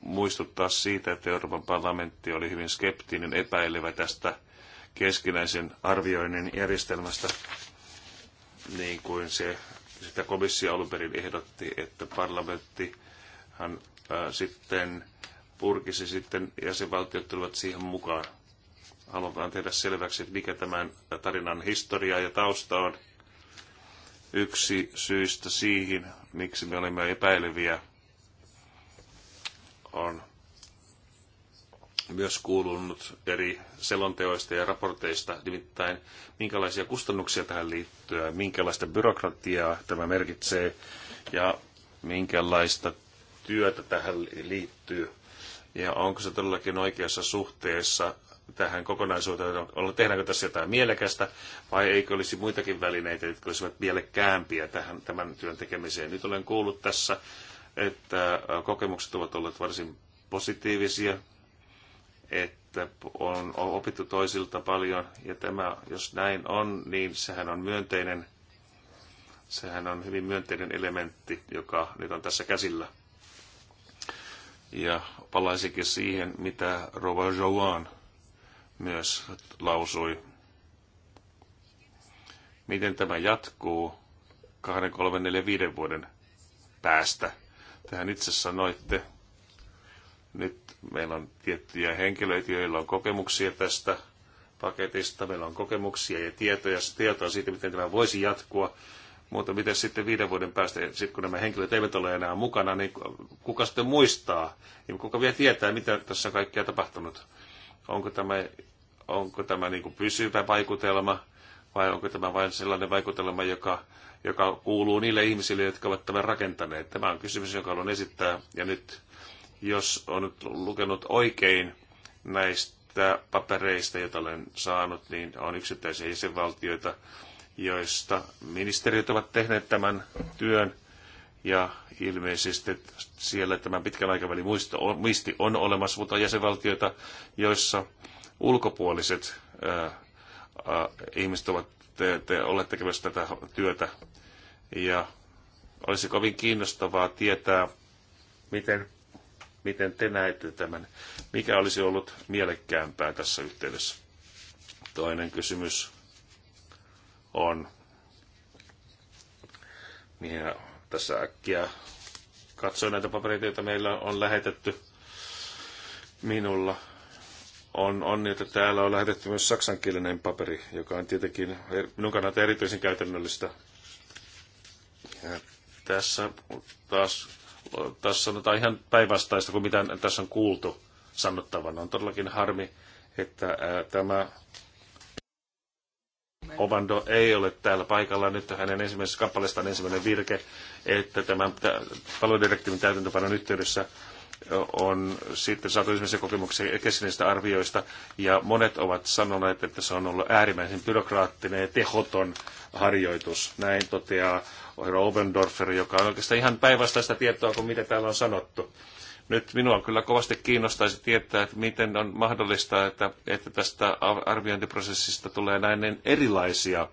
muistuttaa siitä, että Euroopan parlamentti oli hyvin skeptinen, epäilevä tästä keskinäisen arvioinnin järjestelmästä, niin kuin se sitä komissio alun perin ehdotti, että parlamentti ää, sitten purkisi sitten jäsenvaltiot tulivat siihen mukaan. Haluan vaan tehdä selväksi, että mikä tämän tarinan historia ja tausta on. Yksi syistä siihen, miksi me olimme epäileviä, on myös kuulunut eri selonteoista ja raporteista, nimittäin minkälaisia kustannuksia tähän liittyy, minkälaista byrokratiaa tämä merkitsee ja minkälaista työtä tähän liittyy. Ja onko se todellakin oikeassa suhteessa tähän kokonaisuuteen, tehdäänkö tässä jotain mielekästä vai eikö olisi muitakin välineitä, jotka olisivat mielekkäämpiä tähän, tämän työn tekemiseen. Nyt olen kuullut tässä, että kokemukset ovat olleet varsin positiivisia, että on, opittu toisilta paljon, ja tämä, jos näin on, niin sehän on myönteinen, sehän on hyvin myönteinen elementti, joka nyt on tässä käsillä. Ja palaisinkin siihen, mitä Rova Joan myös lausui. Miten tämä jatkuu kahden, kolmen, 4, 5 vuoden päästä? Tähän itse sanoitte, nyt meillä on tiettyjä henkilöitä, joilla on kokemuksia tästä paketista. Meillä on kokemuksia ja tietoja, tietoa siitä, miten tämä voisi jatkua. Mutta miten sitten viiden vuoden päästä, sitten kun nämä henkilöt eivät ole enää mukana, niin kuka sitten muistaa? niin kuka vielä tietää, mitä tässä on kaikkea tapahtunut? Onko tämä, onko tämä niin kuin pysyvä vaikutelma vai onko tämä vain sellainen vaikutelma, joka, joka kuuluu niille ihmisille, jotka ovat tämän rakentaneet? Tämä on kysymys, jonka haluan esittää. Ja nyt jos on nyt lukenut oikein näistä papereista, joita olen saanut, niin on yksittäisiä jäsenvaltioita, joista ministeriöt ovat tehneet tämän työn ja ilmeisesti siellä tämän pitkän aikavälin muisto on, muisti on olemassa, mutta on jäsenvaltioita, joissa ulkopuoliset ää, ää, ihmiset ovat te, te olleet tekemässä tätä työtä. Ja olisi kovin kiinnostavaa tietää, miten Miten te näette tämän? Mikä olisi ollut mielekkäämpää tässä yhteydessä? Toinen kysymys on, mihin tässä äkkiä katsoin näitä papereita, joita meillä on lähetetty minulla. On onni, että täällä on lähetetty myös saksankielinen paperi, joka on tietenkin er, minun kannalta erityisen käytännöllistä. Ja tässä taas tässä sanotaan ihan päinvastaista kuin mitä tässä on kuultu sanottavan. On todellakin harmi, että ää, tämä Ovando ei ole täällä paikalla. Nyt hänen ensimmäisessä kappaleestaan ensimmäinen virke, että tämän palveludirektiivin täytäntöpanon yhteydessä on sitten saatu ensimmäisiä kokemuksia keskinäisistä arvioista, ja monet ovat sanoneet, että se on ollut äärimmäisen byrokraattinen ja tehoton harjoitus. Näin toteaa herra Obendorfer, joka on oikeastaan ihan päinvastaista tietoa kuin mitä täällä on sanottu. Nyt minua kyllä kovasti kiinnostaisi tietää, että miten on mahdollista, että, että tästä arviointiprosessista tulee näin niin erilaisia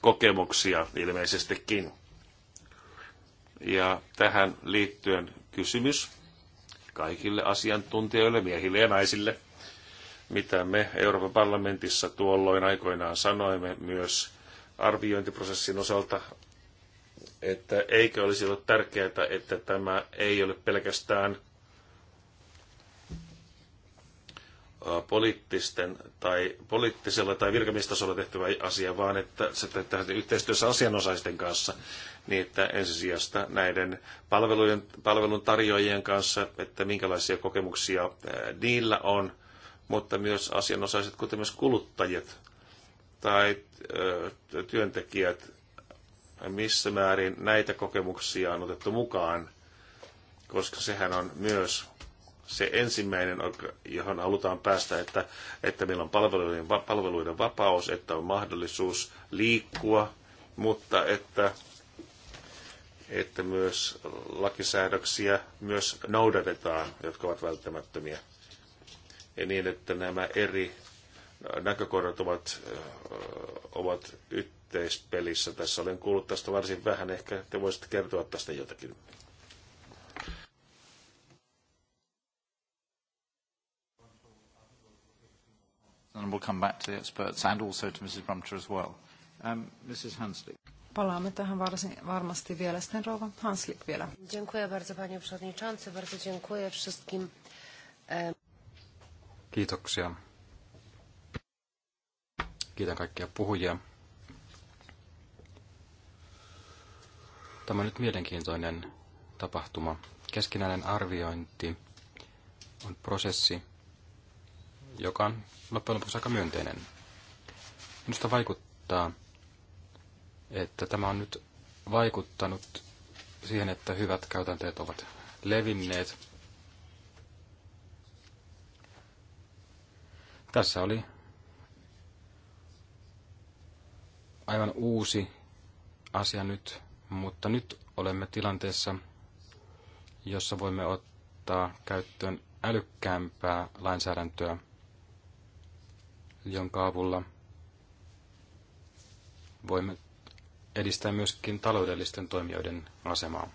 kokemuksia ilmeisestikin. Ja tähän liittyen kysymys kaikille asiantuntijoille, miehille ja naisille, mitä me Euroopan parlamentissa tuolloin aikoinaan sanoimme myös arviointiprosessin osalta että eikö olisi ollut tärkeää, että tämä ei ole pelkästään poliittisten tai poliittisella tai virkamistasolla tehtävä asia, vaan että se tehdään yhteistyössä asianosaisten kanssa, niin että ensisijasta näiden palvelujen, palvelun tarjoajien kanssa, että minkälaisia kokemuksia niillä on, mutta myös asianosaiset, kuten myös kuluttajat tai työntekijät, missä määrin näitä kokemuksia on otettu mukaan, koska sehän on myös se ensimmäinen, johon halutaan päästä, että, että meillä on palveluiden, palveluiden vapaus, että on mahdollisuus liikkua, mutta että, että myös lakisäädöksiä myös noudatetaan, jotka ovat välttämättömiä. Ja niin, että nämä eri näkökohdat ovat, ovat yhteispelissä. Tässä olen kuullut tästä varsin vähän. Ehkä te voisitte kertoa tästä jotakin. and we'll come back to the experts and also to Mrs. Brumter as well. Um, Mrs. Hanslick. Palaamme tähän varsin, varmasti vielä. Sitten rouva Hanslik vielä. Dziękuję bardzo panie przewodniczący. Bardzo dziękuję wszystkim. E, Kiitoksia. Kiitän kaikkia puhujia. Tämä on nyt mielenkiintoinen tapahtuma. Keskinäinen arviointi on prosessi, joka on loppujen lopuksi aika myönteinen. Minusta vaikuttaa, että tämä on nyt vaikuttanut siihen, että hyvät käytänteet ovat levinneet. Tässä oli aivan uusi asia nyt mutta nyt olemme tilanteessa, jossa voimme ottaa käyttöön älykkäämpää lainsäädäntöä, jonka avulla voimme edistää myöskin taloudellisten toimijoiden asemaa.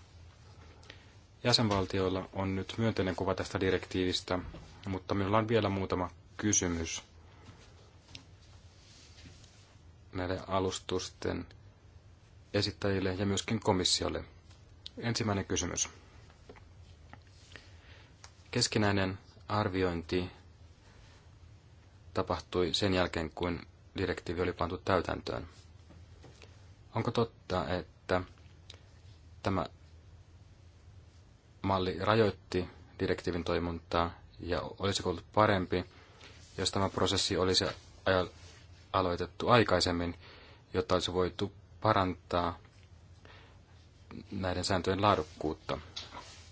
Jäsenvaltioilla on nyt myönteinen kuva tästä direktiivistä, mutta minulla on vielä muutama kysymys näiden alustusten esittäjille ja myöskin komissiolle. Ensimmäinen kysymys. Keskinäinen arviointi tapahtui sen jälkeen, kun direktiivi oli pantu täytäntöön. Onko totta, että tämä malli rajoitti direktiivin toimintaa ja olisiko ollut parempi, jos tämä prosessi olisi aloitettu aikaisemmin, jotta olisi voitu parantaa näiden sääntöjen laadukkuutta?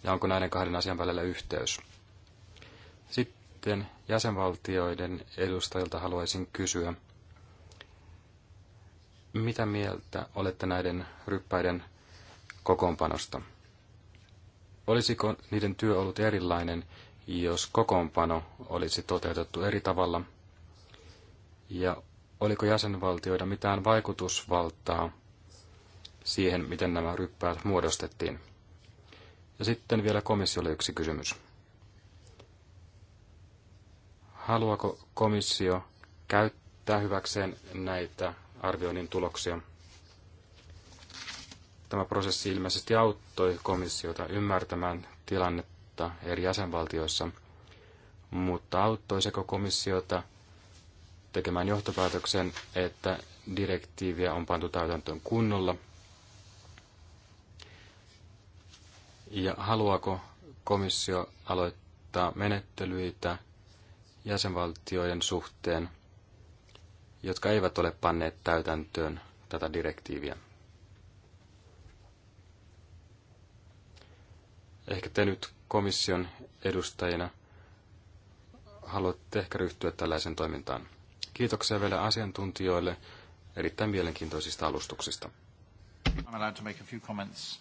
Ja onko näiden kahden asian välillä yhteys? Sitten jäsenvaltioiden edustajilta haluaisin kysyä, mitä mieltä olette näiden ryppäiden kokoonpanosta? Olisiko niiden työ ollut erilainen, jos kokoonpano olisi toteutettu eri tavalla? Ja oliko jäsenvaltioida mitään vaikutusvaltaa siihen, miten nämä ryppäät muodostettiin. Ja sitten vielä komissiolle yksi kysymys. Haluaako komissio käyttää hyväkseen näitä arvioinnin tuloksia? Tämä prosessi ilmeisesti auttoi komissiota ymmärtämään tilannetta eri jäsenvaltioissa, mutta auttoi seko komissiota tekemään johtopäätöksen, että direktiiviä on pantu täytäntöön kunnolla – Ja haluaako komissio aloittaa menettelyitä jäsenvaltioiden suhteen, jotka eivät ole panneet täytäntöön tätä direktiiviä? Ehkä te nyt komission edustajina haluatte ehkä ryhtyä tällaisen toimintaan. Kiitoksia vielä asiantuntijoille erittäin mielenkiintoisista alustuksista. I'm allowed to make a few comments.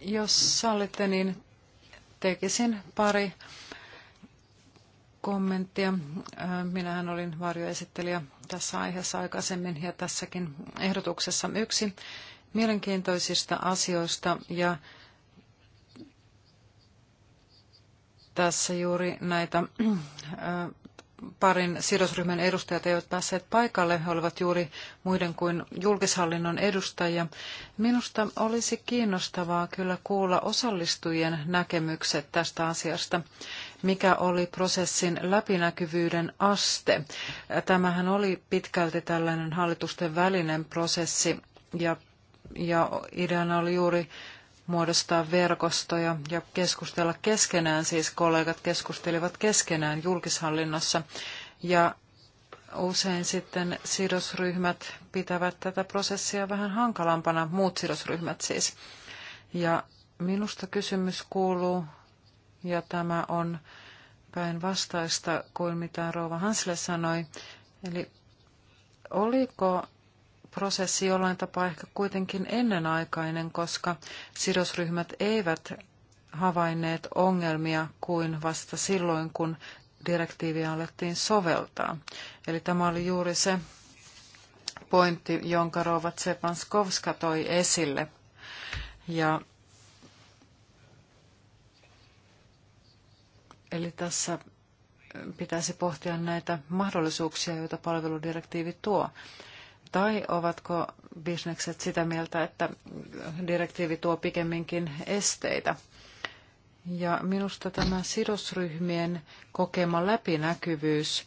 Jos sallitte, niin tekisin pari kommenttia. Äh, minähän olin varjoesittelijä tässä aiheessa aikaisemmin ja tässäkin ehdotuksessa yksi mielenkiintoisista asioista ja tässä juuri näitä äh, parin sidosryhmän edustajat eivät päässeet paikalle, he olivat juuri muiden kuin julkishallinnon edustajia. Minusta olisi kiinnostavaa kyllä kuulla osallistujien näkemykset tästä asiasta. Mikä oli prosessin läpinäkyvyyden aste? Tämähän oli pitkälti tällainen hallitusten välinen prosessi ja, ja ideana oli juuri muodostaa verkostoja ja keskustella keskenään, siis kollegat keskustelivat keskenään julkishallinnossa. Ja usein sitten sidosryhmät pitävät tätä prosessia vähän hankalampana, muut sidosryhmät siis. Ja minusta kysymys kuuluu, ja tämä on päinvastaista kuin mitä Rouva Hansle sanoi, eli oliko prosessi jollain tapaa ehkä kuitenkin ennenaikainen, koska sidosryhmät eivät havainneet ongelmia kuin vasta silloin, kun direktiiviä alettiin soveltaa. Eli tämä oli juuri se pointti, jonka Rova Tsepanskovska toi esille. Ja Eli tässä pitäisi pohtia näitä mahdollisuuksia, joita palveludirektiivi tuo tai ovatko bisnekset sitä mieltä, että direktiivi tuo pikemminkin esteitä? Ja minusta tämä sidosryhmien kokema läpinäkyvyys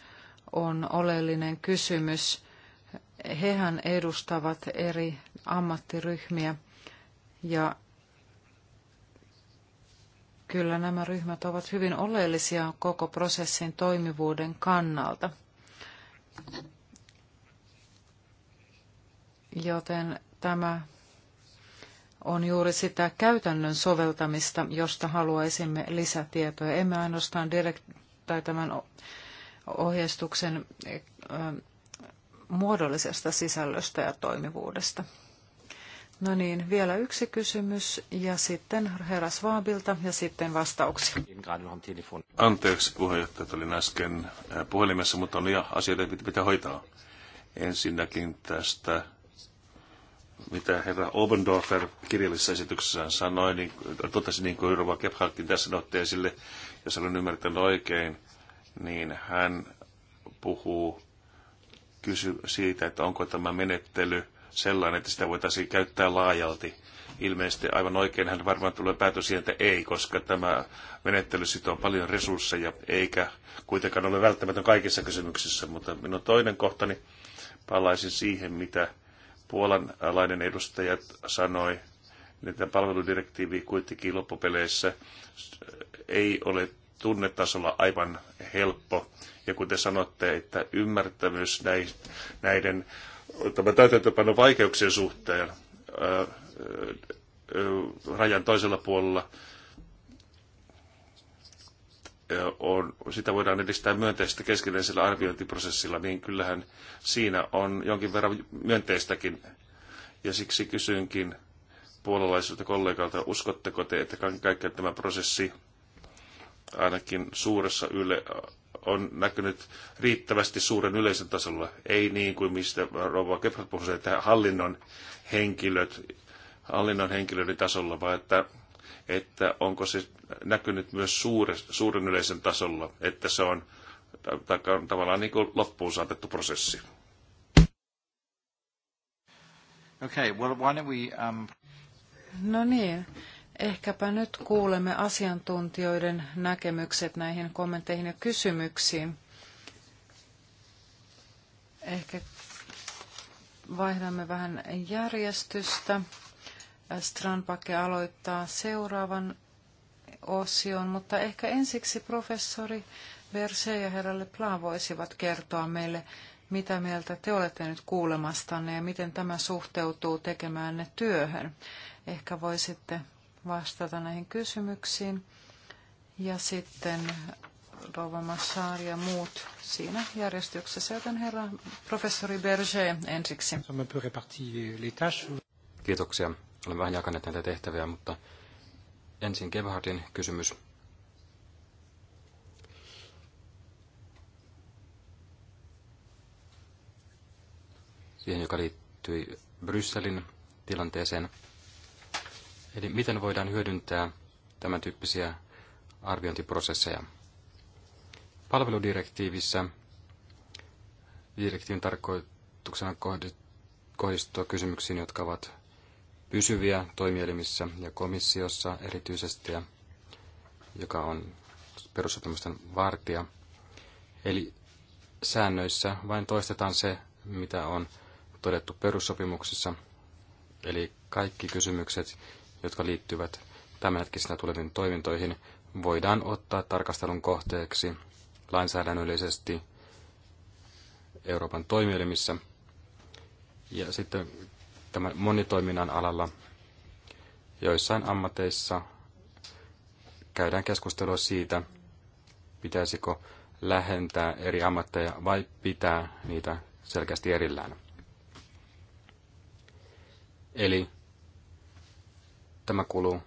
on oleellinen kysymys. Hehän edustavat eri ammattiryhmiä ja kyllä nämä ryhmät ovat hyvin oleellisia koko prosessin toimivuuden kannalta joten tämä on juuri sitä käytännön soveltamista, josta haluaisimme lisätietoja. Emme ainoastaan direkt- tai tämän ohjeistuksen muodollisesta sisällöstä ja toimivuudesta. No niin, vielä yksi kysymys ja sitten herra Svaabilta ja sitten vastauksia. Anteeksi puheenjohtaja, olin äsken puhelimessa, mutta on asioita, mitä pitää hoitaa. Ensinnäkin tästä mitä herra Obendorfer kirjallisessa esityksessään sanoi, niin totesi niin kuin Rova Kephalkin tässä otti esille, jos olen ymmärtänyt oikein, niin hän puhuu kysy siitä, että onko tämä menettely sellainen, että sitä voitaisiin käyttää laajalti. Ilmeisesti aivan oikein hän varmaan tulee päätös siihen, että ei, koska tämä menettely sitoo paljon resursseja, eikä kuitenkaan ole välttämätön kaikissa kysymyksissä. Mutta minun toinen kohtani palaisin siihen, mitä puolanlainen edustaja sanoi, että palveludirektiivi kuitenkin loppupeleissä ei ole tunnetasolla aivan helppo. Ja kun te sanotte, että ymmärtämys näiden tämän täytäntöpanon vaikeuksien suhteen rajan toisella puolella on, sitä voidaan edistää myönteistä keskinäisellä arviointiprosessilla, niin kyllähän siinä on jonkin verran myönteistäkin. Ja siksi kysynkin puolalaisilta kollegalta, uskotteko te, että kaiken tämä prosessi ainakin suuressa yle on näkynyt riittävästi suuren yleisön tasolla, ei niin kuin mistä Rova Kepra puhui, että hallinnon henkilöt, hallinnon henkilöiden tasolla, vaan että että onko se näkynyt myös suure, suuren yleisen tasolla, että se on tavallaan niin kuin loppuun saatettu prosessi. Okay, well, why don't we, um... No niin, ehkäpä nyt kuulemme asiantuntijoiden näkemykset näihin kommentteihin ja kysymyksiin. Ehkä vaihdamme vähän järjestystä. Strandbacke aloittaa seuraavan osion, mutta ehkä ensiksi professori Verse ja herra Leplan voisivat kertoa meille, mitä mieltä te olette nyt kuulemastanne ja miten tämä suhteutuu tekemäänne työhön. Ehkä voisitte vastata näihin kysymyksiin. Ja sitten Rova Massar ja muut siinä järjestyksessä, joten herra professori Berger ensiksi. Kiitoksia. Olemme vähän jakaneet näitä tehtäviä, mutta ensin Gebhardin kysymys. Siihen, joka liittyi Brysselin tilanteeseen. Eli miten voidaan hyödyntää tämän tyyppisiä arviointiprosesseja. Palveludirektiivissä direktiivin tarkoituksena kohdistua kysymyksiin, jotka ovat pysyviä toimielimissä ja komissiossa erityisesti, ja joka on perussopimusten vartija. Eli säännöissä vain toistetaan se, mitä on todettu perussopimuksissa, eli kaikki kysymykset, jotka liittyvät tämänhetkisinä tuleviin toimintoihin, voidaan ottaa tarkastelun kohteeksi lainsäädännöllisesti Euroopan toimielimissä. Ja sitten tämän monitoiminnan alalla. Joissain ammateissa käydään keskustelua siitä, pitäisikö lähentää eri ammatteja vai pitää niitä selkeästi erillään. Eli tämä kuluu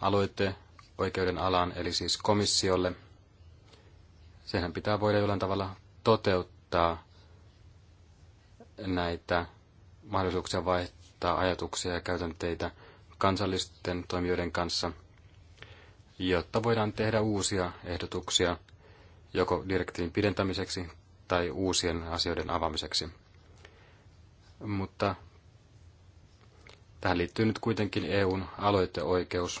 aloitte oikeuden alaan, eli siis komissiolle. Sehän pitää voida jollain tavalla toteuttaa näitä mahdollisuuksia vaihtaa ajatuksia ja käytänteitä kansallisten toimijoiden kanssa, jotta voidaan tehdä uusia ehdotuksia joko direktiivin pidentämiseksi tai uusien asioiden avaamiseksi. Mutta tähän liittyy nyt kuitenkin EUn aloiteoikeus,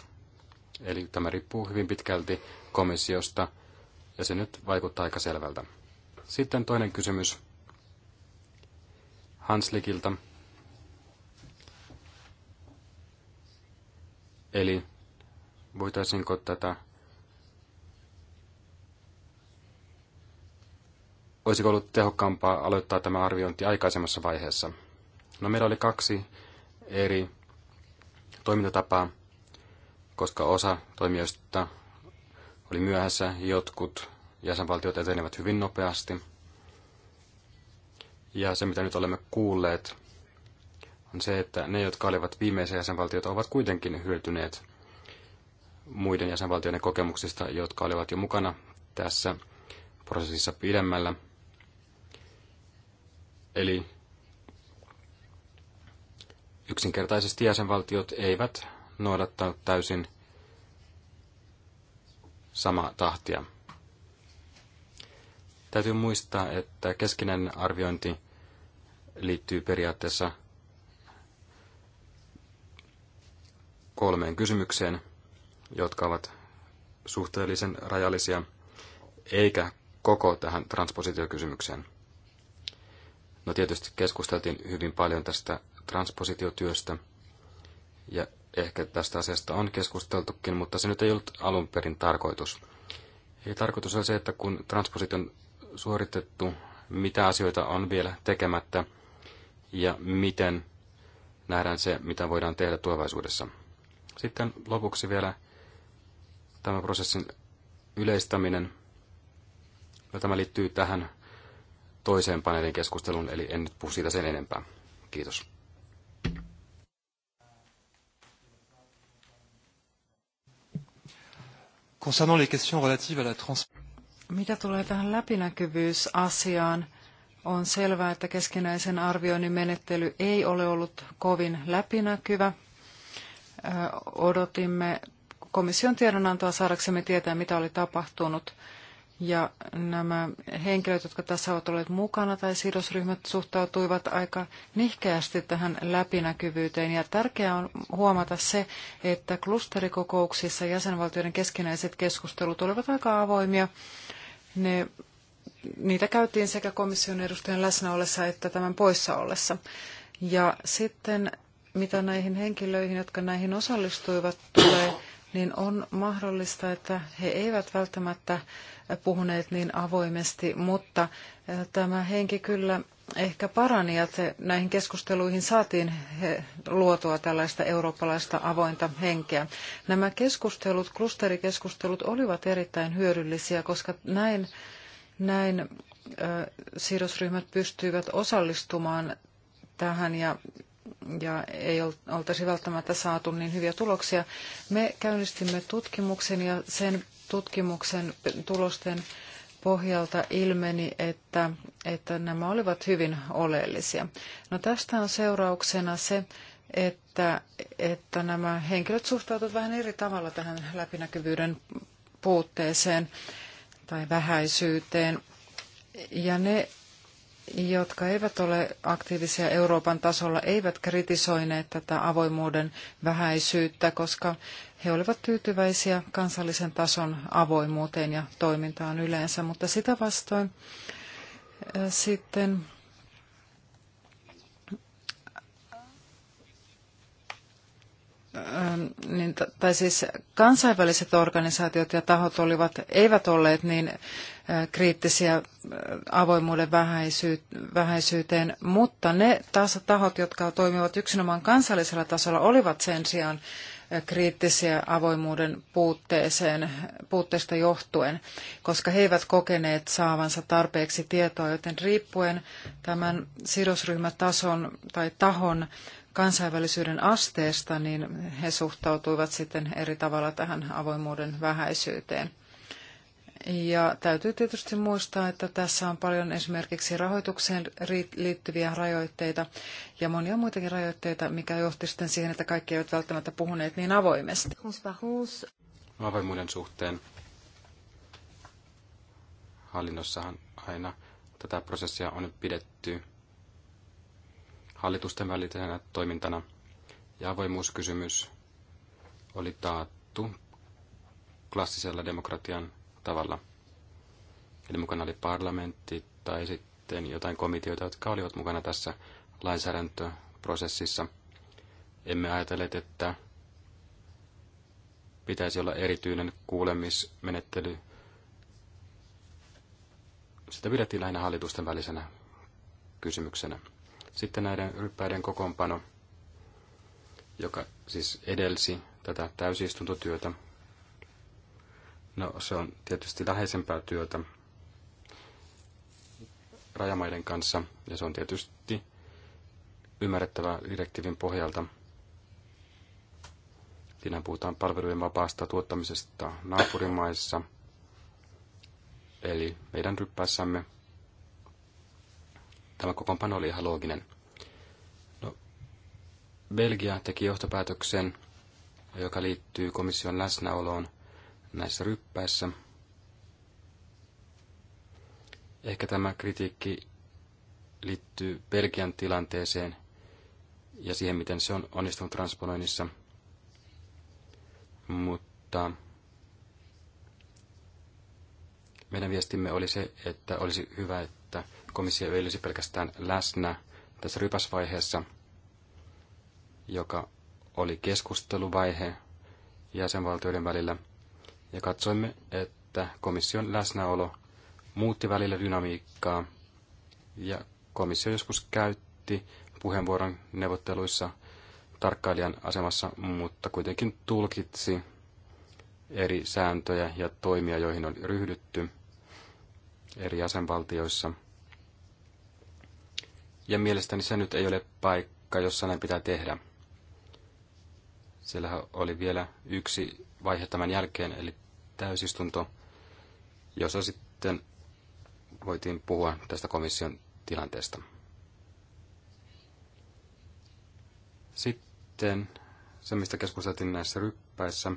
eli tämä riippuu hyvin pitkälti komissiosta, ja se nyt vaikuttaa aika selvältä. Sitten toinen kysymys Hanslikilta. Eli voitaisinko tätä, olisiko ollut tehokkaampaa aloittaa tämä arviointi aikaisemmassa vaiheessa? No meillä oli kaksi eri toimintatapaa, koska osa toimijoista oli myöhässä, jotkut jäsenvaltiot etenevät hyvin nopeasti. Ja se, mitä nyt olemme kuulleet on se, että ne, jotka olivat viimeisiä jäsenvaltioita, ovat kuitenkin hyötyneet muiden jäsenvaltioiden kokemuksista, jotka olivat jo mukana tässä prosessissa pidemmällä. Eli yksinkertaisesti jäsenvaltiot eivät noudattanut täysin samaa tahtia. Täytyy muistaa, että keskinen arviointi liittyy periaatteessa kolmeen kysymykseen, jotka ovat suhteellisen rajallisia, eikä koko tähän transpositiokysymykseen. No tietysti keskusteltiin hyvin paljon tästä transpositiotyöstä, ja ehkä tästä asiasta on keskusteltukin, mutta se nyt ei ollut alun perin tarkoitus. Eli tarkoitus on se, että kun transpositio on suoritettu, mitä asioita on vielä tekemättä ja miten nähdään se, mitä voidaan tehdä tulevaisuudessa. Sitten lopuksi vielä tämä prosessin yleistäminen. No, tämä liittyy tähän toiseen paneelin keskusteluun, eli en nyt puhu siitä sen enempää. Kiitos. Concernant les questions relatives à la trans... Mitä tulee tähän läpinäkyvyysasiaan, on selvää, että keskinäisen arvioinnin menettely ei ole ollut kovin läpinäkyvä odotimme komission tiedonantoa saadaksemme tietää, mitä oli tapahtunut. Ja nämä henkilöt, jotka tässä ovat olleet mukana tai sidosryhmät suhtautuivat aika nihkeästi tähän läpinäkyvyyteen. Ja tärkeää on huomata se, että klusterikokouksissa jäsenvaltioiden keskinäiset keskustelut olivat aika avoimia. Ne, niitä käytiin sekä komission edustajan läsnä ollessa että tämän poissa ollessa. Ja sitten mitä näihin henkilöihin, jotka näihin osallistuivat, tulee, niin on mahdollista, että he eivät välttämättä puhuneet niin avoimesti, mutta tämä henki kyllä ehkä parani, ja näihin keskusteluihin saatiin he, luotua tällaista eurooppalaista avointa henkeä. Nämä keskustelut, klusterikeskustelut olivat erittäin hyödyllisiä, koska näin, näin äh, sidosryhmät pystyivät osallistumaan tähän ja ja ei oltaisi välttämättä saatu niin hyviä tuloksia. Me käynnistimme tutkimuksen ja sen tutkimuksen tulosten pohjalta ilmeni, että, että nämä olivat hyvin oleellisia. No tästä on seurauksena se, että, että nämä henkilöt suhtautuvat vähän eri tavalla tähän läpinäkyvyyden puutteeseen tai vähäisyyteen. Ja ne jotka eivät ole aktiivisia Euroopan tasolla, eivät kritisoineet tätä avoimuuden vähäisyyttä, koska he olivat tyytyväisiä kansallisen tason avoimuuteen ja toimintaan yleensä, mutta sitä vastoin äh, sitten äh, niin, tai siis kansainväliset organisaatiot ja tahot olivat, eivät olleet niin kriittisiä avoimuuden vähäisyyteen, mutta ne taas tahot, jotka toimivat yksinomaan kansallisella tasolla, olivat sen sijaan kriittisiä avoimuuden puutteeseen, puutteesta johtuen, koska he eivät kokeneet saavansa tarpeeksi tietoa, joten riippuen tämän sidosryhmätason tai tahon kansainvälisyyden asteesta, niin he suhtautuivat sitten eri tavalla tähän avoimuuden vähäisyyteen. Ja täytyy tietysti muistaa, että tässä on paljon esimerkiksi rahoitukseen liittyviä rajoitteita ja monia muitakin rajoitteita, mikä johti sitten siihen, että kaikki eivät välttämättä puhuneet niin avoimesti. Avoimuuden suhteen hallinnossahan aina tätä prosessia on pidetty hallitusten välisenä toimintana. Ja avoimuuskysymys oli taattu klassisella demokratian tavalla. Eli mukana oli parlamentti tai sitten jotain komiteoita, jotka olivat mukana tässä lainsäädäntöprosessissa. Emme ajatelleet, että pitäisi olla erityinen kuulemismenettely. Sitä pidettiin lähinnä hallitusten välisenä kysymyksenä. Sitten näiden ryppäiden kokoonpano, joka siis edelsi tätä täysistuntotyötä, No se on tietysti läheisempää työtä rajamaiden kanssa ja se on tietysti ymmärrettävää direktiivin pohjalta. Siinä puhutaan palvelujen vapaasta tuottamisesta naapurimaissa, eli meidän ryppäässämme. Tämä kokoonpano oli ihan looginen. No, Belgia teki johtopäätöksen, joka liittyy komission läsnäoloon – näissä ryppäissä. Ehkä tämä kritiikki liittyy Belgian tilanteeseen ja siihen, miten se on onnistunut transponoinnissa. Mutta meidän viestimme oli se, että olisi hyvä, että komissio ei olisi pelkästään läsnä tässä rypäsvaiheessa, joka oli keskusteluvaihe jäsenvaltioiden välillä – ja katsoimme, että komission läsnäolo muutti välillä dynamiikkaa ja komissio joskus käytti puheenvuoron neuvotteluissa tarkkailijan asemassa, mutta kuitenkin tulkitsi eri sääntöjä ja toimia, joihin on ryhdytty eri jäsenvaltioissa. Ja mielestäni se nyt ei ole paikka, jossa näin pitää tehdä. Siellähän oli vielä yksi vaihe tämän jälkeen, eli täysistunto, jossa sitten voitiin puhua tästä komission tilanteesta. Sitten se, mistä keskusteltiin näissä ryppäissä,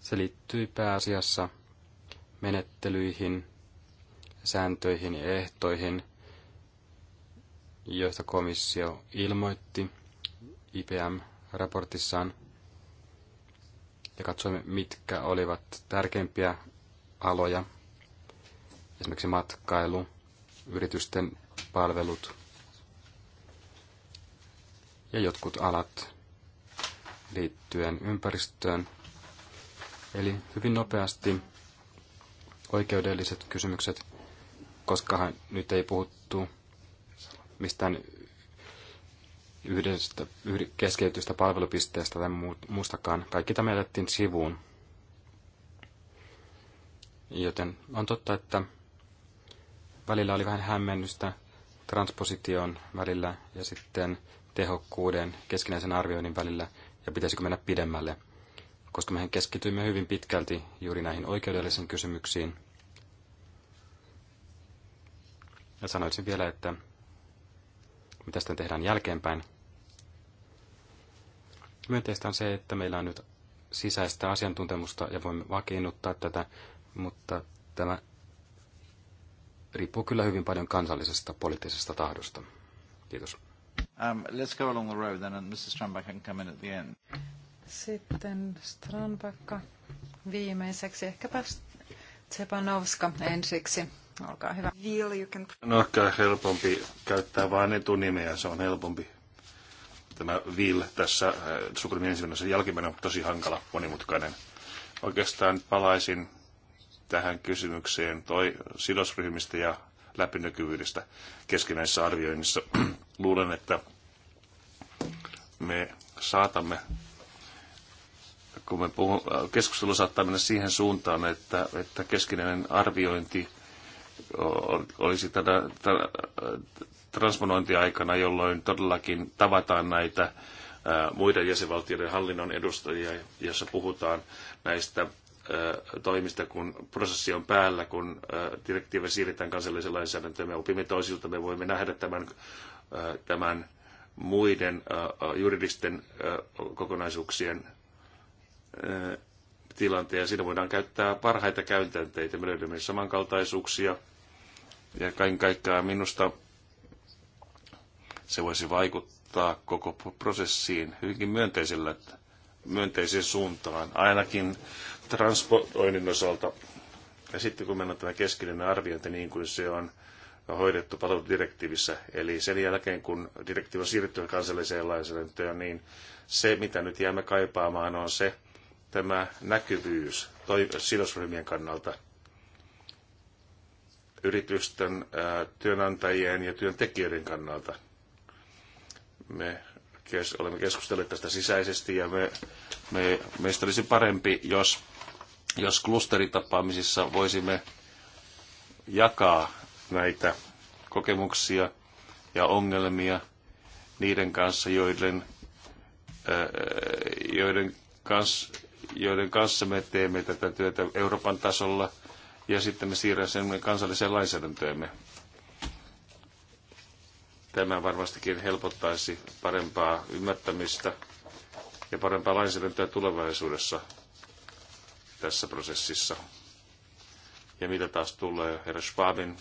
se liittyi pääasiassa menettelyihin, sääntöihin ja ehtoihin, joista komissio ilmoitti IPM-raportissaan ja katsoimme, mitkä olivat tärkeimpiä aloja, esimerkiksi matkailu, yritysten palvelut ja jotkut alat liittyen ympäristöön. Eli hyvin nopeasti oikeudelliset kysymykset, koska nyt ei puhuttu mistään yhdestä keskeytystä palvelupisteestä tai muustakaan. Kaikki tämä jätettiin sivuun. Joten on totta, että välillä oli vähän hämmennystä transposition välillä ja sitten tehokkuuden keskinäisen arvioinnin välillä ja pitäisikö mennä pidemmälle, koska mehän keskityimme hyvin pitkälti juuri näihin oikeudellisiin kysymyksiin. Ja sanoisin vielä, että mitä sitten tehdään jälkeenpäin. Myönteistä on se, että meillä on nyt sisäistä asiantuntemusta ja voimme vakiinnuttaa tätä, mutta tämä riippuu kyllä hyvin paljon kansallisesta poliittisesta tahdosta. Kiitos. Um, Sitten Strandbacka viimeiseksi, ehkäpä Tsepanovska ensiksi. Olkaa hyvä. No ehkä helpompi käyttää vain etunimeä, se on helpompi tämä will tässä äh, sukunimen ensimmäisen jälkimmäinen on tosi hankala, monimutkainen. Oikeastaan palaisin tähän kysymykseen toi sidosryhmistä ja läpinäkyvyydestä keskinäisessä arvioinnissa. Luulen, että me saatamme, kun me puhun, äh, keskustelu saattaa mennä siihen suuntaan, että, että keskinäinen arviointi olisi tätä, tätä, transponointiaikana, jolloin todellakin tavataan näitä muiden jäsenvaltioiden hallinnon edustajia, jossa puhutaan näistä toimista, kun prosessi on päällä, kun direktiivi siirretään kansalliseen lainsäädäntöön. Me opimme toisilta, me voimme nähdä tämän, tämän muiden juridisten kokonaisuuksien tilanteen. Siinä voidaan käyttää parhaita käytänteitä. Me löydämme samankaltaisuuksia. Ja kaiken kaikkiaan minusta se voisi vaikuttaa koko prosessiin hyvinkin myönteisellä, myönteiseen suuntaan, ainakin transportoinnin osalta. Ja sitten kun mennään tämä keskeinen arviointi niin kuin se on hoidettu palveludirektiivissä, eli sen jälkeen kun direktiivi siirtyy kansalliseen lainsäädäntöön, niin se mitä nyt jäämme kaipaamaan on se tämä näkyvyys toi, sidosryhmien kannalta yritysten, työnantajien ja työntekijöiden kannalta – me kes, olemme keskustelleet tästä sisäisesti ja me, me, meistä olisi parempi, jos, jos klusteritapaamisissa voisimme jakaa näitä kokemuksia ja ongelmia niiden kanssa, joiden, ää, äh, joiden, kanssa, joiden kanssa me teemme tätä työtä Euroopan tasolla ja sitten me siirrämme sen kansalliseen lainsäädäntöömme. Tämä varmastikin helpottaisi parempaa ymmärtämistä ja parempaa lainsäädäntöä tulevaisuudessa tässä prosessissa. Ja mitä taas tulee herra Schwabin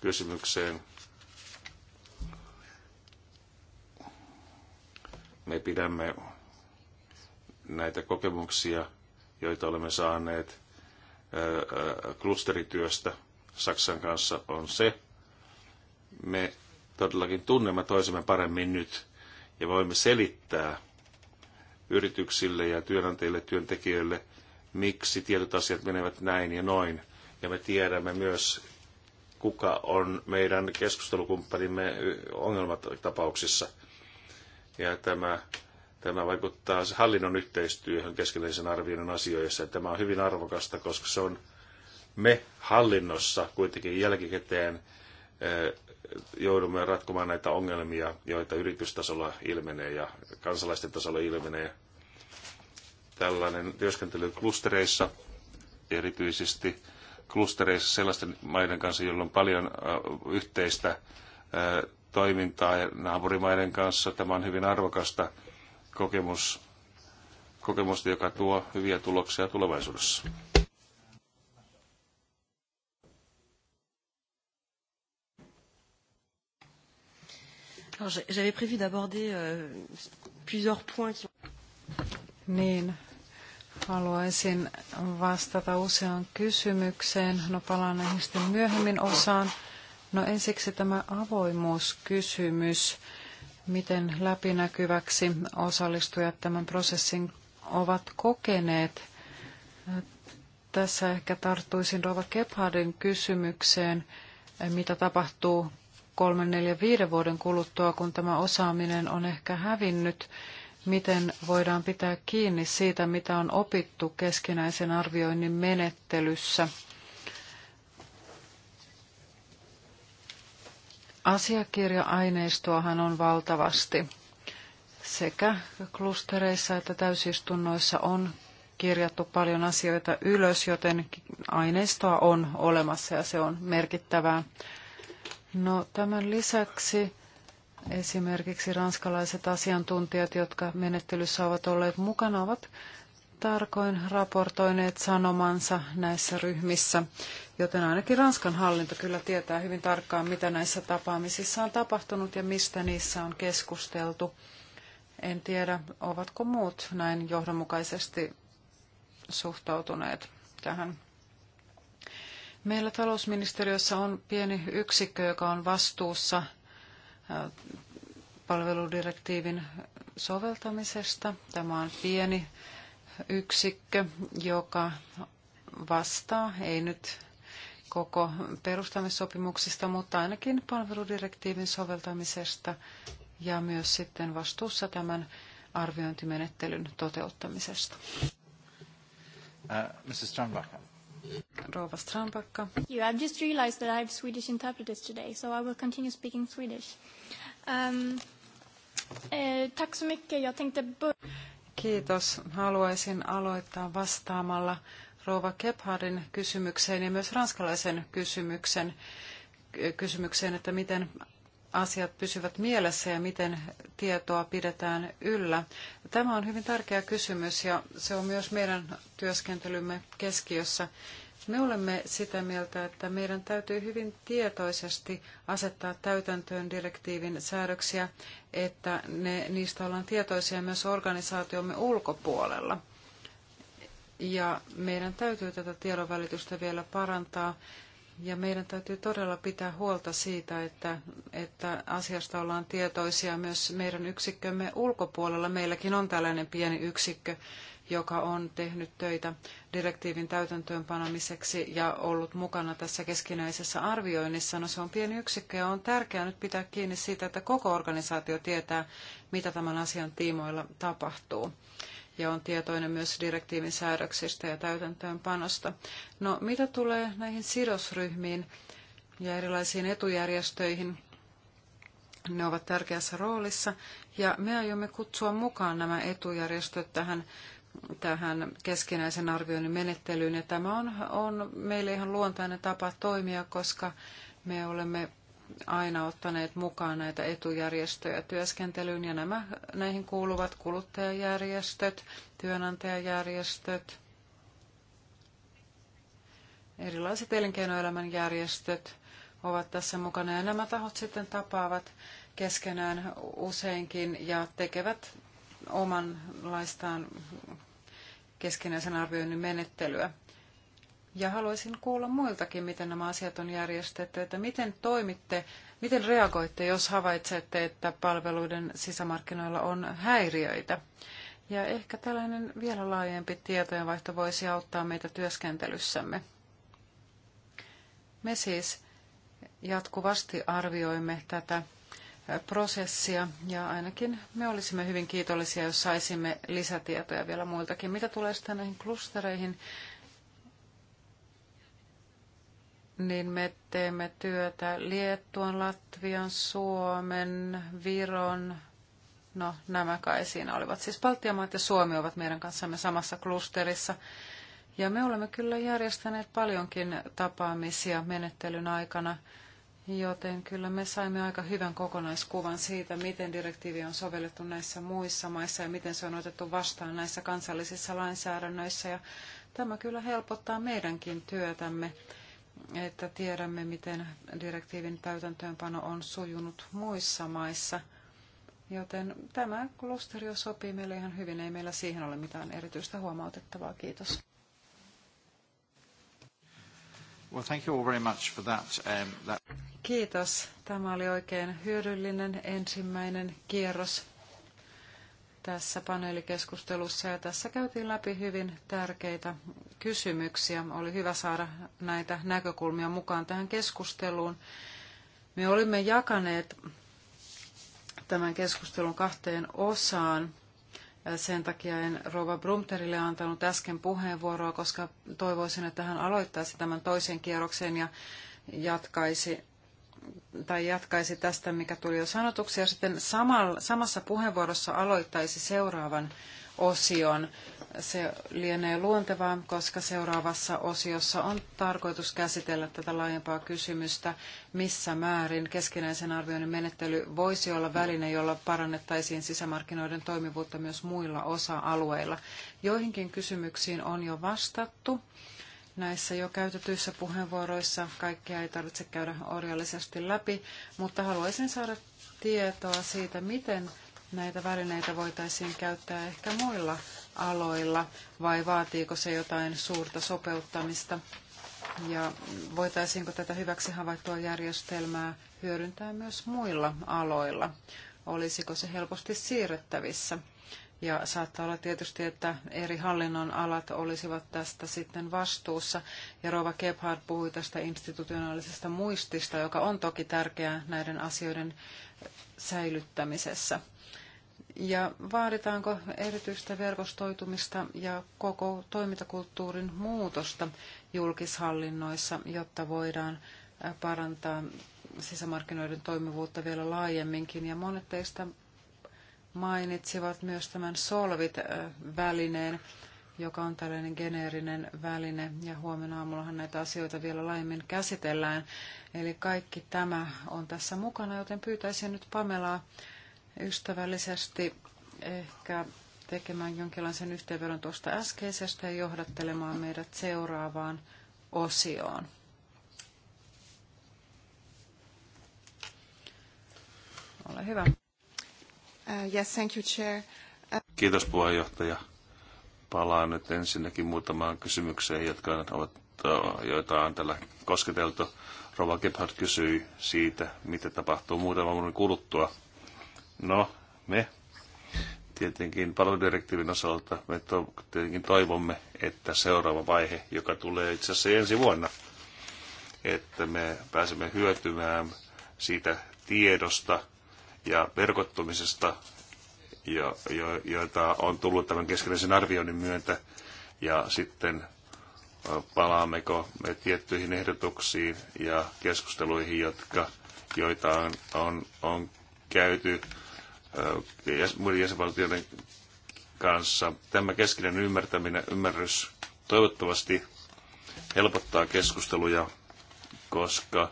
kysymykseen, me pidämme näitä kokemuksia, joita olemme saaneet klusterityöstä Saksan kanssa, on se, me todellakin tunnemme toisemme paremmin nyt ja voimme selittää yrityksille ja työnantajille, työntekijöille, miksi tietyt asiat menevät näin ja noin. Ja me tiedämme myös, kuka on meidän keskustelukumppanimme ongelmatapauksissa. Ja tämä, tämä vaikuttaa hallinnon yhteistyöhön keskeisen arvioinnin asioissa. Ja tämä on hyvin arvokasta, koska se on me hallinnossa kuitenkin jälkikäteen eh, joudumme ratkomaan näitä ongelmia, joita yritystasolla ilmenee ja kansalaisten tasolla ilmenee. Tällainen työskentely klustereissa, erityisesti klustereissa sellaisten maiden kanssa, joilla on paljon yhteistä toimintaa naapurimaiden kanssa. Tämä on hyvin arvokasta kokemus, kokemusta, joka tuo hyviä tuloksia tulevaisuudessa. J'avais prévu d'aborder euh, plusieurs points qui... Niin, haluaisin vastata useaan kysymykseen. No palaan näihin sitten myöhemmin osaan. No ensiksi tämä avoimuuskysymys. Miten läpinäkyväksi osallistujat tämän prosessin ovat kokeneet? Tässä ehkä tarttuisin Rova Kephardin kysymykseen, mitä tapahtuu kolmen, neljän, viiden vuoden kuluttua, kun tämä osaaminen on ehkä hävinnyt, miten voidaan pitää kiinni siitä, mitä on opittu keskinäisen arvioinnin menettelyssä. Asiakirja-aineistoahan on valtavasti. Sekä klustereissa että täysistunnoissa on kirjattu paljon asioita ylös, joten aineistoa on olemassa ja se on merkittävää No tämän lisäksi esimerkiksi ranskalaiset asiantuntijat, jotka menettelyssä ovat olleet mukana, ovat tarkoin raportoineet sanomansa näissä ryhmissä, joten ainakin Ranskan hallinto kyllä tietää hyvin tarkkaan, mitä näissä tapaamisissa on tapahtunut ja mistä niissä on keskusteltu. En tiedä, ovatko muut näin johdonmukaisesti suhtautuneet tähän Meillä talousministeriössä on pieni yksikkö, joka on vastuussa palveludirektiivin soveltamisesta. Tämä on pieni yksikkö, joka vastaa, ei nyt koko perustamissopimuksista, mutta ainakin palveludirektiivin soveltamisesta ja myös sitten vastuussa tämän arviointimenettelyn toteuttamisesta. Uh, Mrs. Strandbacher. Rouva Strandbacka. Yeah, I've just realized that I have Swedish interpreters today, so I will continue speaking Swedish. Um, eh, tack så mycket. Jag tänkte Kiitos. Haluaisin aloittaa vastaamalla Rouva Kephardin kysymykseen ja myös ranskalaisen kysymyksen, eh, kysymykseen, että miten asiat pysyvät mielessä ja miten tietoa pidetään yllä. Tämä on hyvin tärkeä kysymys ja se on myös meidän työskentelymme keskiössä. Me olemme sitä mieltä, että meidän täytyy hyvin tietoisesti asettaa täytäntöön direktiivin säädöksiä, että ne, niistä ollaan tietoisia myös organisaatiomme ulkopuolella. Ja meidän täytyy tätä tiedonvälitystä vielä parantaa ja meidän täytyy todella pitää huolta siitä, että, että asiasta ollaan tietoisia myös meidän yksikkömme ulkopuolella. Meilläkin on tällainen pieni yksikkö, joka on tehnyt töitä direktiivin täytäntöönpanamiseksi ja ollut mukana tässä keskinäisessä arvioinnissa. No se on pieni yksikkö ja on tärkeää nyt pitää kiinni siitä, että koko organisaatio tietää, mitä tämän asian tiimoilla tapahtuu ja on tietoinen myös direktiivin säädöksistä ja täytäntöönpanosta. No mitä tulee näihin sidosryhmiin ja erilaisiin etujärjestöihin, ne ovat tärkeässä roolissa ja me aiomme kutsua mukaan nämä etujärjestöt tähän tähän keskinäisen arvioinnin menettelyyn. Ja tämä on, on meille ihan luontainen tapa toimia, koska me olemme aina ottaneet mukaan näitä etujärjestöjä työskentelyyn ja nämä, näihin kuuluvat kuluttajajärjestöt, työnantajajärjestöt, erilaiset elinkeinoelämän järjestöt ovat tässä mukana ja nämä tahot sitten tapaavat keskenään useinkin ja tekevät omanlaistaan keskinäisen arvioinnin menettelyä. Ja haluaisin kuulla muiltakin, miten nämä asiat on järjestetty, että miten toimitte, miten reagoitte, jos havaitsette, että palveluiden sisämarkkinoilla on häiriöitä. Ja ehkä tällainen vielä laajempi tietojenvaihto voisi auttaa meitä työskentelyssämme. Me siis jatkuvasti arvioimme tätä prosessia ja ainakin me olisimme hyvin kiitollisia, jos saisimme lisätietoja vielä muiltakin. Mitä tulee sitten näihin klustereihin, niin me teemme työtä Liettuan, Latvian, Suomen, Viron, no nämä kai siinä olivat. Siis Baltiamaat ja Suomi ovat meidän kanssamme samassa klusterissa. Ja me olemme kyllä järjestäneet paljonkin tapaamisia menettelyn aikana, joten kyllä me saimme aika hyvän kokonaiskuvan siitä, miten direktiivi on sovellettu näissä muissa maissa ja miten se on otettu vastaan näissä kansallisissa lainsäädännöissä. Ja tämä kyllä helpottaa meidänkin työtämme että tiedämme, miten direktiivin täytäntöönpano on sujunut muissa maissa. Joten tämä klusterio sopii meille ihan hyvin. Ei meillä siihen ole mitään erityistä huomautettavaa. Kiitos. Well, thank you all very much for that. Um, that... Kiitos. Tämä oli oikein hyödyllinen ensimmäinen kierros tässä paneelikeskustelussa ja tässä käytiin läpi hyvin tärkeitä kysymyksiä. Oli hyvä saada näitä näkökulmia mukaan tähän keskusteluun. Me olimme jakaneet tämän keskustelun kahteen osaan. Sen takia en Rova Brumterille antanut äsken puheenvuoroa, koska toivoisin, että hän aloittaisi tämän toisen kierroksen ja jatkaisi tai jatkaisi tästä, mikä tuli jo sanotuksi, ja sitten samassa puheenvuorossa aloittaisi seuraavan osion. Se lienee luontevaa, koska seuraavassa osiossa on tarkoitus käsitellä tätä laajempaa kysymystä, missä määrin keskinäisen arvioinnin menettely voisi olla väline, jolla parannettaisiin sisämarkkinoiden toimivuutta myös muilla osa-alueilla. Joihinkin kysymyksiin on jo vastattu näissä jo käytetyissä puheenvuoroissa. Kaikkia ei tarvitse käydä orjallisesti läpi, mutta haluaisin saada tietoa siitä, miten näitä välineitä voitaisiin käyttää ehkä muilla aloilla, vai vaatiiko se jotain suurta sopeuttamista? Ja voitaisiinko tätä hyväksi havaittua järjestelmää hyödyntää myös muilla aloilla? Olisiko se helposti siirrettävissä? Ja saattaa olla tietysti, että eri hallinnon alat olisivat tästä sitten vastuussa. Ja Rova Gebhard puhui tästä institutionaalisesta muistista, joka on toki tärkeää näiden asioiden säilyttämisessä. Ja vaaditaanko erityistä verkostoitumista ja koko toimintakulttuurin muutosta julkishallinnoissa, jotta voidaan parantaa sisämarkkinoiden toimivuutta vielä laajemminkin. Ja monet teistä mainitsivat myös tämän Solvit-välineen, joka on tällainen geneerinen väline, ja huomenna aamullahan näitä asioita vielä laajemmin käsitellään. Eli kaikki tämä on tässä mukana, joten pyytäisin nyt Pamelaa ystävällisesti ehkä tekemään jonkinlaisen yhteenvedon tuosta äskeisestä ja johdattelemaan meidät seuraavaan osioon. Ole hyvä. Uh, yes, thank you, chair. Kiitos puheenjohtaja. Palaan nyt ensinnäkin muutamaan kysymykseen, jotka ovat, uh, joita on tällä kosketeltu. Rova Gebhardt kysyi siitä, mitä tapahtuu muutaman vuoden kuluttua. No, me tietenkin palveludirektiivin osalta me to, tietenkin toivomme, että seuraava vaihe, joka tulee itse asiassa ensi vuonna, että me pääsemme hyötymään siitä tiedosta, ja verkottumisesta, ja jo, joita on tullut tämän keskeisen arvioinnin myöntä. Ja sitten palaammeko me tiettyihin ehdotuksiin ja keskusteluihin, jotka, joita on, on, on käyty muiden jäsenvaltioiden kanssa. Tämä keskeinen ymmärtäminen, ymmärrys toivottavasti helpottaa keskusteluja, koska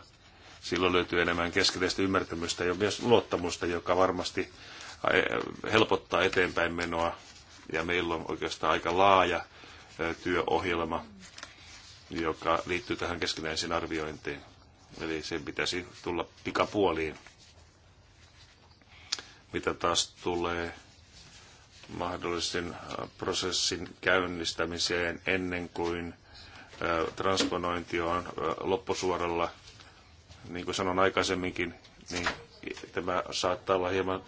Silloin löytyy enemmän keskeistä ymmärtämystä ja myös luottamusta, joka varmasti eh, helpottaa eteenpäin menoa. Ja meillä on oikeastaan aika laaja eh, työohjelma, joka liittyy tähän keskinäiseen arviointiin. Eli sen pitäisi tulla pikapuoliin. Mitä taas tulee mahdollisen eh, prosessin käynnistämiseen ennen kuin transponointi on loppusuoralla – niin kuin sanon aikaisemminkin, niin tämä saattaa olla hieman,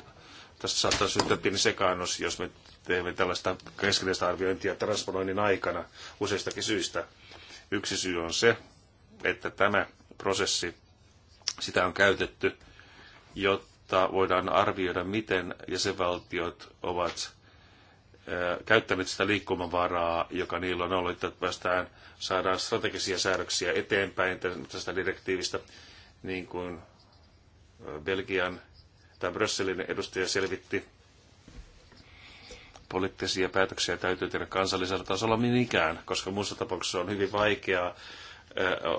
tässä saattaa syntyä pieni sekaannus, jos me teemme tällaista keskeistä arviointia transponoinnin aikana useistakin syistä. Yksi syy on se, että tämä prosessi, sitä on käytetty, jotta voidaan arvioida, miten jäsenvaltiot ovat käyttäneet sitä liikkumavaraa, joka niillä on ollut, että päästään, saadaan strategisia säädöksiä eteenpäin tästä direktiivistä niin kuin Belgian tai Brysselin edustaja selvitti, poliittisia päätöksiä täytyy tehdä kansallisella tasolla minikään, koska muussa tapauksessa on hyvin vaikeaa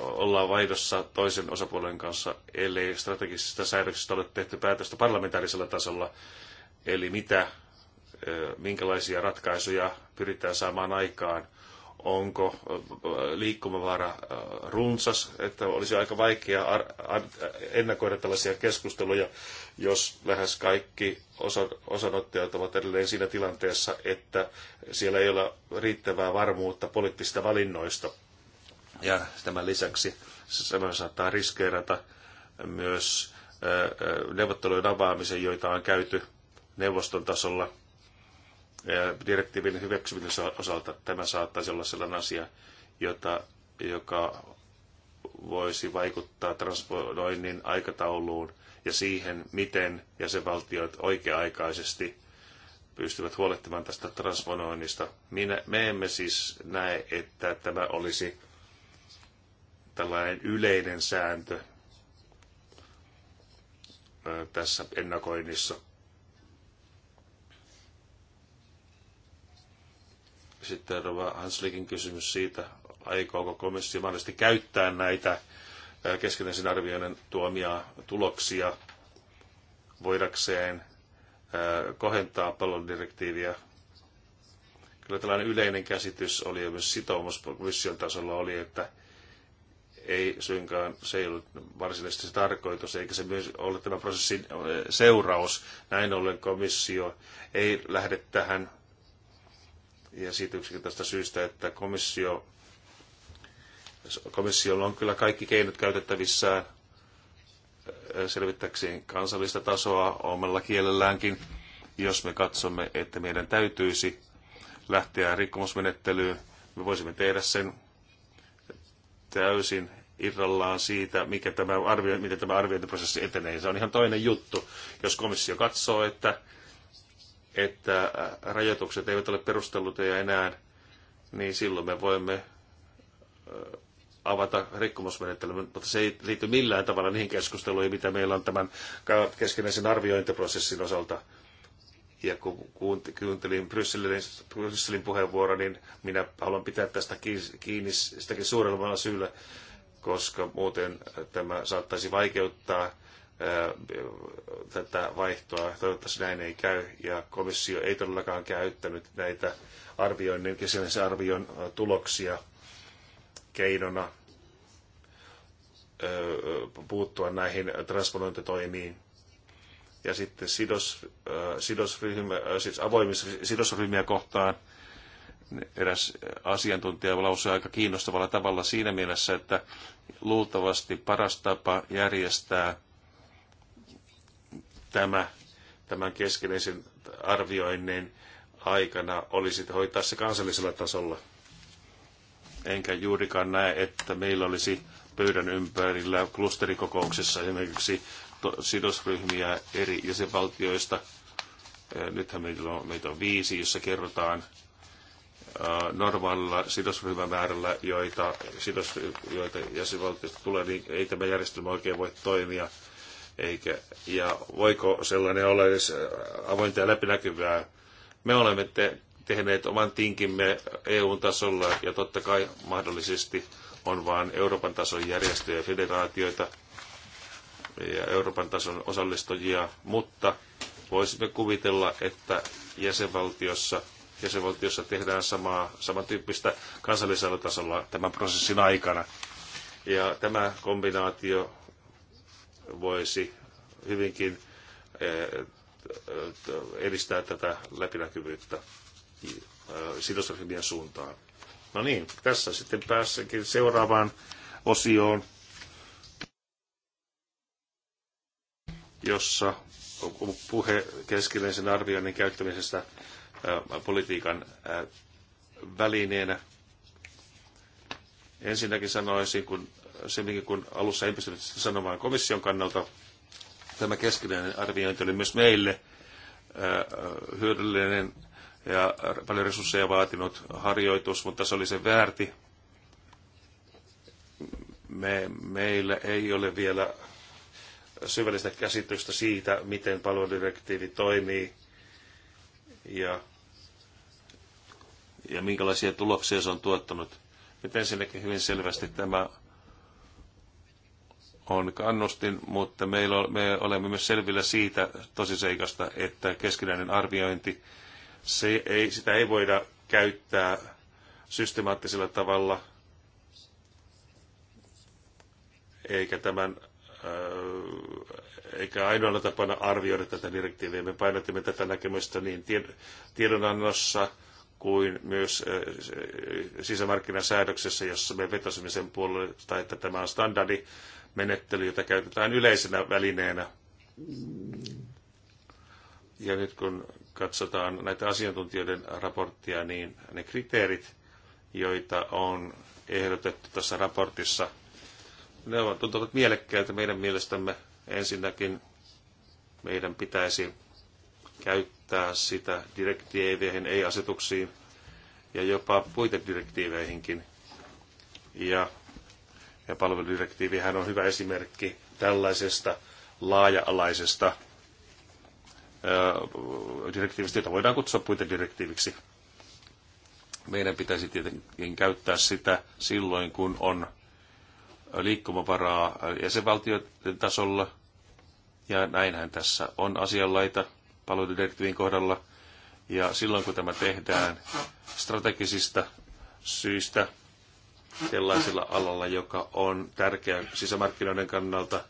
olla vaihdossa toisen osapuolen kanssa, ellei strategisista säädöksistä ole tehty päätöstä parlamentaarisella tasolla, eli mitä, minkälaisia ratkaisuja pyritään saamaan aikaan – onko äh, liikkumavara äh, runsas, että olisi aika vaikea ennakoida tällaisia keskusteluja, jos lähes kaikki osanottajat ovat edelleen siinä tilanteessa, että siellä ei ole riittävää varmuutta poliittisista valinnoista. Ja tämän lisäksi se saattaa riskeerata myös äh, neuvottelujen avaamisen, joita on käyty neuvoston tasolla – direktiivin hyväksymisen osalta tämä saattaisi olla sellainen asia, jota, joka voisi vaikuttaa transponoinnin aikatauluun ja siihen, miten jäsenvaltiot oikea-aikaisesti pystyvät huolehtimaan tästä transponoinnista. Minä, me emme siis näe, että tämä olisi tällainen yleinen sääntö tässä ennakoinnissa – Sitten Rova Hanslikin kysymys siitä, aikooko komissio mahdollisesti käyttää näitä keskinäisen arvioinnin tuomia tuloksia voidakseen kohentaa pallondirektiiviä. Kyllä tällainen yleinen käsitys oli ja myös sitoumus komission tasolla oli, että ei suinkaan, se ei ollut varsinaisesti se tarkoitus, eikä se myös ole tämän prosessin seuraus. Näin ollen komissio ei lähde tähän ja siitä yksinkertaista syystä, että komissio, komissiolla on kyllä kaikki keinot käytettävissään äh, selvittäkseen kansallista tasoa omalla kielelläänkin, jos me katsomme, että meidän täytyisi lähteä rikkomusmenettelyyn. Me voisimme tehdä sen täysin irrallaan siitä, mikä tämä arvio, miten tämä arviointiprosessi etenee. Se on ihan toinen juttu, jos komissio katsoo, että että äh, rajoitukset eivät ole perusteluteja enää, niin silloin me voimme äh, avata rikkomusmenettelyn, mutta se ei liity millään tavalla niihin keskusteluihin, mitä meillä on tämän keskinäisen arviointiprosessin osalta. Ja kun kuuntelin Brysselin, Brysselin puheenvuoro, niin minä haluan pitää tästä kiinni sitäkin suuremmalla syyllä, koska muuten äh, tämä saattaisi vaikeuttaa tätä vaihtoa. Toivottavasti näin ei käy, ja komissio ei todellakaan käyttänyt näitä arvioinnin, kesällisen arvion tuloksia keinona puuttua näihin transponointitoimiin. Ja sitten sidos, sidosryhmä, siis avoimissa sidosryhmiä kohtaan niin eräs asiantuntija lausui aika kiinnostavalla tavalla siinä mielessä, että luultavasti paras tapa järjestää tämä, tämän keskeisen arvioinnin aikana olisi hoitaa se kansallisella tasolla. Enkä juurikaan näe, että meillä olisi pöydän ympärillä klusterikokouksessa esimerkiksi sidosryhmiä eri jäsenvaltioista. Nythän meillä on, meitä on viisi, jossa kerrotaan normaalilla sidosryhmämäärällä, joita, sidosry, joita jäsenvaltiosta tulee, niin ei tämä järjestelmä oikein voi toimia. Eikä, ja voiko sellainen olla edes äh, avointa ja läpinäkyvää? Me olemme te, tehneet oman tinkimme EU-tasolla ja totta kai mahdollisesti on vain Euroopan tason järjestöjä ja federaatioita ja Euroopan tason osallistujia, mutta voisimme kuvitella, että jäsenvaltiossa, jäsenvaltiossa tehdään samaa, samantyyppistä kansallisella tasolla tämän prosessin aikana. Ja tämä kombinaatio voisi hyvinkin eh, eh, edistää tätä läpinäkyvyyttä eh, sidosryhmien suuntaan. No niin, tässä sitten päässäkin seuraavaan osioon, jossa on puhe keskinäisen arvioinnin käyttämisestä politiikan välineenä. Ensinnäkin sanoisin, kun semminkin kun alussa en pystynyt sanomaan komission kannalta, tämä keskinäinen arviointi oli myös meille hyödyllinen ja paljon resursseja vaatinut harjoitus, mutta se oli se väärti. Me, meillä ei ole vielä syvällistä käsitystä siitä, miten palveludirektiivi toimii ja, ja minkälaisia tuloksia se on tuottanut. Nyt ensinnäkin hyvin selvästi tämä on kannustin, mutta meillä on, me olemme myös selvillä siitä tosiseikasta, että keskinäinen arviointi, se ei, sitä ei voida käyttää systemaattisella tavalla, eikä tämän äh, eikä ainoana tapana arvioida tätä direktiiviä. Me painotimme tätä näkemystä niin tiedonannossa kuin myös äh, sisämarkkinasäädöksessä, jossa me vetosimme sen puolesta, että tämä on standardi menettely, jota käytetään yleisenä välineenä. Ja nyt kun katsotaan näitä asiantuntijoiden raporttia, niin ne kriteerit, joita on ehdotettu tässä raportissa, ne ovat, tuntuvat mielekkäiltä meidän mielestämme. Ensinnäkin meidän pitäisi käyttää sitä direktiiveihin, ei asetuksiin ja jopa puitedirektiiveihinkin. Ja ja palveludirektiivihän on hyvä esimerkki tällaisesta laaja-alaisesta direktiivistä, jota voidaan kutsua puitedirektiiviksi. Meidän pitäisi tietenkin käyttää sitä silloin, kun on liikkumavaraa jäsenvaltioiden tasolla, ja näinhän tässä on asianlaita palveludirektiivin kohdalla. Ja silloin, kun tämä tehdään strategisista syistä, sellaisella alalla, joka on tärkeä sisämarkkinoiden kannalta.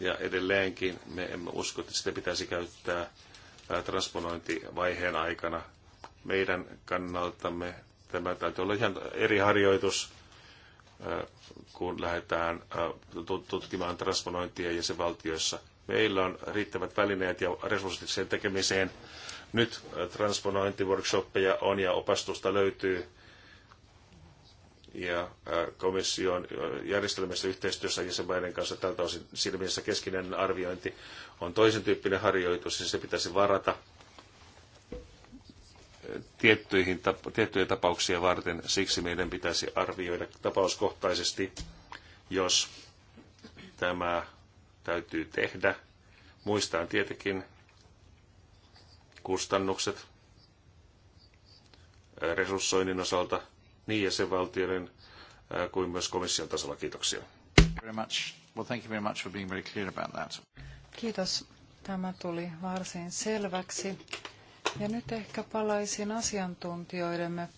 Ja edelleenkin me emme usko, että sitä pitäisi käyttää transponointivaiheen aikana. Meidän kannaltamme tämä täytyy olla ihan eri harjoitus, kun lähdetään tutkimaan transponointia jäsenvaltioissa. Meillä on riittävät välineet ja resurssit sen tekemiseen. Nyt transponointiworkshoppeja on ja opastusta löytyy ja komission järjestelmässä yhteistyössä jäsenmaiden kanssa tältä osin siinä mielessä keskinäinen arviointi on toisen tyyppinen harjoitus ja se pitäisi varata tiettyihin, tiettyjä tapauksia varten. Siksi meidän pitäisi arvioida tapauskohtaisesti, jos tämä täytyy tehdä. Muistaan tietenkin kustannukset resurssoinnin osalta – niin jäsenvaltioiden kuin myös komission tasolla. Kiitoksia. Kiitos. Tämä tuli varsin selväksi. Ja nyt ehkä palaisin asiantuntijoidemme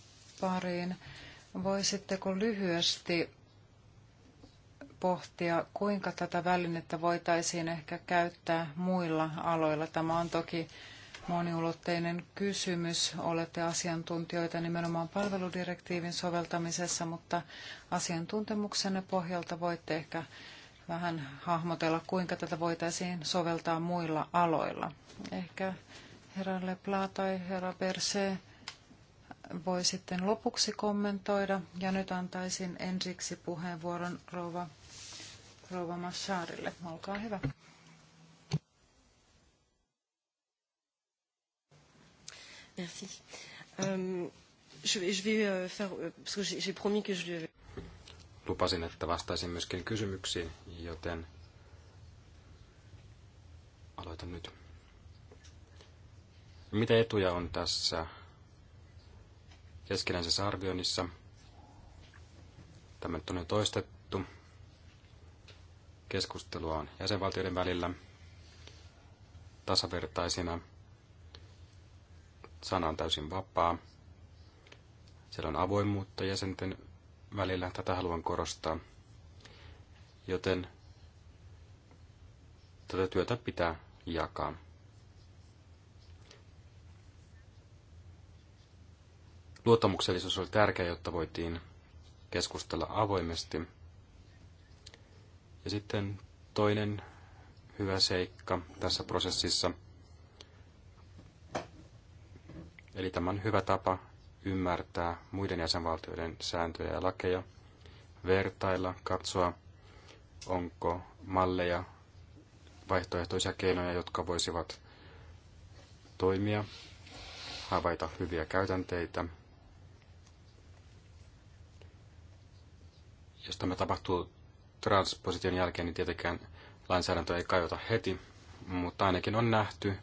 pariin. Voisitteko lyhyesti pohtia, kuinka tätä välinettä voitaisiin ehkä käyttää muilla aloilla? Tämä on toki moniulotteinen kysymys. Olette asiantuntijoita nimenomaan palveludirektiivin soveltamisessa, mutta asiantuntemuksenne pohjalta voitte ehkä vähän hahmotella, kuinka tätä voitaisiin soveltaa muilla aloilla. Ehkä herra Lepla tai herra Perse voi sitten lopuksi kommentoida. Ja nyt antaisin ensiksi puheenvuoron rouva, rouva Masharille. Olkaa hyvä. Merci. Euh, je, je vais euh, faire, euh, parce que j'ai promis que je lui Lupasin, että vastaisin myöskin kysymyksiin, joten aloitan nyt. Mitä etuja on tässä keskinäisessä arvioinnissa? Tämä nyt on jo toistettu. Keskustelua on jäsenvaltioiden välillä tasavertaisina sana on täysin vapaa. Siellä on avoimuutta jäsenten välillä, tätä haluan korostaa. Joten tätä työtä pitää jakaa. Luottamuksellisuus oli tärkeä, jotta voitiin keskustella avoimesti. Ja sitten toinen hyvä seikka tässä prosessissa – Eli tämä on hyvä tapa ymmärtää muiden jäsenvaltioiden sääntöjä ja lakeja, vertailla, katsoa, onko malleja, vaihtoehtoisia keinoja, jotka voisivat toimia, havaita hyviä käytänteitä. Jos tämä tapahtuu transposition jälkeen, niin tietenkään lainsäädäntö ei kajota heti, mutta ainakin on nähty,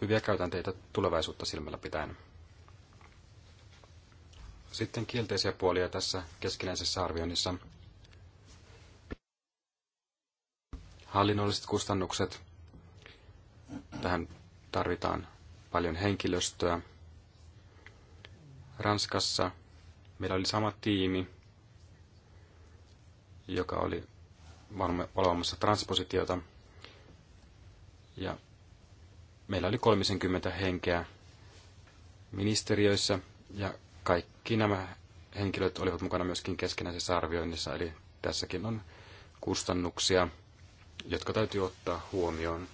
hyviä käytänteitä tulevaisuutta silmällä pitäen. Sitten kielteisiä puolia tässä keskinäisessä arvioinnissa. Hallinnolliset kustannukset. Tähän tarvitaan paljon henkilöstöä. Ranskassa meillä oli sama tiimi, joka oli valvomassa transpositiota. Ja meillä oli 30 henkeä ministeriöissä ja kaikki nämä henkilöt olivat mukana myöskin keskenäisessä arvioinnissa, eli tässäkin on kustannuksia, jotka täytyy ottaa huomioon.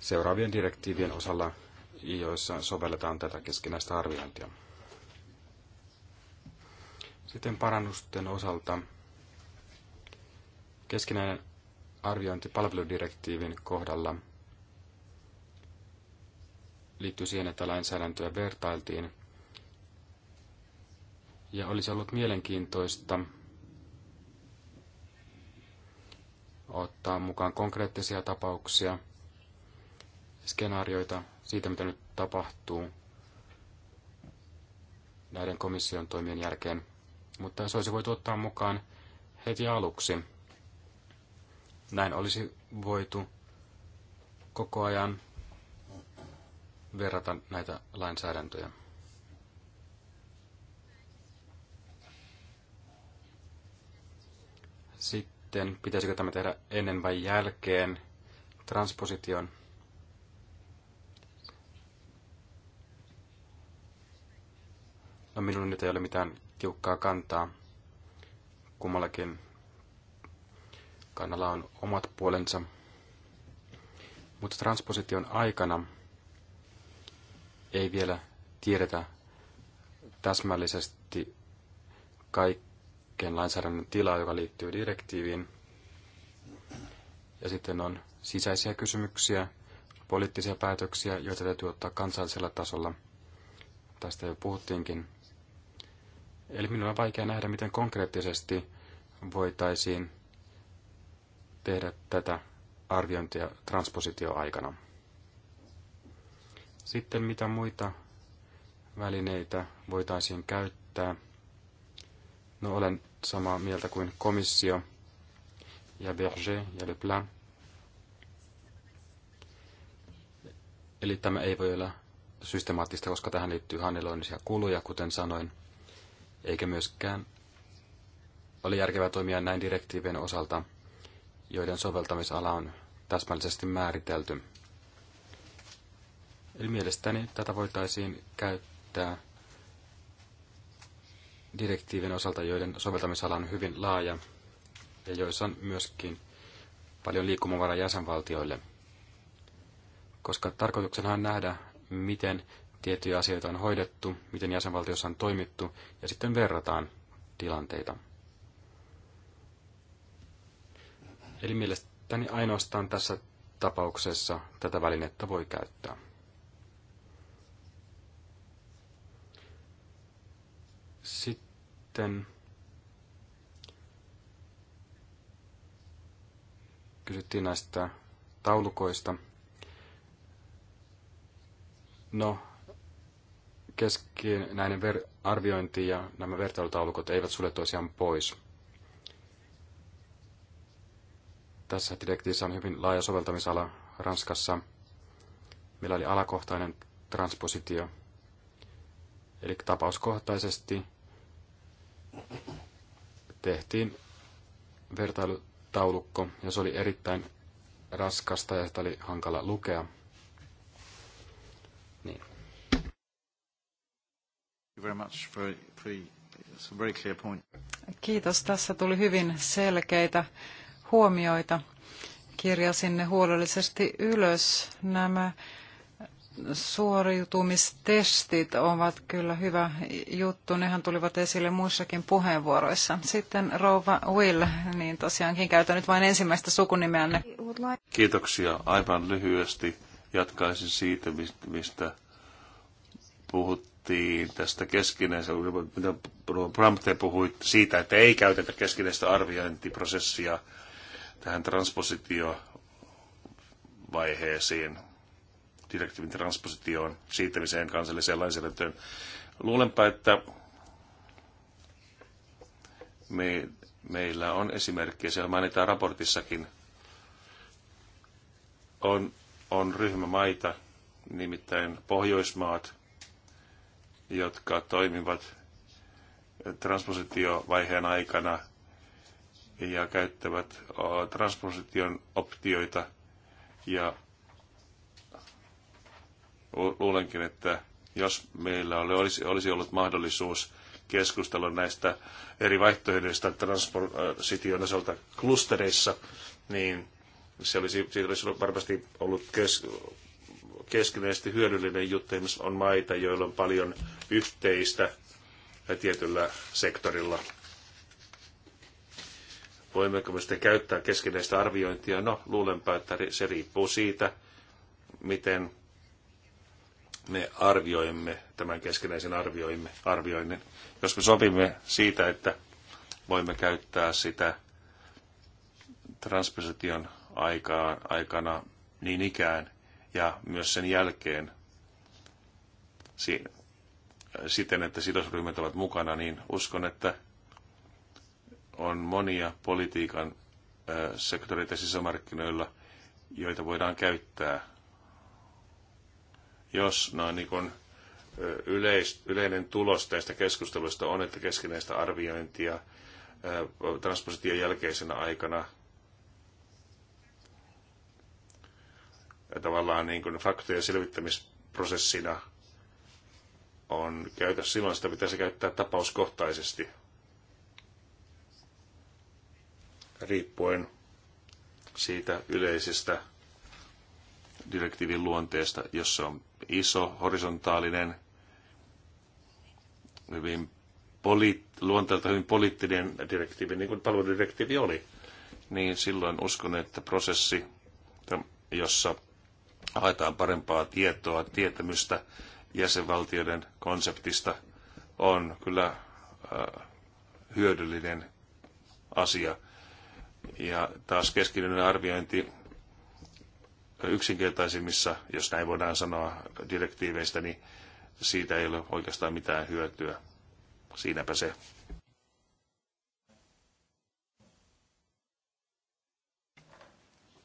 seuraavien direktiivien osalla, joissa sovelletaan tätä keskinäistä arviointia. Sitten parannusten osalta keskinäinen arviointi kohdalla liittyi siihen, että lainsäädäntöä vertailtiin. Ja olisi ollut mielenkiintoista ottaa mukaan konkreettisia tapauksia, skenaarioita siitä, mitä nyt tapahtuu näiden komission toimien jälkeen. Mutta se olisi voitu ottaa mukaan heti aluksi näin olisi voitu koko ajan verrata näitä lainsäädäntöjä. Sitten pitäisikö tämä tehdä ennen vai jälkeen transposition? No minulla nyt ei ole mitään tiukkaa kantaa kummallakin kannalla on omat puolensa. Mutta transposition aikana ei vielä tiedetä täsmällisesti kaikkeen lainsäädännön tilaa, joka liittyy direktiiviin. Ja sitten on sisäisiä kysymyksiä, poliittisia päätöksiä, joita täytyy ottaa kansallisella tasolla. Tästä jo puhuttiinkin. Eli minun on vaikea nähdä, miten konkreettisesti voitaisiin tehdä tätä arviointia transpositioaikana. Sitten mitä muita välineitä voitaisiin käyttää? No olen samaa mieltä kuin komissio ja Berger ja Le Plan. Eli tämä ei voi olla systemaattista, koska tähän liittyy hanneloinnisia kuluja, kuten sanoin, eikä myöskään ole järkevää toimia näin direktiivien osalta – joiden soveltamisala on täsmällisesti määritelty. Eli mielestäni tätä voitaisiin käyttää direktiivin osalta, joiden soveltamisala on hyvin laaja ja joissa on myöskin paljon liikkumavaraa jäsenvaltioille. Koska tarkoituksena on nähdä, miten tiettyjä asioita on hoidettu, miten jäsenvaltiossa on toimittu ja sitten verrataan tilanteita. Eli mielestäni ainoastaan tässä tapauksessa tätä välinettä voi käyttää. Sitten kysyttiin näistä taulukoista. No, keskinäinen ver- arviointi ja nämä vertailutaulukot eivät sulle toisiaan pois. Tässä direktiissä on hyvin laaja soveltamisala Ranskassa. Meillä oli alakohtainen transpositio, eli tapauskohtaisesti tehtiin vertailutaulukko, ja se oli erittäin raskasta ja sitä oli hankala lukea. Niin. Kiitos, tässä tuli hyvin selkeitä huomioita. Kirjasin ne huolellisesti ylös. Nämä suoriutumistestit ovat kyllä hyvä juttu. Nehän tulivat esille muissakin puheenvuoroissa. Sitten rouva Will, niin tosiaankin käytän nyt vain ensimmäistä sukunimeänne. Kiitoksia. Aivan lyhyesti jatkaisin siitä, mistä puhuttiin tästä keskinäisestä, mitä Bramte puhui siitä, että ei käytetä keskinäistä arviointiprosessia tähän transpositiovaiheeseen, direktiivin transpositioon, siirtämiseen kansalliseen lainsäädäntöön. Luulenpa, että me, meillä on esimerkkejä, siellä mainitaan raportissakin, on, on ryhmä maita, nimittäin Pohjoismaat, jotka toimivat transpositiovaiheen aikana – ja käyttävät transposition optioita ja luulenkin, että jos meillä olisi, olisi ollut mahdollisuus keskustella näistä eri vaihtoehdoista transposition osalta klustereissa, niin se olisi, siitä olisi varmasti ollut kes, keskinäisesti hyödyllinen juttu. Esimerkiksi on maita, joilla on paljon yhteistä tietyllä sektorilla Voimmeko me sitten käyttää keskinäistä arviointia? No, luulenpa, että se riippuu siitä, miten me arvioimme tämän keskinäisen arvioimme, arvioinnin. Jos me sopimme siitä, että voimme käyttää sitä transposition aikaa, aikana niin ikään ja myös sen jälkeen si, siten, että sidosryhmät ovat mukana, niin uskon, että on monia politiikan sektoreita sisämarkkinoilla, joita voidaan käyttää. Jos no, niin kun, yleis, yleinen tulos tästä keskustelusta on, että keskinäistä arviointia transposition jälkeisenä aikana ja tavallaan niin kuin faktojen selvittämisprosessina on käytössä silloin, sitä pitäisi käyttää tapauskohtaisesti – riippuen siitä yleisestä direktiivin luonteesta, jos se on iso, horisontaalinen, hyvin poliit luonteelta hyvin poliittinen direktiivi, niin kuin palveludirektiivi oli, niin silloin uskon, että prosessi, jossa haetaan parempaa tietoa, tietämystä jäsenvaltioiden konseptista, on kyllä äh, hyödyllinen asia ja taas keskinäinen arviointi yksinkertaisimmissa, jos näin voidaan sanoa, direktiiveistä, niin siitä ei ole oikeastaan mitään hyötyä. Siinäpä se.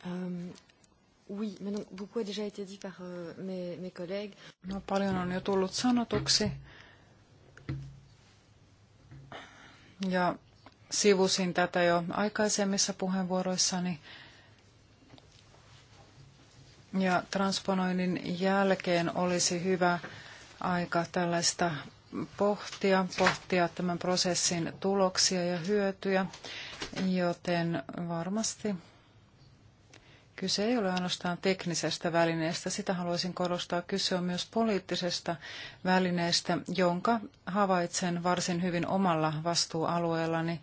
Um, oui, mais beaucoup a déjà été dit par euh, mes, mes collègues. No, paljon on jo tullut sanotuksi. Ja sivusin tätä jo aikaisemmissa puheenvuoroissani. Ja transponoinnin jälkeen olisi hyvä aika tällaista pohtia, pohtia tämän prosessin tuloksia ja hyötyjä, joten varmasti Kyse ei ole ainoastaan teknisestä välineestä, sitä haluaisin korostaa. Kyse on myös poliittisesta välineestä, jonka havaitsen varsin hyvin omalla vastuualueellani.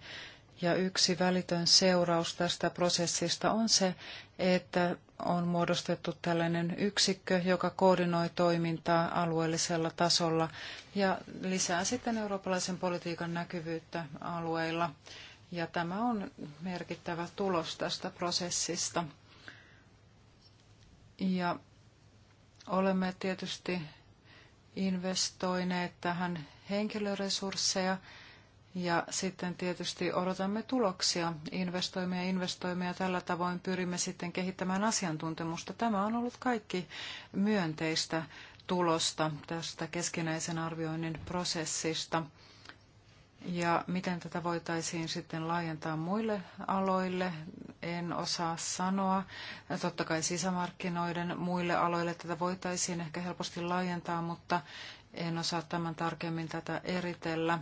Ja yksi välitön seuraus tästä prosessista on se, että on muodostettu tällainen yksikkö, joka koordinoi toimintaa alueellisella tasolla ja lisää sitten eurooppalaisen politiikan näkyvyyttä alueilla. Ja tämä on merkittävä tulos tästä prosessista. Ja olemme tietysti investoineet tähän henkilöresursseja ja sitten tietysti odotamme tuloksia. Investoimme ja investoimme ja tällä tavoin pyrimme sitten kehittämään asiantuntemusta. Tämä on ollut kaikki myönteistä tulosta tästä keskinäisen arvioinnin prosessista. Ja miten tätä voitaisiin sitten laajentaa muille aloille, en osaa sanoa. Totta kai sisämarkkinoiden muille aloille tätä voitaisiin ehkä helposti laajentaa, mutta en osaa tämän tarkemmin tätä eritellä.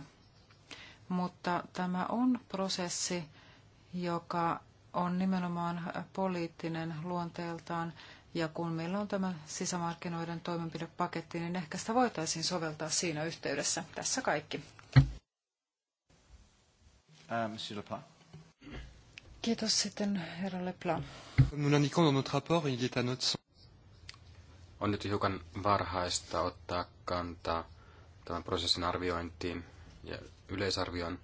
Mutta tämä on prosessi, joka on nimenomaan poliittinen luonteeltaan. Ja kun meillä on tämä sisämarkkinoiden toimenpidepaketti, niin ehkä sitä voitaisiin soveltaa siinä yhteydessä. Tässä kaikki. Euh, Monsieur Lepla. Kiitos sitten herra Lepla. Nous l'indiquons dans notre rapport, il est à notre On nyt hiukan varhaista ottaa kantaa tämän prosessin arviointiin ja yleisarvioon.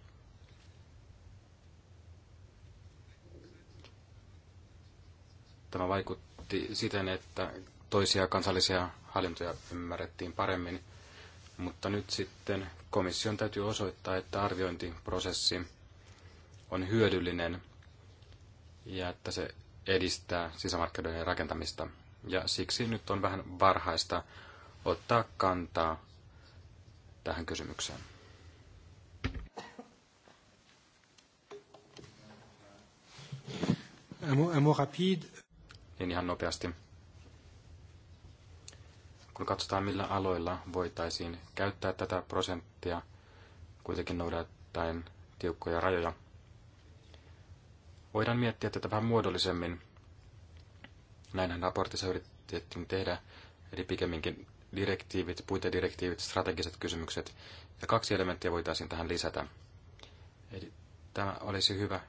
Tämä vaikutti siten, että toisia kansallisia hallintoja ymmärrettiin paremmin, mutta nyt sitten komission täytyy osoittaa, että arviointiprosessi on hyödyllinen ja että se edistää sisämarkkinoiden rakentamista. Ja siksi nyt on vähän varhaista ottaa kantaa tähän kysymykseen. Niin ihan nopeasti. Kun katsotaan, millä aloilla voitaisiin käyttää tätä prosenttia, kuitenkin noudattaen tiukkoja rajoja, voidaan miettiä tätä vähän muodollisemmin. Näinhän raportissa yritettiin tehdä, eli pikemminkin direktiivit, puitedirektiivit, strategiset kysymykset, ja kaksi elementtiä voitaisiin tähän lisätä. Eli tämä olisi hyvä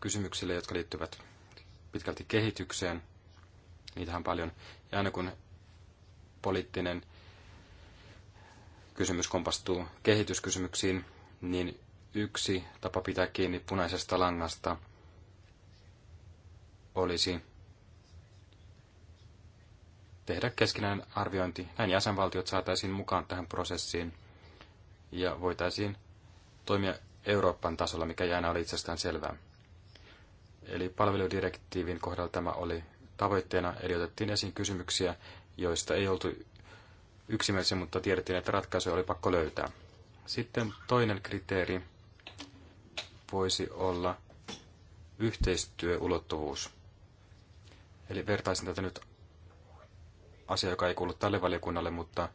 kysymyksille, jotka liittyvät pitkälti kehitykseen. Niitähän paljon. Ja aina kun poliittinen kysymys kompastuu kehityskysymyksiin, niin Yksi tapa pitää kiinni punaisesta langasta olisi tehdä keskinäinen arviointi. Näin jäsenvaltiot saataisiin mukaan tähän prosessiin ja voitaisiin toimia Euroopan tasolla, mikä jäänä oli itsestään selvää. Eli palveludirektiivin kohdalla tämä oli tavoitteena, eli otettiin esiin kysymyksiä, joista ei oltu yksimielisiä, mutta tiedettiin, että ratkaisuja oli pakko löytää. Sitten toinen kriteeri voisi olla yhteistyöulottuvuus. Eli vertaisin tätä nyt asiaa, joka ei kuulu tälle valiokunnalle, mutta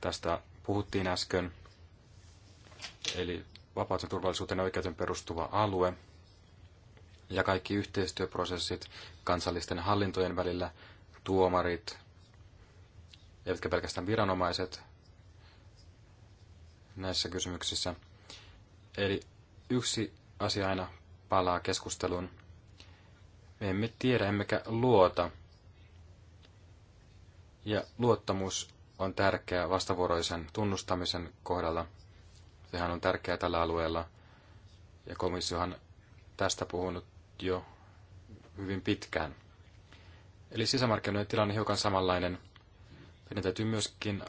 tästä puhuttiin äsken. Eli vapauden turvallisuuteen ja oikeuteen perustuva alue ja kaikki yhteistyöprosessit kansallisten hallintojen välillä, tuomarit, eivätkä pelkästään viranomaiset näissä kysymyksissä. Eli yksi asia aina palaa keskusteluun. Me emme tiedä, emmekä luota. Ja luottamus on tärkeää vastavuoroisen tunnustamisen kohdalla. Sehän on tärkeää tällä alueella. Ja komissiohan tästä puhunut jo hyvin pitkään. Eli sisämarkkinoiden tilanne on hiukan samanlainen. Meidän täytyy myöskin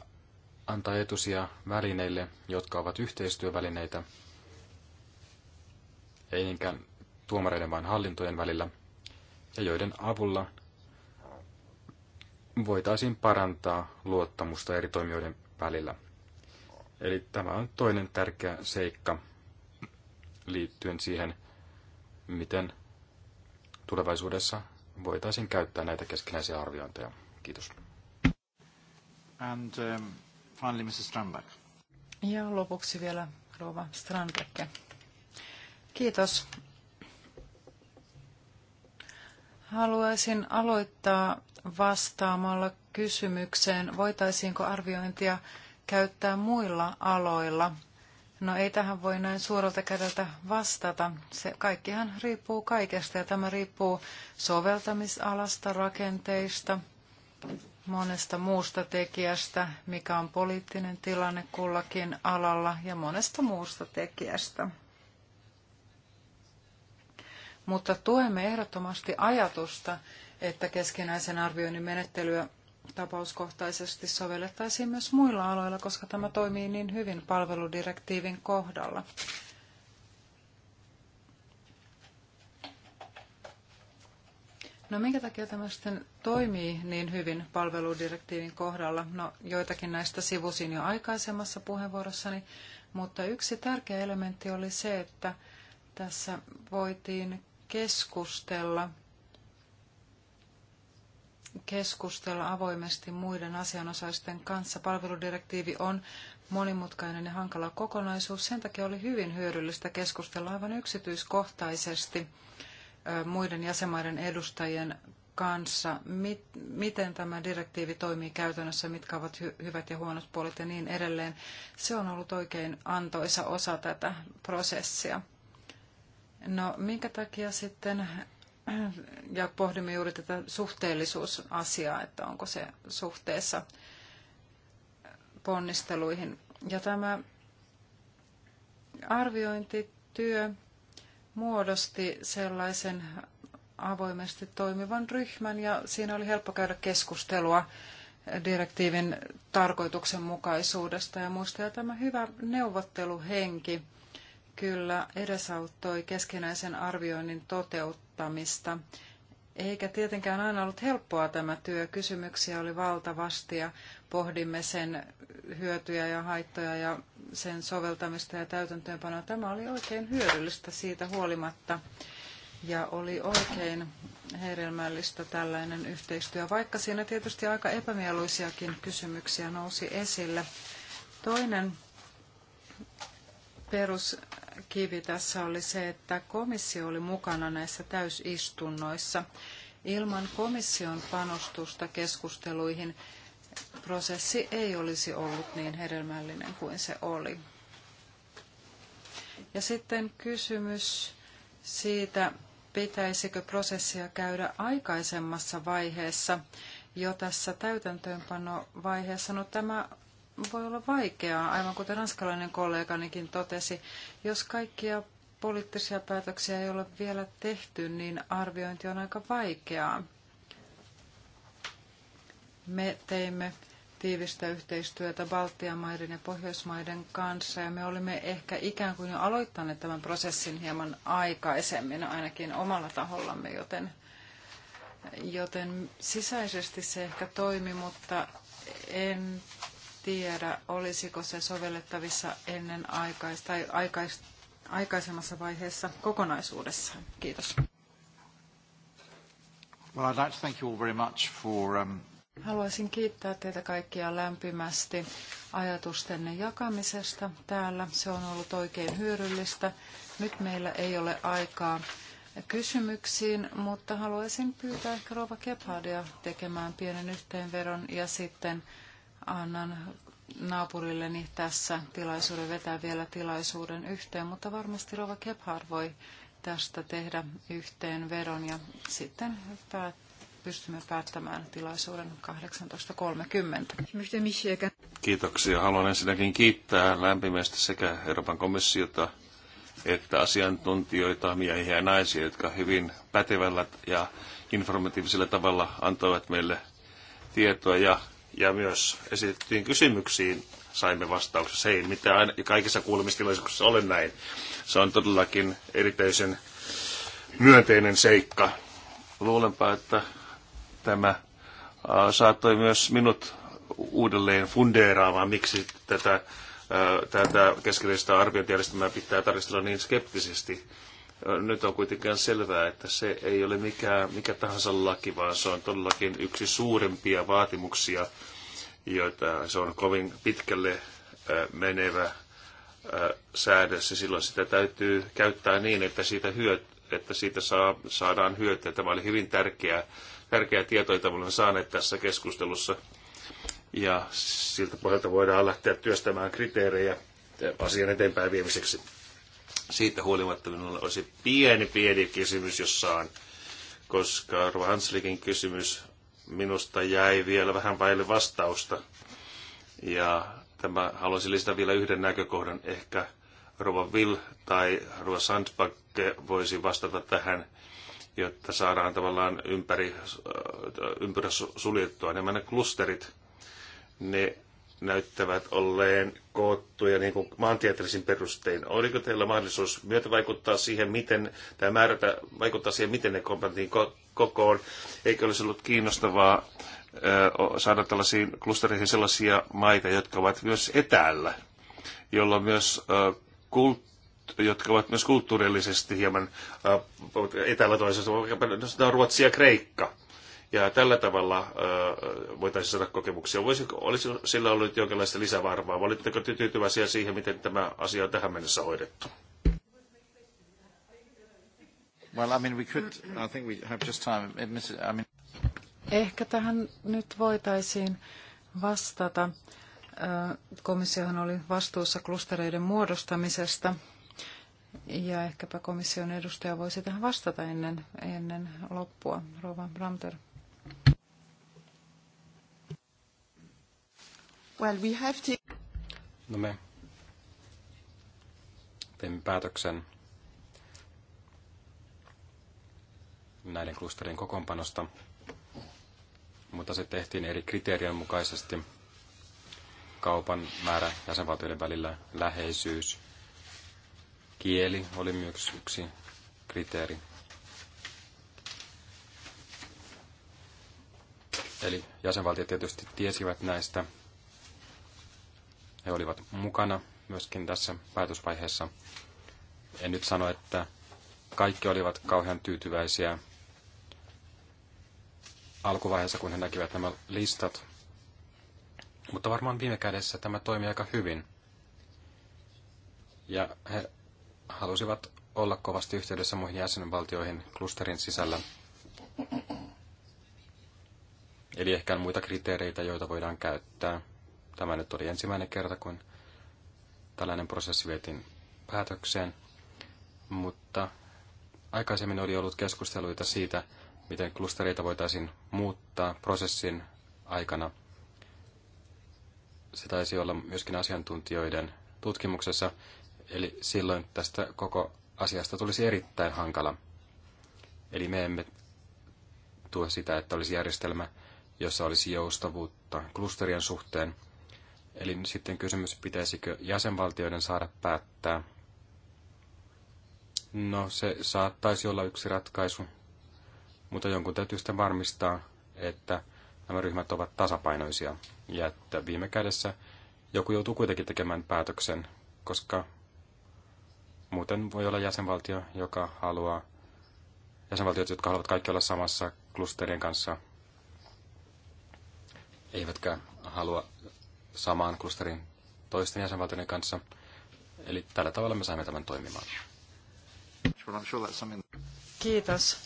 antaa etusia välineille, jotka ovat yhteistyövälineitä – ei niinkään tuomareiden vaan hallintojen välillä, ja joiden avulla voitaisiin parantaa luottamusta eri toimijoiden välillä. Eli tämä on toinen tärkeä seikka liittyen siihen, miten tulevaisuudessa voitaisiin käyttää näitä keskinäisiä arviointeja. Kiitos. And um, finally Mrs. Strandberg. Ja lopuksi vielä Rova Strandberg. Kiitos. Haluaisin aloittaa vastaamalla kysymykseen, voitaisiinko arviointia käyttää muilla aloilla. No ei tähän voi näin suoralta kädeltä vastata. Se kaikkihan riippuu kaikesta ja tämä riippuu soveltamisalasta, rakenteista, monesta muusta tekijästä, mikä on poliittinen tilanne kullakin alalla ja monesta muusta tekijästä mutta tuemme ehdottomasti ajatusta, että keskinäisen arvioinnin menettelyä tapauskohtaisesti sovellettaisiin myös muilla aloilla, koska tämä toimii niin hyvin palveludirektiivin kohdalla. No minkä takia tämä sitten toimii niin hyvin palveludirektiivin kohdalla? No joitakin näistä sivusin jo aikaisemmassa puheenvuorossani, mutta yksi tärkeä elementti oli se, että tässä voitiin keskustella, keskustella avoimesti muiden asianosaisten kanssa. Palveludirektiivi on monimutkainen ja hankala kokonaisuus. Sen takia oli hyvin hyödyllistä keskustella aivan yksityiskohtaisesti muiden jäsenmaiden edustajien kanssa, mit, miten tämä direktiivi toimii käytännössä, mitkä ovat hy, hyvät ja huonot puolet ja niin edelleen. Se on ollut oikein antoisa osa tätä prosessia. No minkä takia sitten, ja pohdimme juuri tätä suhteellisuusasiaa, että onko se suhteessa ponnisteluihin. Ja tämä arviointityö muodosti sellaisen avoimesti toimivan ryhmän ja siinä oli helppo käydä keskustelua direktiivin tarkoituksenmukaisuudesta ja muista. Ja tämä hyvä neuvotteluhenki kyllä edesauttoi keskinäisen arvioinnin toteuttamista. Eikä tietenkään aina ollut helppoa tämä työ. Kysymyksiä oli valtavasti ja pohdimme sen hyötyjä ja haittoja ja sen soveltamista ja täytäntöönpanoa. Tämä oli oikein hyödyllistä siitä huolimatta ja oli oikein hedelmällistä tällainen yhteistyö, vaikka siinä tietysti aika epämieluisiakin kysymyksiä nousi esille. Toinen perus kivi tässä oli se, että komissio oli mukana näissä täysistunnoissa. Ilman komission panostusta keskusteluihin prosessi ei olisi ollut niin hedelmällinen kuin se oli. Ja sitten kysymys siitä, pitäisikö prosessia käydä aikaisemmassa vaiheessa, jo tässä täytäntöönpanovaiheessa. No tämä voi olla vaikeaa, aivan kuten ranskalainen kolleganikin totesi. Jos kaikkia poliittisia päätöksiä ei ole vielä tehty, niin arviointi on aika vaikeaa. Me teimme tiivistä yhteistyötä Baltian maiden ja Pohjoismaiden kanssa ja me olimme ehkä ikään kuin jo aloittaneet tämän prosessin hieman aikaisemmin, ainakin omalla tahollamme, joten, joten sisäisesti se ehkä toimi, mutta en tiedä, olisiko se sovellettavissa ennen aikais- tai aikais- aikaisemmassa vaiheessa kokonaisuudessaan. Kiitos. Well, I'd like to thank you all very much for, um... Haluaisin kiittää teitä kaikkia lämpimästi ajatustenne jakamisesta täällä. Se on ollut oikein hyödyllistä. Nyt meillä ei ole aikaa kysymyksiin, mutta haluaisin pyytää ehkä Rova Gebhardia tekemään pienen yhteenveron ja sitten annan naapurilleni tässä tilaisuuden vetää vielä tilaisuuden yhteen, mutta varmasti Rova Kephard voi tästä tehdä yhteen vedon ja sitten päät, pystymme päättämään tilaisuuden 18.30. Kiitoksia. Haluan ensinnäkin kiittää lämpimästi sekä Euroopan komissiota että asiantuntijoita, miehiä ja naisia, jotka hyvin pätevällä ja informatiivisella tavalla antoivat meille tietoa ja ja myös esitettyihin kysymyksiin saimme vastauksia. Se ei mitään kaikissa kuulemistilaisuuksissa ole näin. Se on todellakin erityisen myönteinen seikka. Luulenpa, että tämä saattoi myös minut uudelleen fundeeraamaan, miksi tätä, tätä keskeistä arviointijärjestelmää pitää tarkastella niin skeptisesti nyt on kuitenkin selvää, että se ei ole mikään, mikä tahansa laki, vaan se on todellakin yksi suurempia vaatimuksia, joita se on kovin pitkälle menevä säädös, ja silloin sitä täytyy käyttää niin, että siitä, hyöt, että siitä saa, saadaan hyötyä. Tämä oli hyvin tärkeä, tärkeä tieto, jota olemme saaneet tässä keskustelussa, ja siltä pohjalta voidaan lähteä työstämään kriteerejä asian eteenpäin viemiseksi. Siitä huolimatta minulla olisi pieni, pieni kysymys, jossa on, koska Rova Hanslikin kysymys minusta jäi vielä vähän vaille vastausta. Ja tämä, haluaisin lisätä vielä yhden näkökohdan. Ehkä Rova Will tai Rova Sandbacke voisi vastata tähän, jotta saadaan tavallaan ympäri, äh, ympyrä suljettua. Nämä ne klusterit, ne näyttävät olleen koottuja niin kuin maantieteellisin perustein. Oliko teillä mahdollisuus myötä vaikuttaa siihen, miten, tämä määrätä vaikuttaa siihen, miten ne kompantiin ko- kokoon? Eikö olisi ollut kiinnostavaa ö, saada tällaisiin klustereihin sellaisia maita, jotka ovat myös etäällä, jolloin myös ö, kult, jotka ovat myös kulttuurillisesti hieman ö, etäällä toisessa, vaikka Ruotsi ja Kreikka ja tällä tavalla äh, voitaisiin saada kokemuksia. Voisiko, olisiko sillä ollut jonkinlaista lisävarmaa? Olitteko te tyytyväisiä siihen, miten tämä asia on tähän mennessä hoidettu? Ehkä tähän nyt voitaisiin vastata. Komissiohan oli vastuussa klustereiden muodostamisesta. Ja ehkäpä komission edustaja voisi tähän vastata ennen, ennen loppua. Rova Bramter. Well, we have to... No me teimme päätöksen näiden klusterien kokoonpanosta, mutta se tehtiin eri kriteerien mukaisesti. Kaupan määrä jäsenvaltioiden välillä, läheisyys, kieli oli myös yksi kriteeri. Eli jäsenvaltiot tietysti tiesivät näistä. He olivat mukana myöskin tässä päätösvaiheessa. En nyt sano, että kaikki olivat kauhean tyytyväisiä alkuvaiheessa, kun he näkivät nämä listat. Mutta varmaan viime kädessä tämä toimi aika hyvin. Ja he halusivat olla kovasti yhteydessä muihin jäsenvaltioihin klusterin sisällä Eli ehkä on muita kriteereitä, joita voidaan käyttää. Tämä nyt oli ensimmäinen kerta, kun tällainen prosessi vietiin päätökseen, mutta aikaisemmin oli ollut keskusteluita siitä, miten klustereita voitaisiin muuttaa prosessin aikana. Se taisi olla myöskin asiantuntijoiden tutkimuksessa, eli silloin tästä koko asiasta tulisi erittäin hankala. Eli me emme tuo sitä, että olisi järjestelmä, jossa olisi joustavuutta klusterien suhteen. Eli sitten kysymys, pitäisikö jäsenvaltioiden saada päättää? No, se saattaisi olla yksi ratkaisu, mutta jonkun täytyy sitten varmistaa, että nämä ryhmät ovat tasapainoisia ja että viime kädessä joku joutuu kuitenkin tekemään päätöksen, koska muuten voi olla jäsenvaltio, joka haluaa, jäsenvaltiot, jotka haluavat kaikki olla samassa klusterien kanssa, eivätkä halua samaan klusterin toisten jäsenvaltioiden kanssa. Eli tällä tavalla me saamme tämän toimimaan. Kiitos.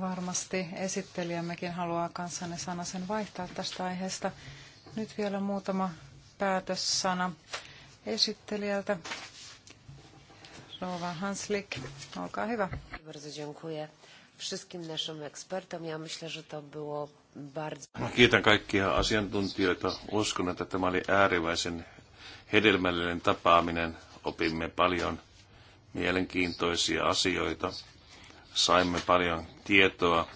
Varmasti esittelijämmekin haluaa kanssanne sanasen vaihtaa tästä aiheesta. Nyt vielä muutama päätössana esittelijältä. Rova Hanslik, olkaa hyvä. Bardzo dziękuję wszystkim naszym ekspertom. Ja myślę, że to było bardzo. Kiitän kaikkia asiantuntijoita. Uskon, että tämä oli äärimmäisen hedelmällinen tapaaminen. Opimme paljon mielenkiintoisia asioita. Saimme paljon tietoa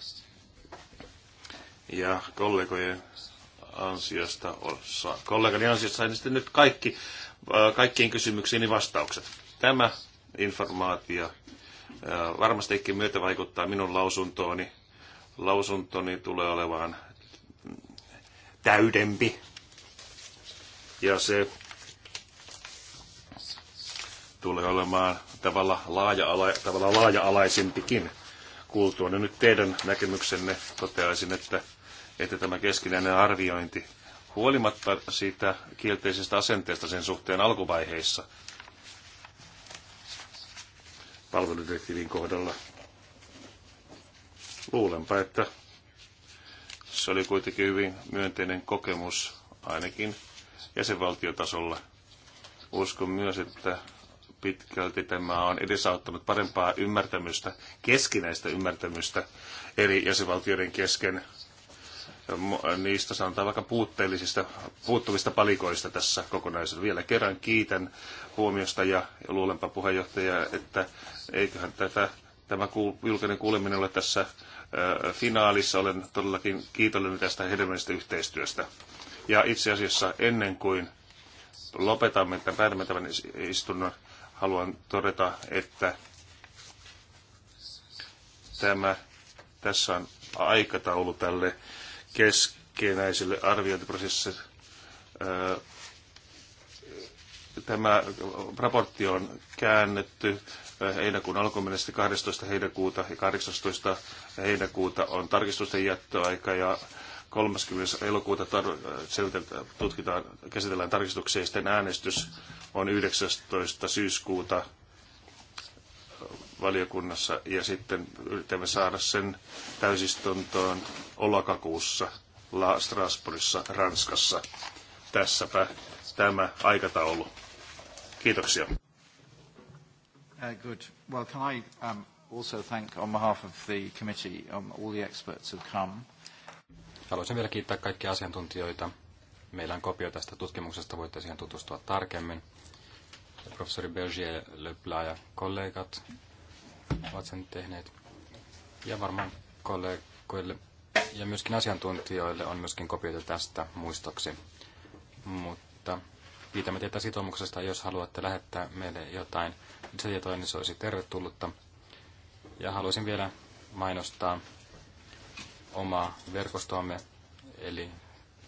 ja kollegojen ansiosta, kollegani ansiosta sain sitten nyt kaikki, äh, kaikkiin kysymyksiin vastaukset. Tämä informaatio äh, varmastikin myötä vaikuttaa minun lausuntooni lausuntoni tulee olemaan täydempi. Ja se tulee olemaan tavalla laaja-ala, laaja-alaisempikin. Ja nyt teidän näkemyksenne toteaisin, että, että tämä keskinäinen arviointi huolimatta siitä kielteisestä asenteesta sen suhteen alkuvaiheissa palveludirektiivin kohdalla Luulenpa, että se oli kuitenkin hyvin myönteinen kokemus ainakin jäsenvaltiotasolla. Uskon myös, että pitkälti tämä on edesauttanut parempaa ymmärtämystä, keskinäistä ymmärtämystä eri jäsenvaltioiden kesken. Niistä sanotaan vaikka puutteellisista, puuttuvista palikoista tässä kokonaisuudessa. Vielä kerran kiitän huomiosta ja, luulenpa puheenjohtaja, että eiköhän tätä tämä julkinen kuuleminen ole tässä finaalissa. Olen todellakin kiitollinen tästä hedelmällisestä yhteistyöstä. Ja itse asiassa ennen kuin lopetamme tämän, päätämme istunnon, haluan todeta, että tämä, tässä on aikataulu tälle keskenäiselle arviointiprosessille. Tämä raportti on käännetty heinäkuun alkuun mennessä 12. heinäkuuta ja 18. heinäkuuta on tarkistusten jättöaika ja 30. elokuuta tar- tutkitaan, käsitellään tarkistuksia ja sitten äänestys on 19. syyskuuta valiokunnassa ja sitten yritämme saada sen täysistuntoon olokakuussa La Strasbourgissa, Ranskassa. Tässäpä tämä aikataulu. Kiitoksia. Uh, good. Well, can I um, also thank on behalf of the committee um, all the experts who've come. Haluaisin vielä kiittää kaikkia asiantuntijoita. Meillä on kopio tästä tutkimuksesta, voitte siihen tutustua tarkemmin. Professori Bergier, Lepla ja kollegat ovat sen tehneet. Ja varmaan kollegoille ja myöskin asiantuntijoille on myöskin kopioita tästä muistoksi. Mutta Kiitämme teitä sitoumuksesta, jos haluatte lähettää meille jotain. Niin se tietoa, niin se olisi tervetullutta. Ja haluaisin vielä mainostaa omaa verkostoamme, eli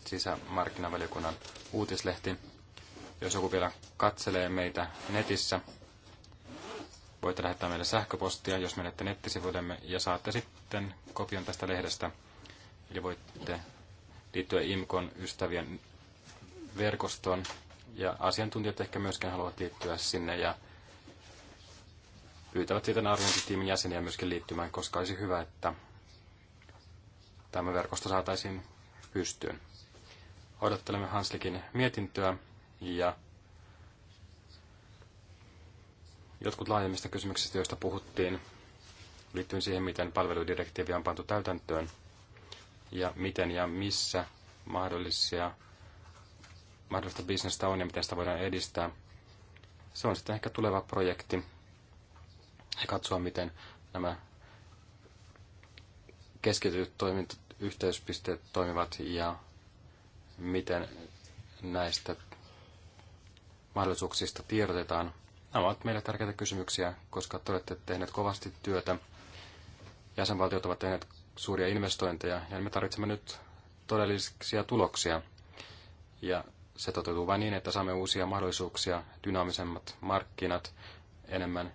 sisämarkkinavaliokunnan uutislehti. Jos joku vielä katselee meitä netissä, voitte lähettää meille sähköpostia, jos menette nettisivuillemme, ja saatte sitten kopion tästä lehdestä. Eli voitte liittyä IMKon ystävien verkostoon ja asiantuntijat ehkä myöskin haluavat liittyä sinne ja pyytävät sitten arviointitiimin jäseniä myöskin liittymään, koska olisi hyvä, että tämä verkosto saataisiin pystyyn. Odottelemme Hanslikin mietintöä ja jotkut laajemmista kysymyksistä, joista puhuttiin, liittyen siihen, miten palveludirektiivi on pantu täytäntöön ja miten ja missä mahdollisia mahdollista bisnestä on ja miten sitä voidaan edistää. Se on sitten ehkä tuleva projekti ja katsoa, miten nämä keskityt toiminta, yhteyspisteet toimivat ja miten näistä mahdollisuuksista tiedotetaan. Nämä ovat meille tärkeitä kysymyksiä, koska te olette tehneet kovasti työtä. Jäsenvaltiot ovat tehneet suuria investointeja ja me tarvitsemme nyt todellisia tuloksia. Ja se toteutuu vain niin, että saamme uusia mahdollisuuksia, dynaamisemmat markkinat, enemmän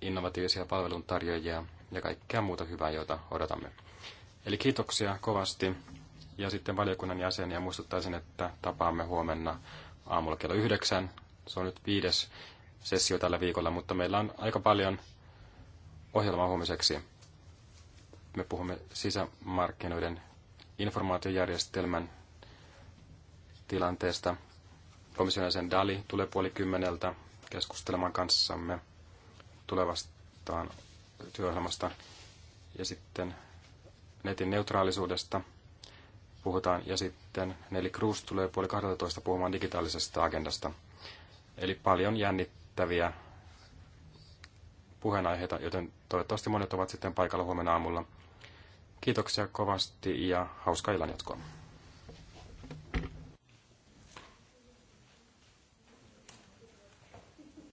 innovatiivisia palveluntarjoajia ja kaikkea muuta hyvää, jota odotamme. Eli kiitoksia kovasti. Ja sitten valiokunnan jäseniä muistuttaisin, että tapaamme huomenna aamulla kello yhdeksän. Se on nyt viides sessio tällä viikolla, mutta meillä on aika paljon ohjelmaa huomiseksi. Me puhumme sisämarkkinoiden informaatiojärjestelmän tilanteesta. Komission jäsen Dali tulee puoli kymmeneltä keskustelemaan kanssamme tulevastaan työohjelmasta ja sitten netin neutraalisuudesta puhutaan ja sitten Neli Cruz tulee puoli 12 puhumaan digitaalisesta agendasta. Eli paljon jännittäviä puheenaiheita, joten toivottavasti monet ovat sitten paikalla huomenna aamulla. Kiitoksia kovasti ja hauskaa illanjatkoa.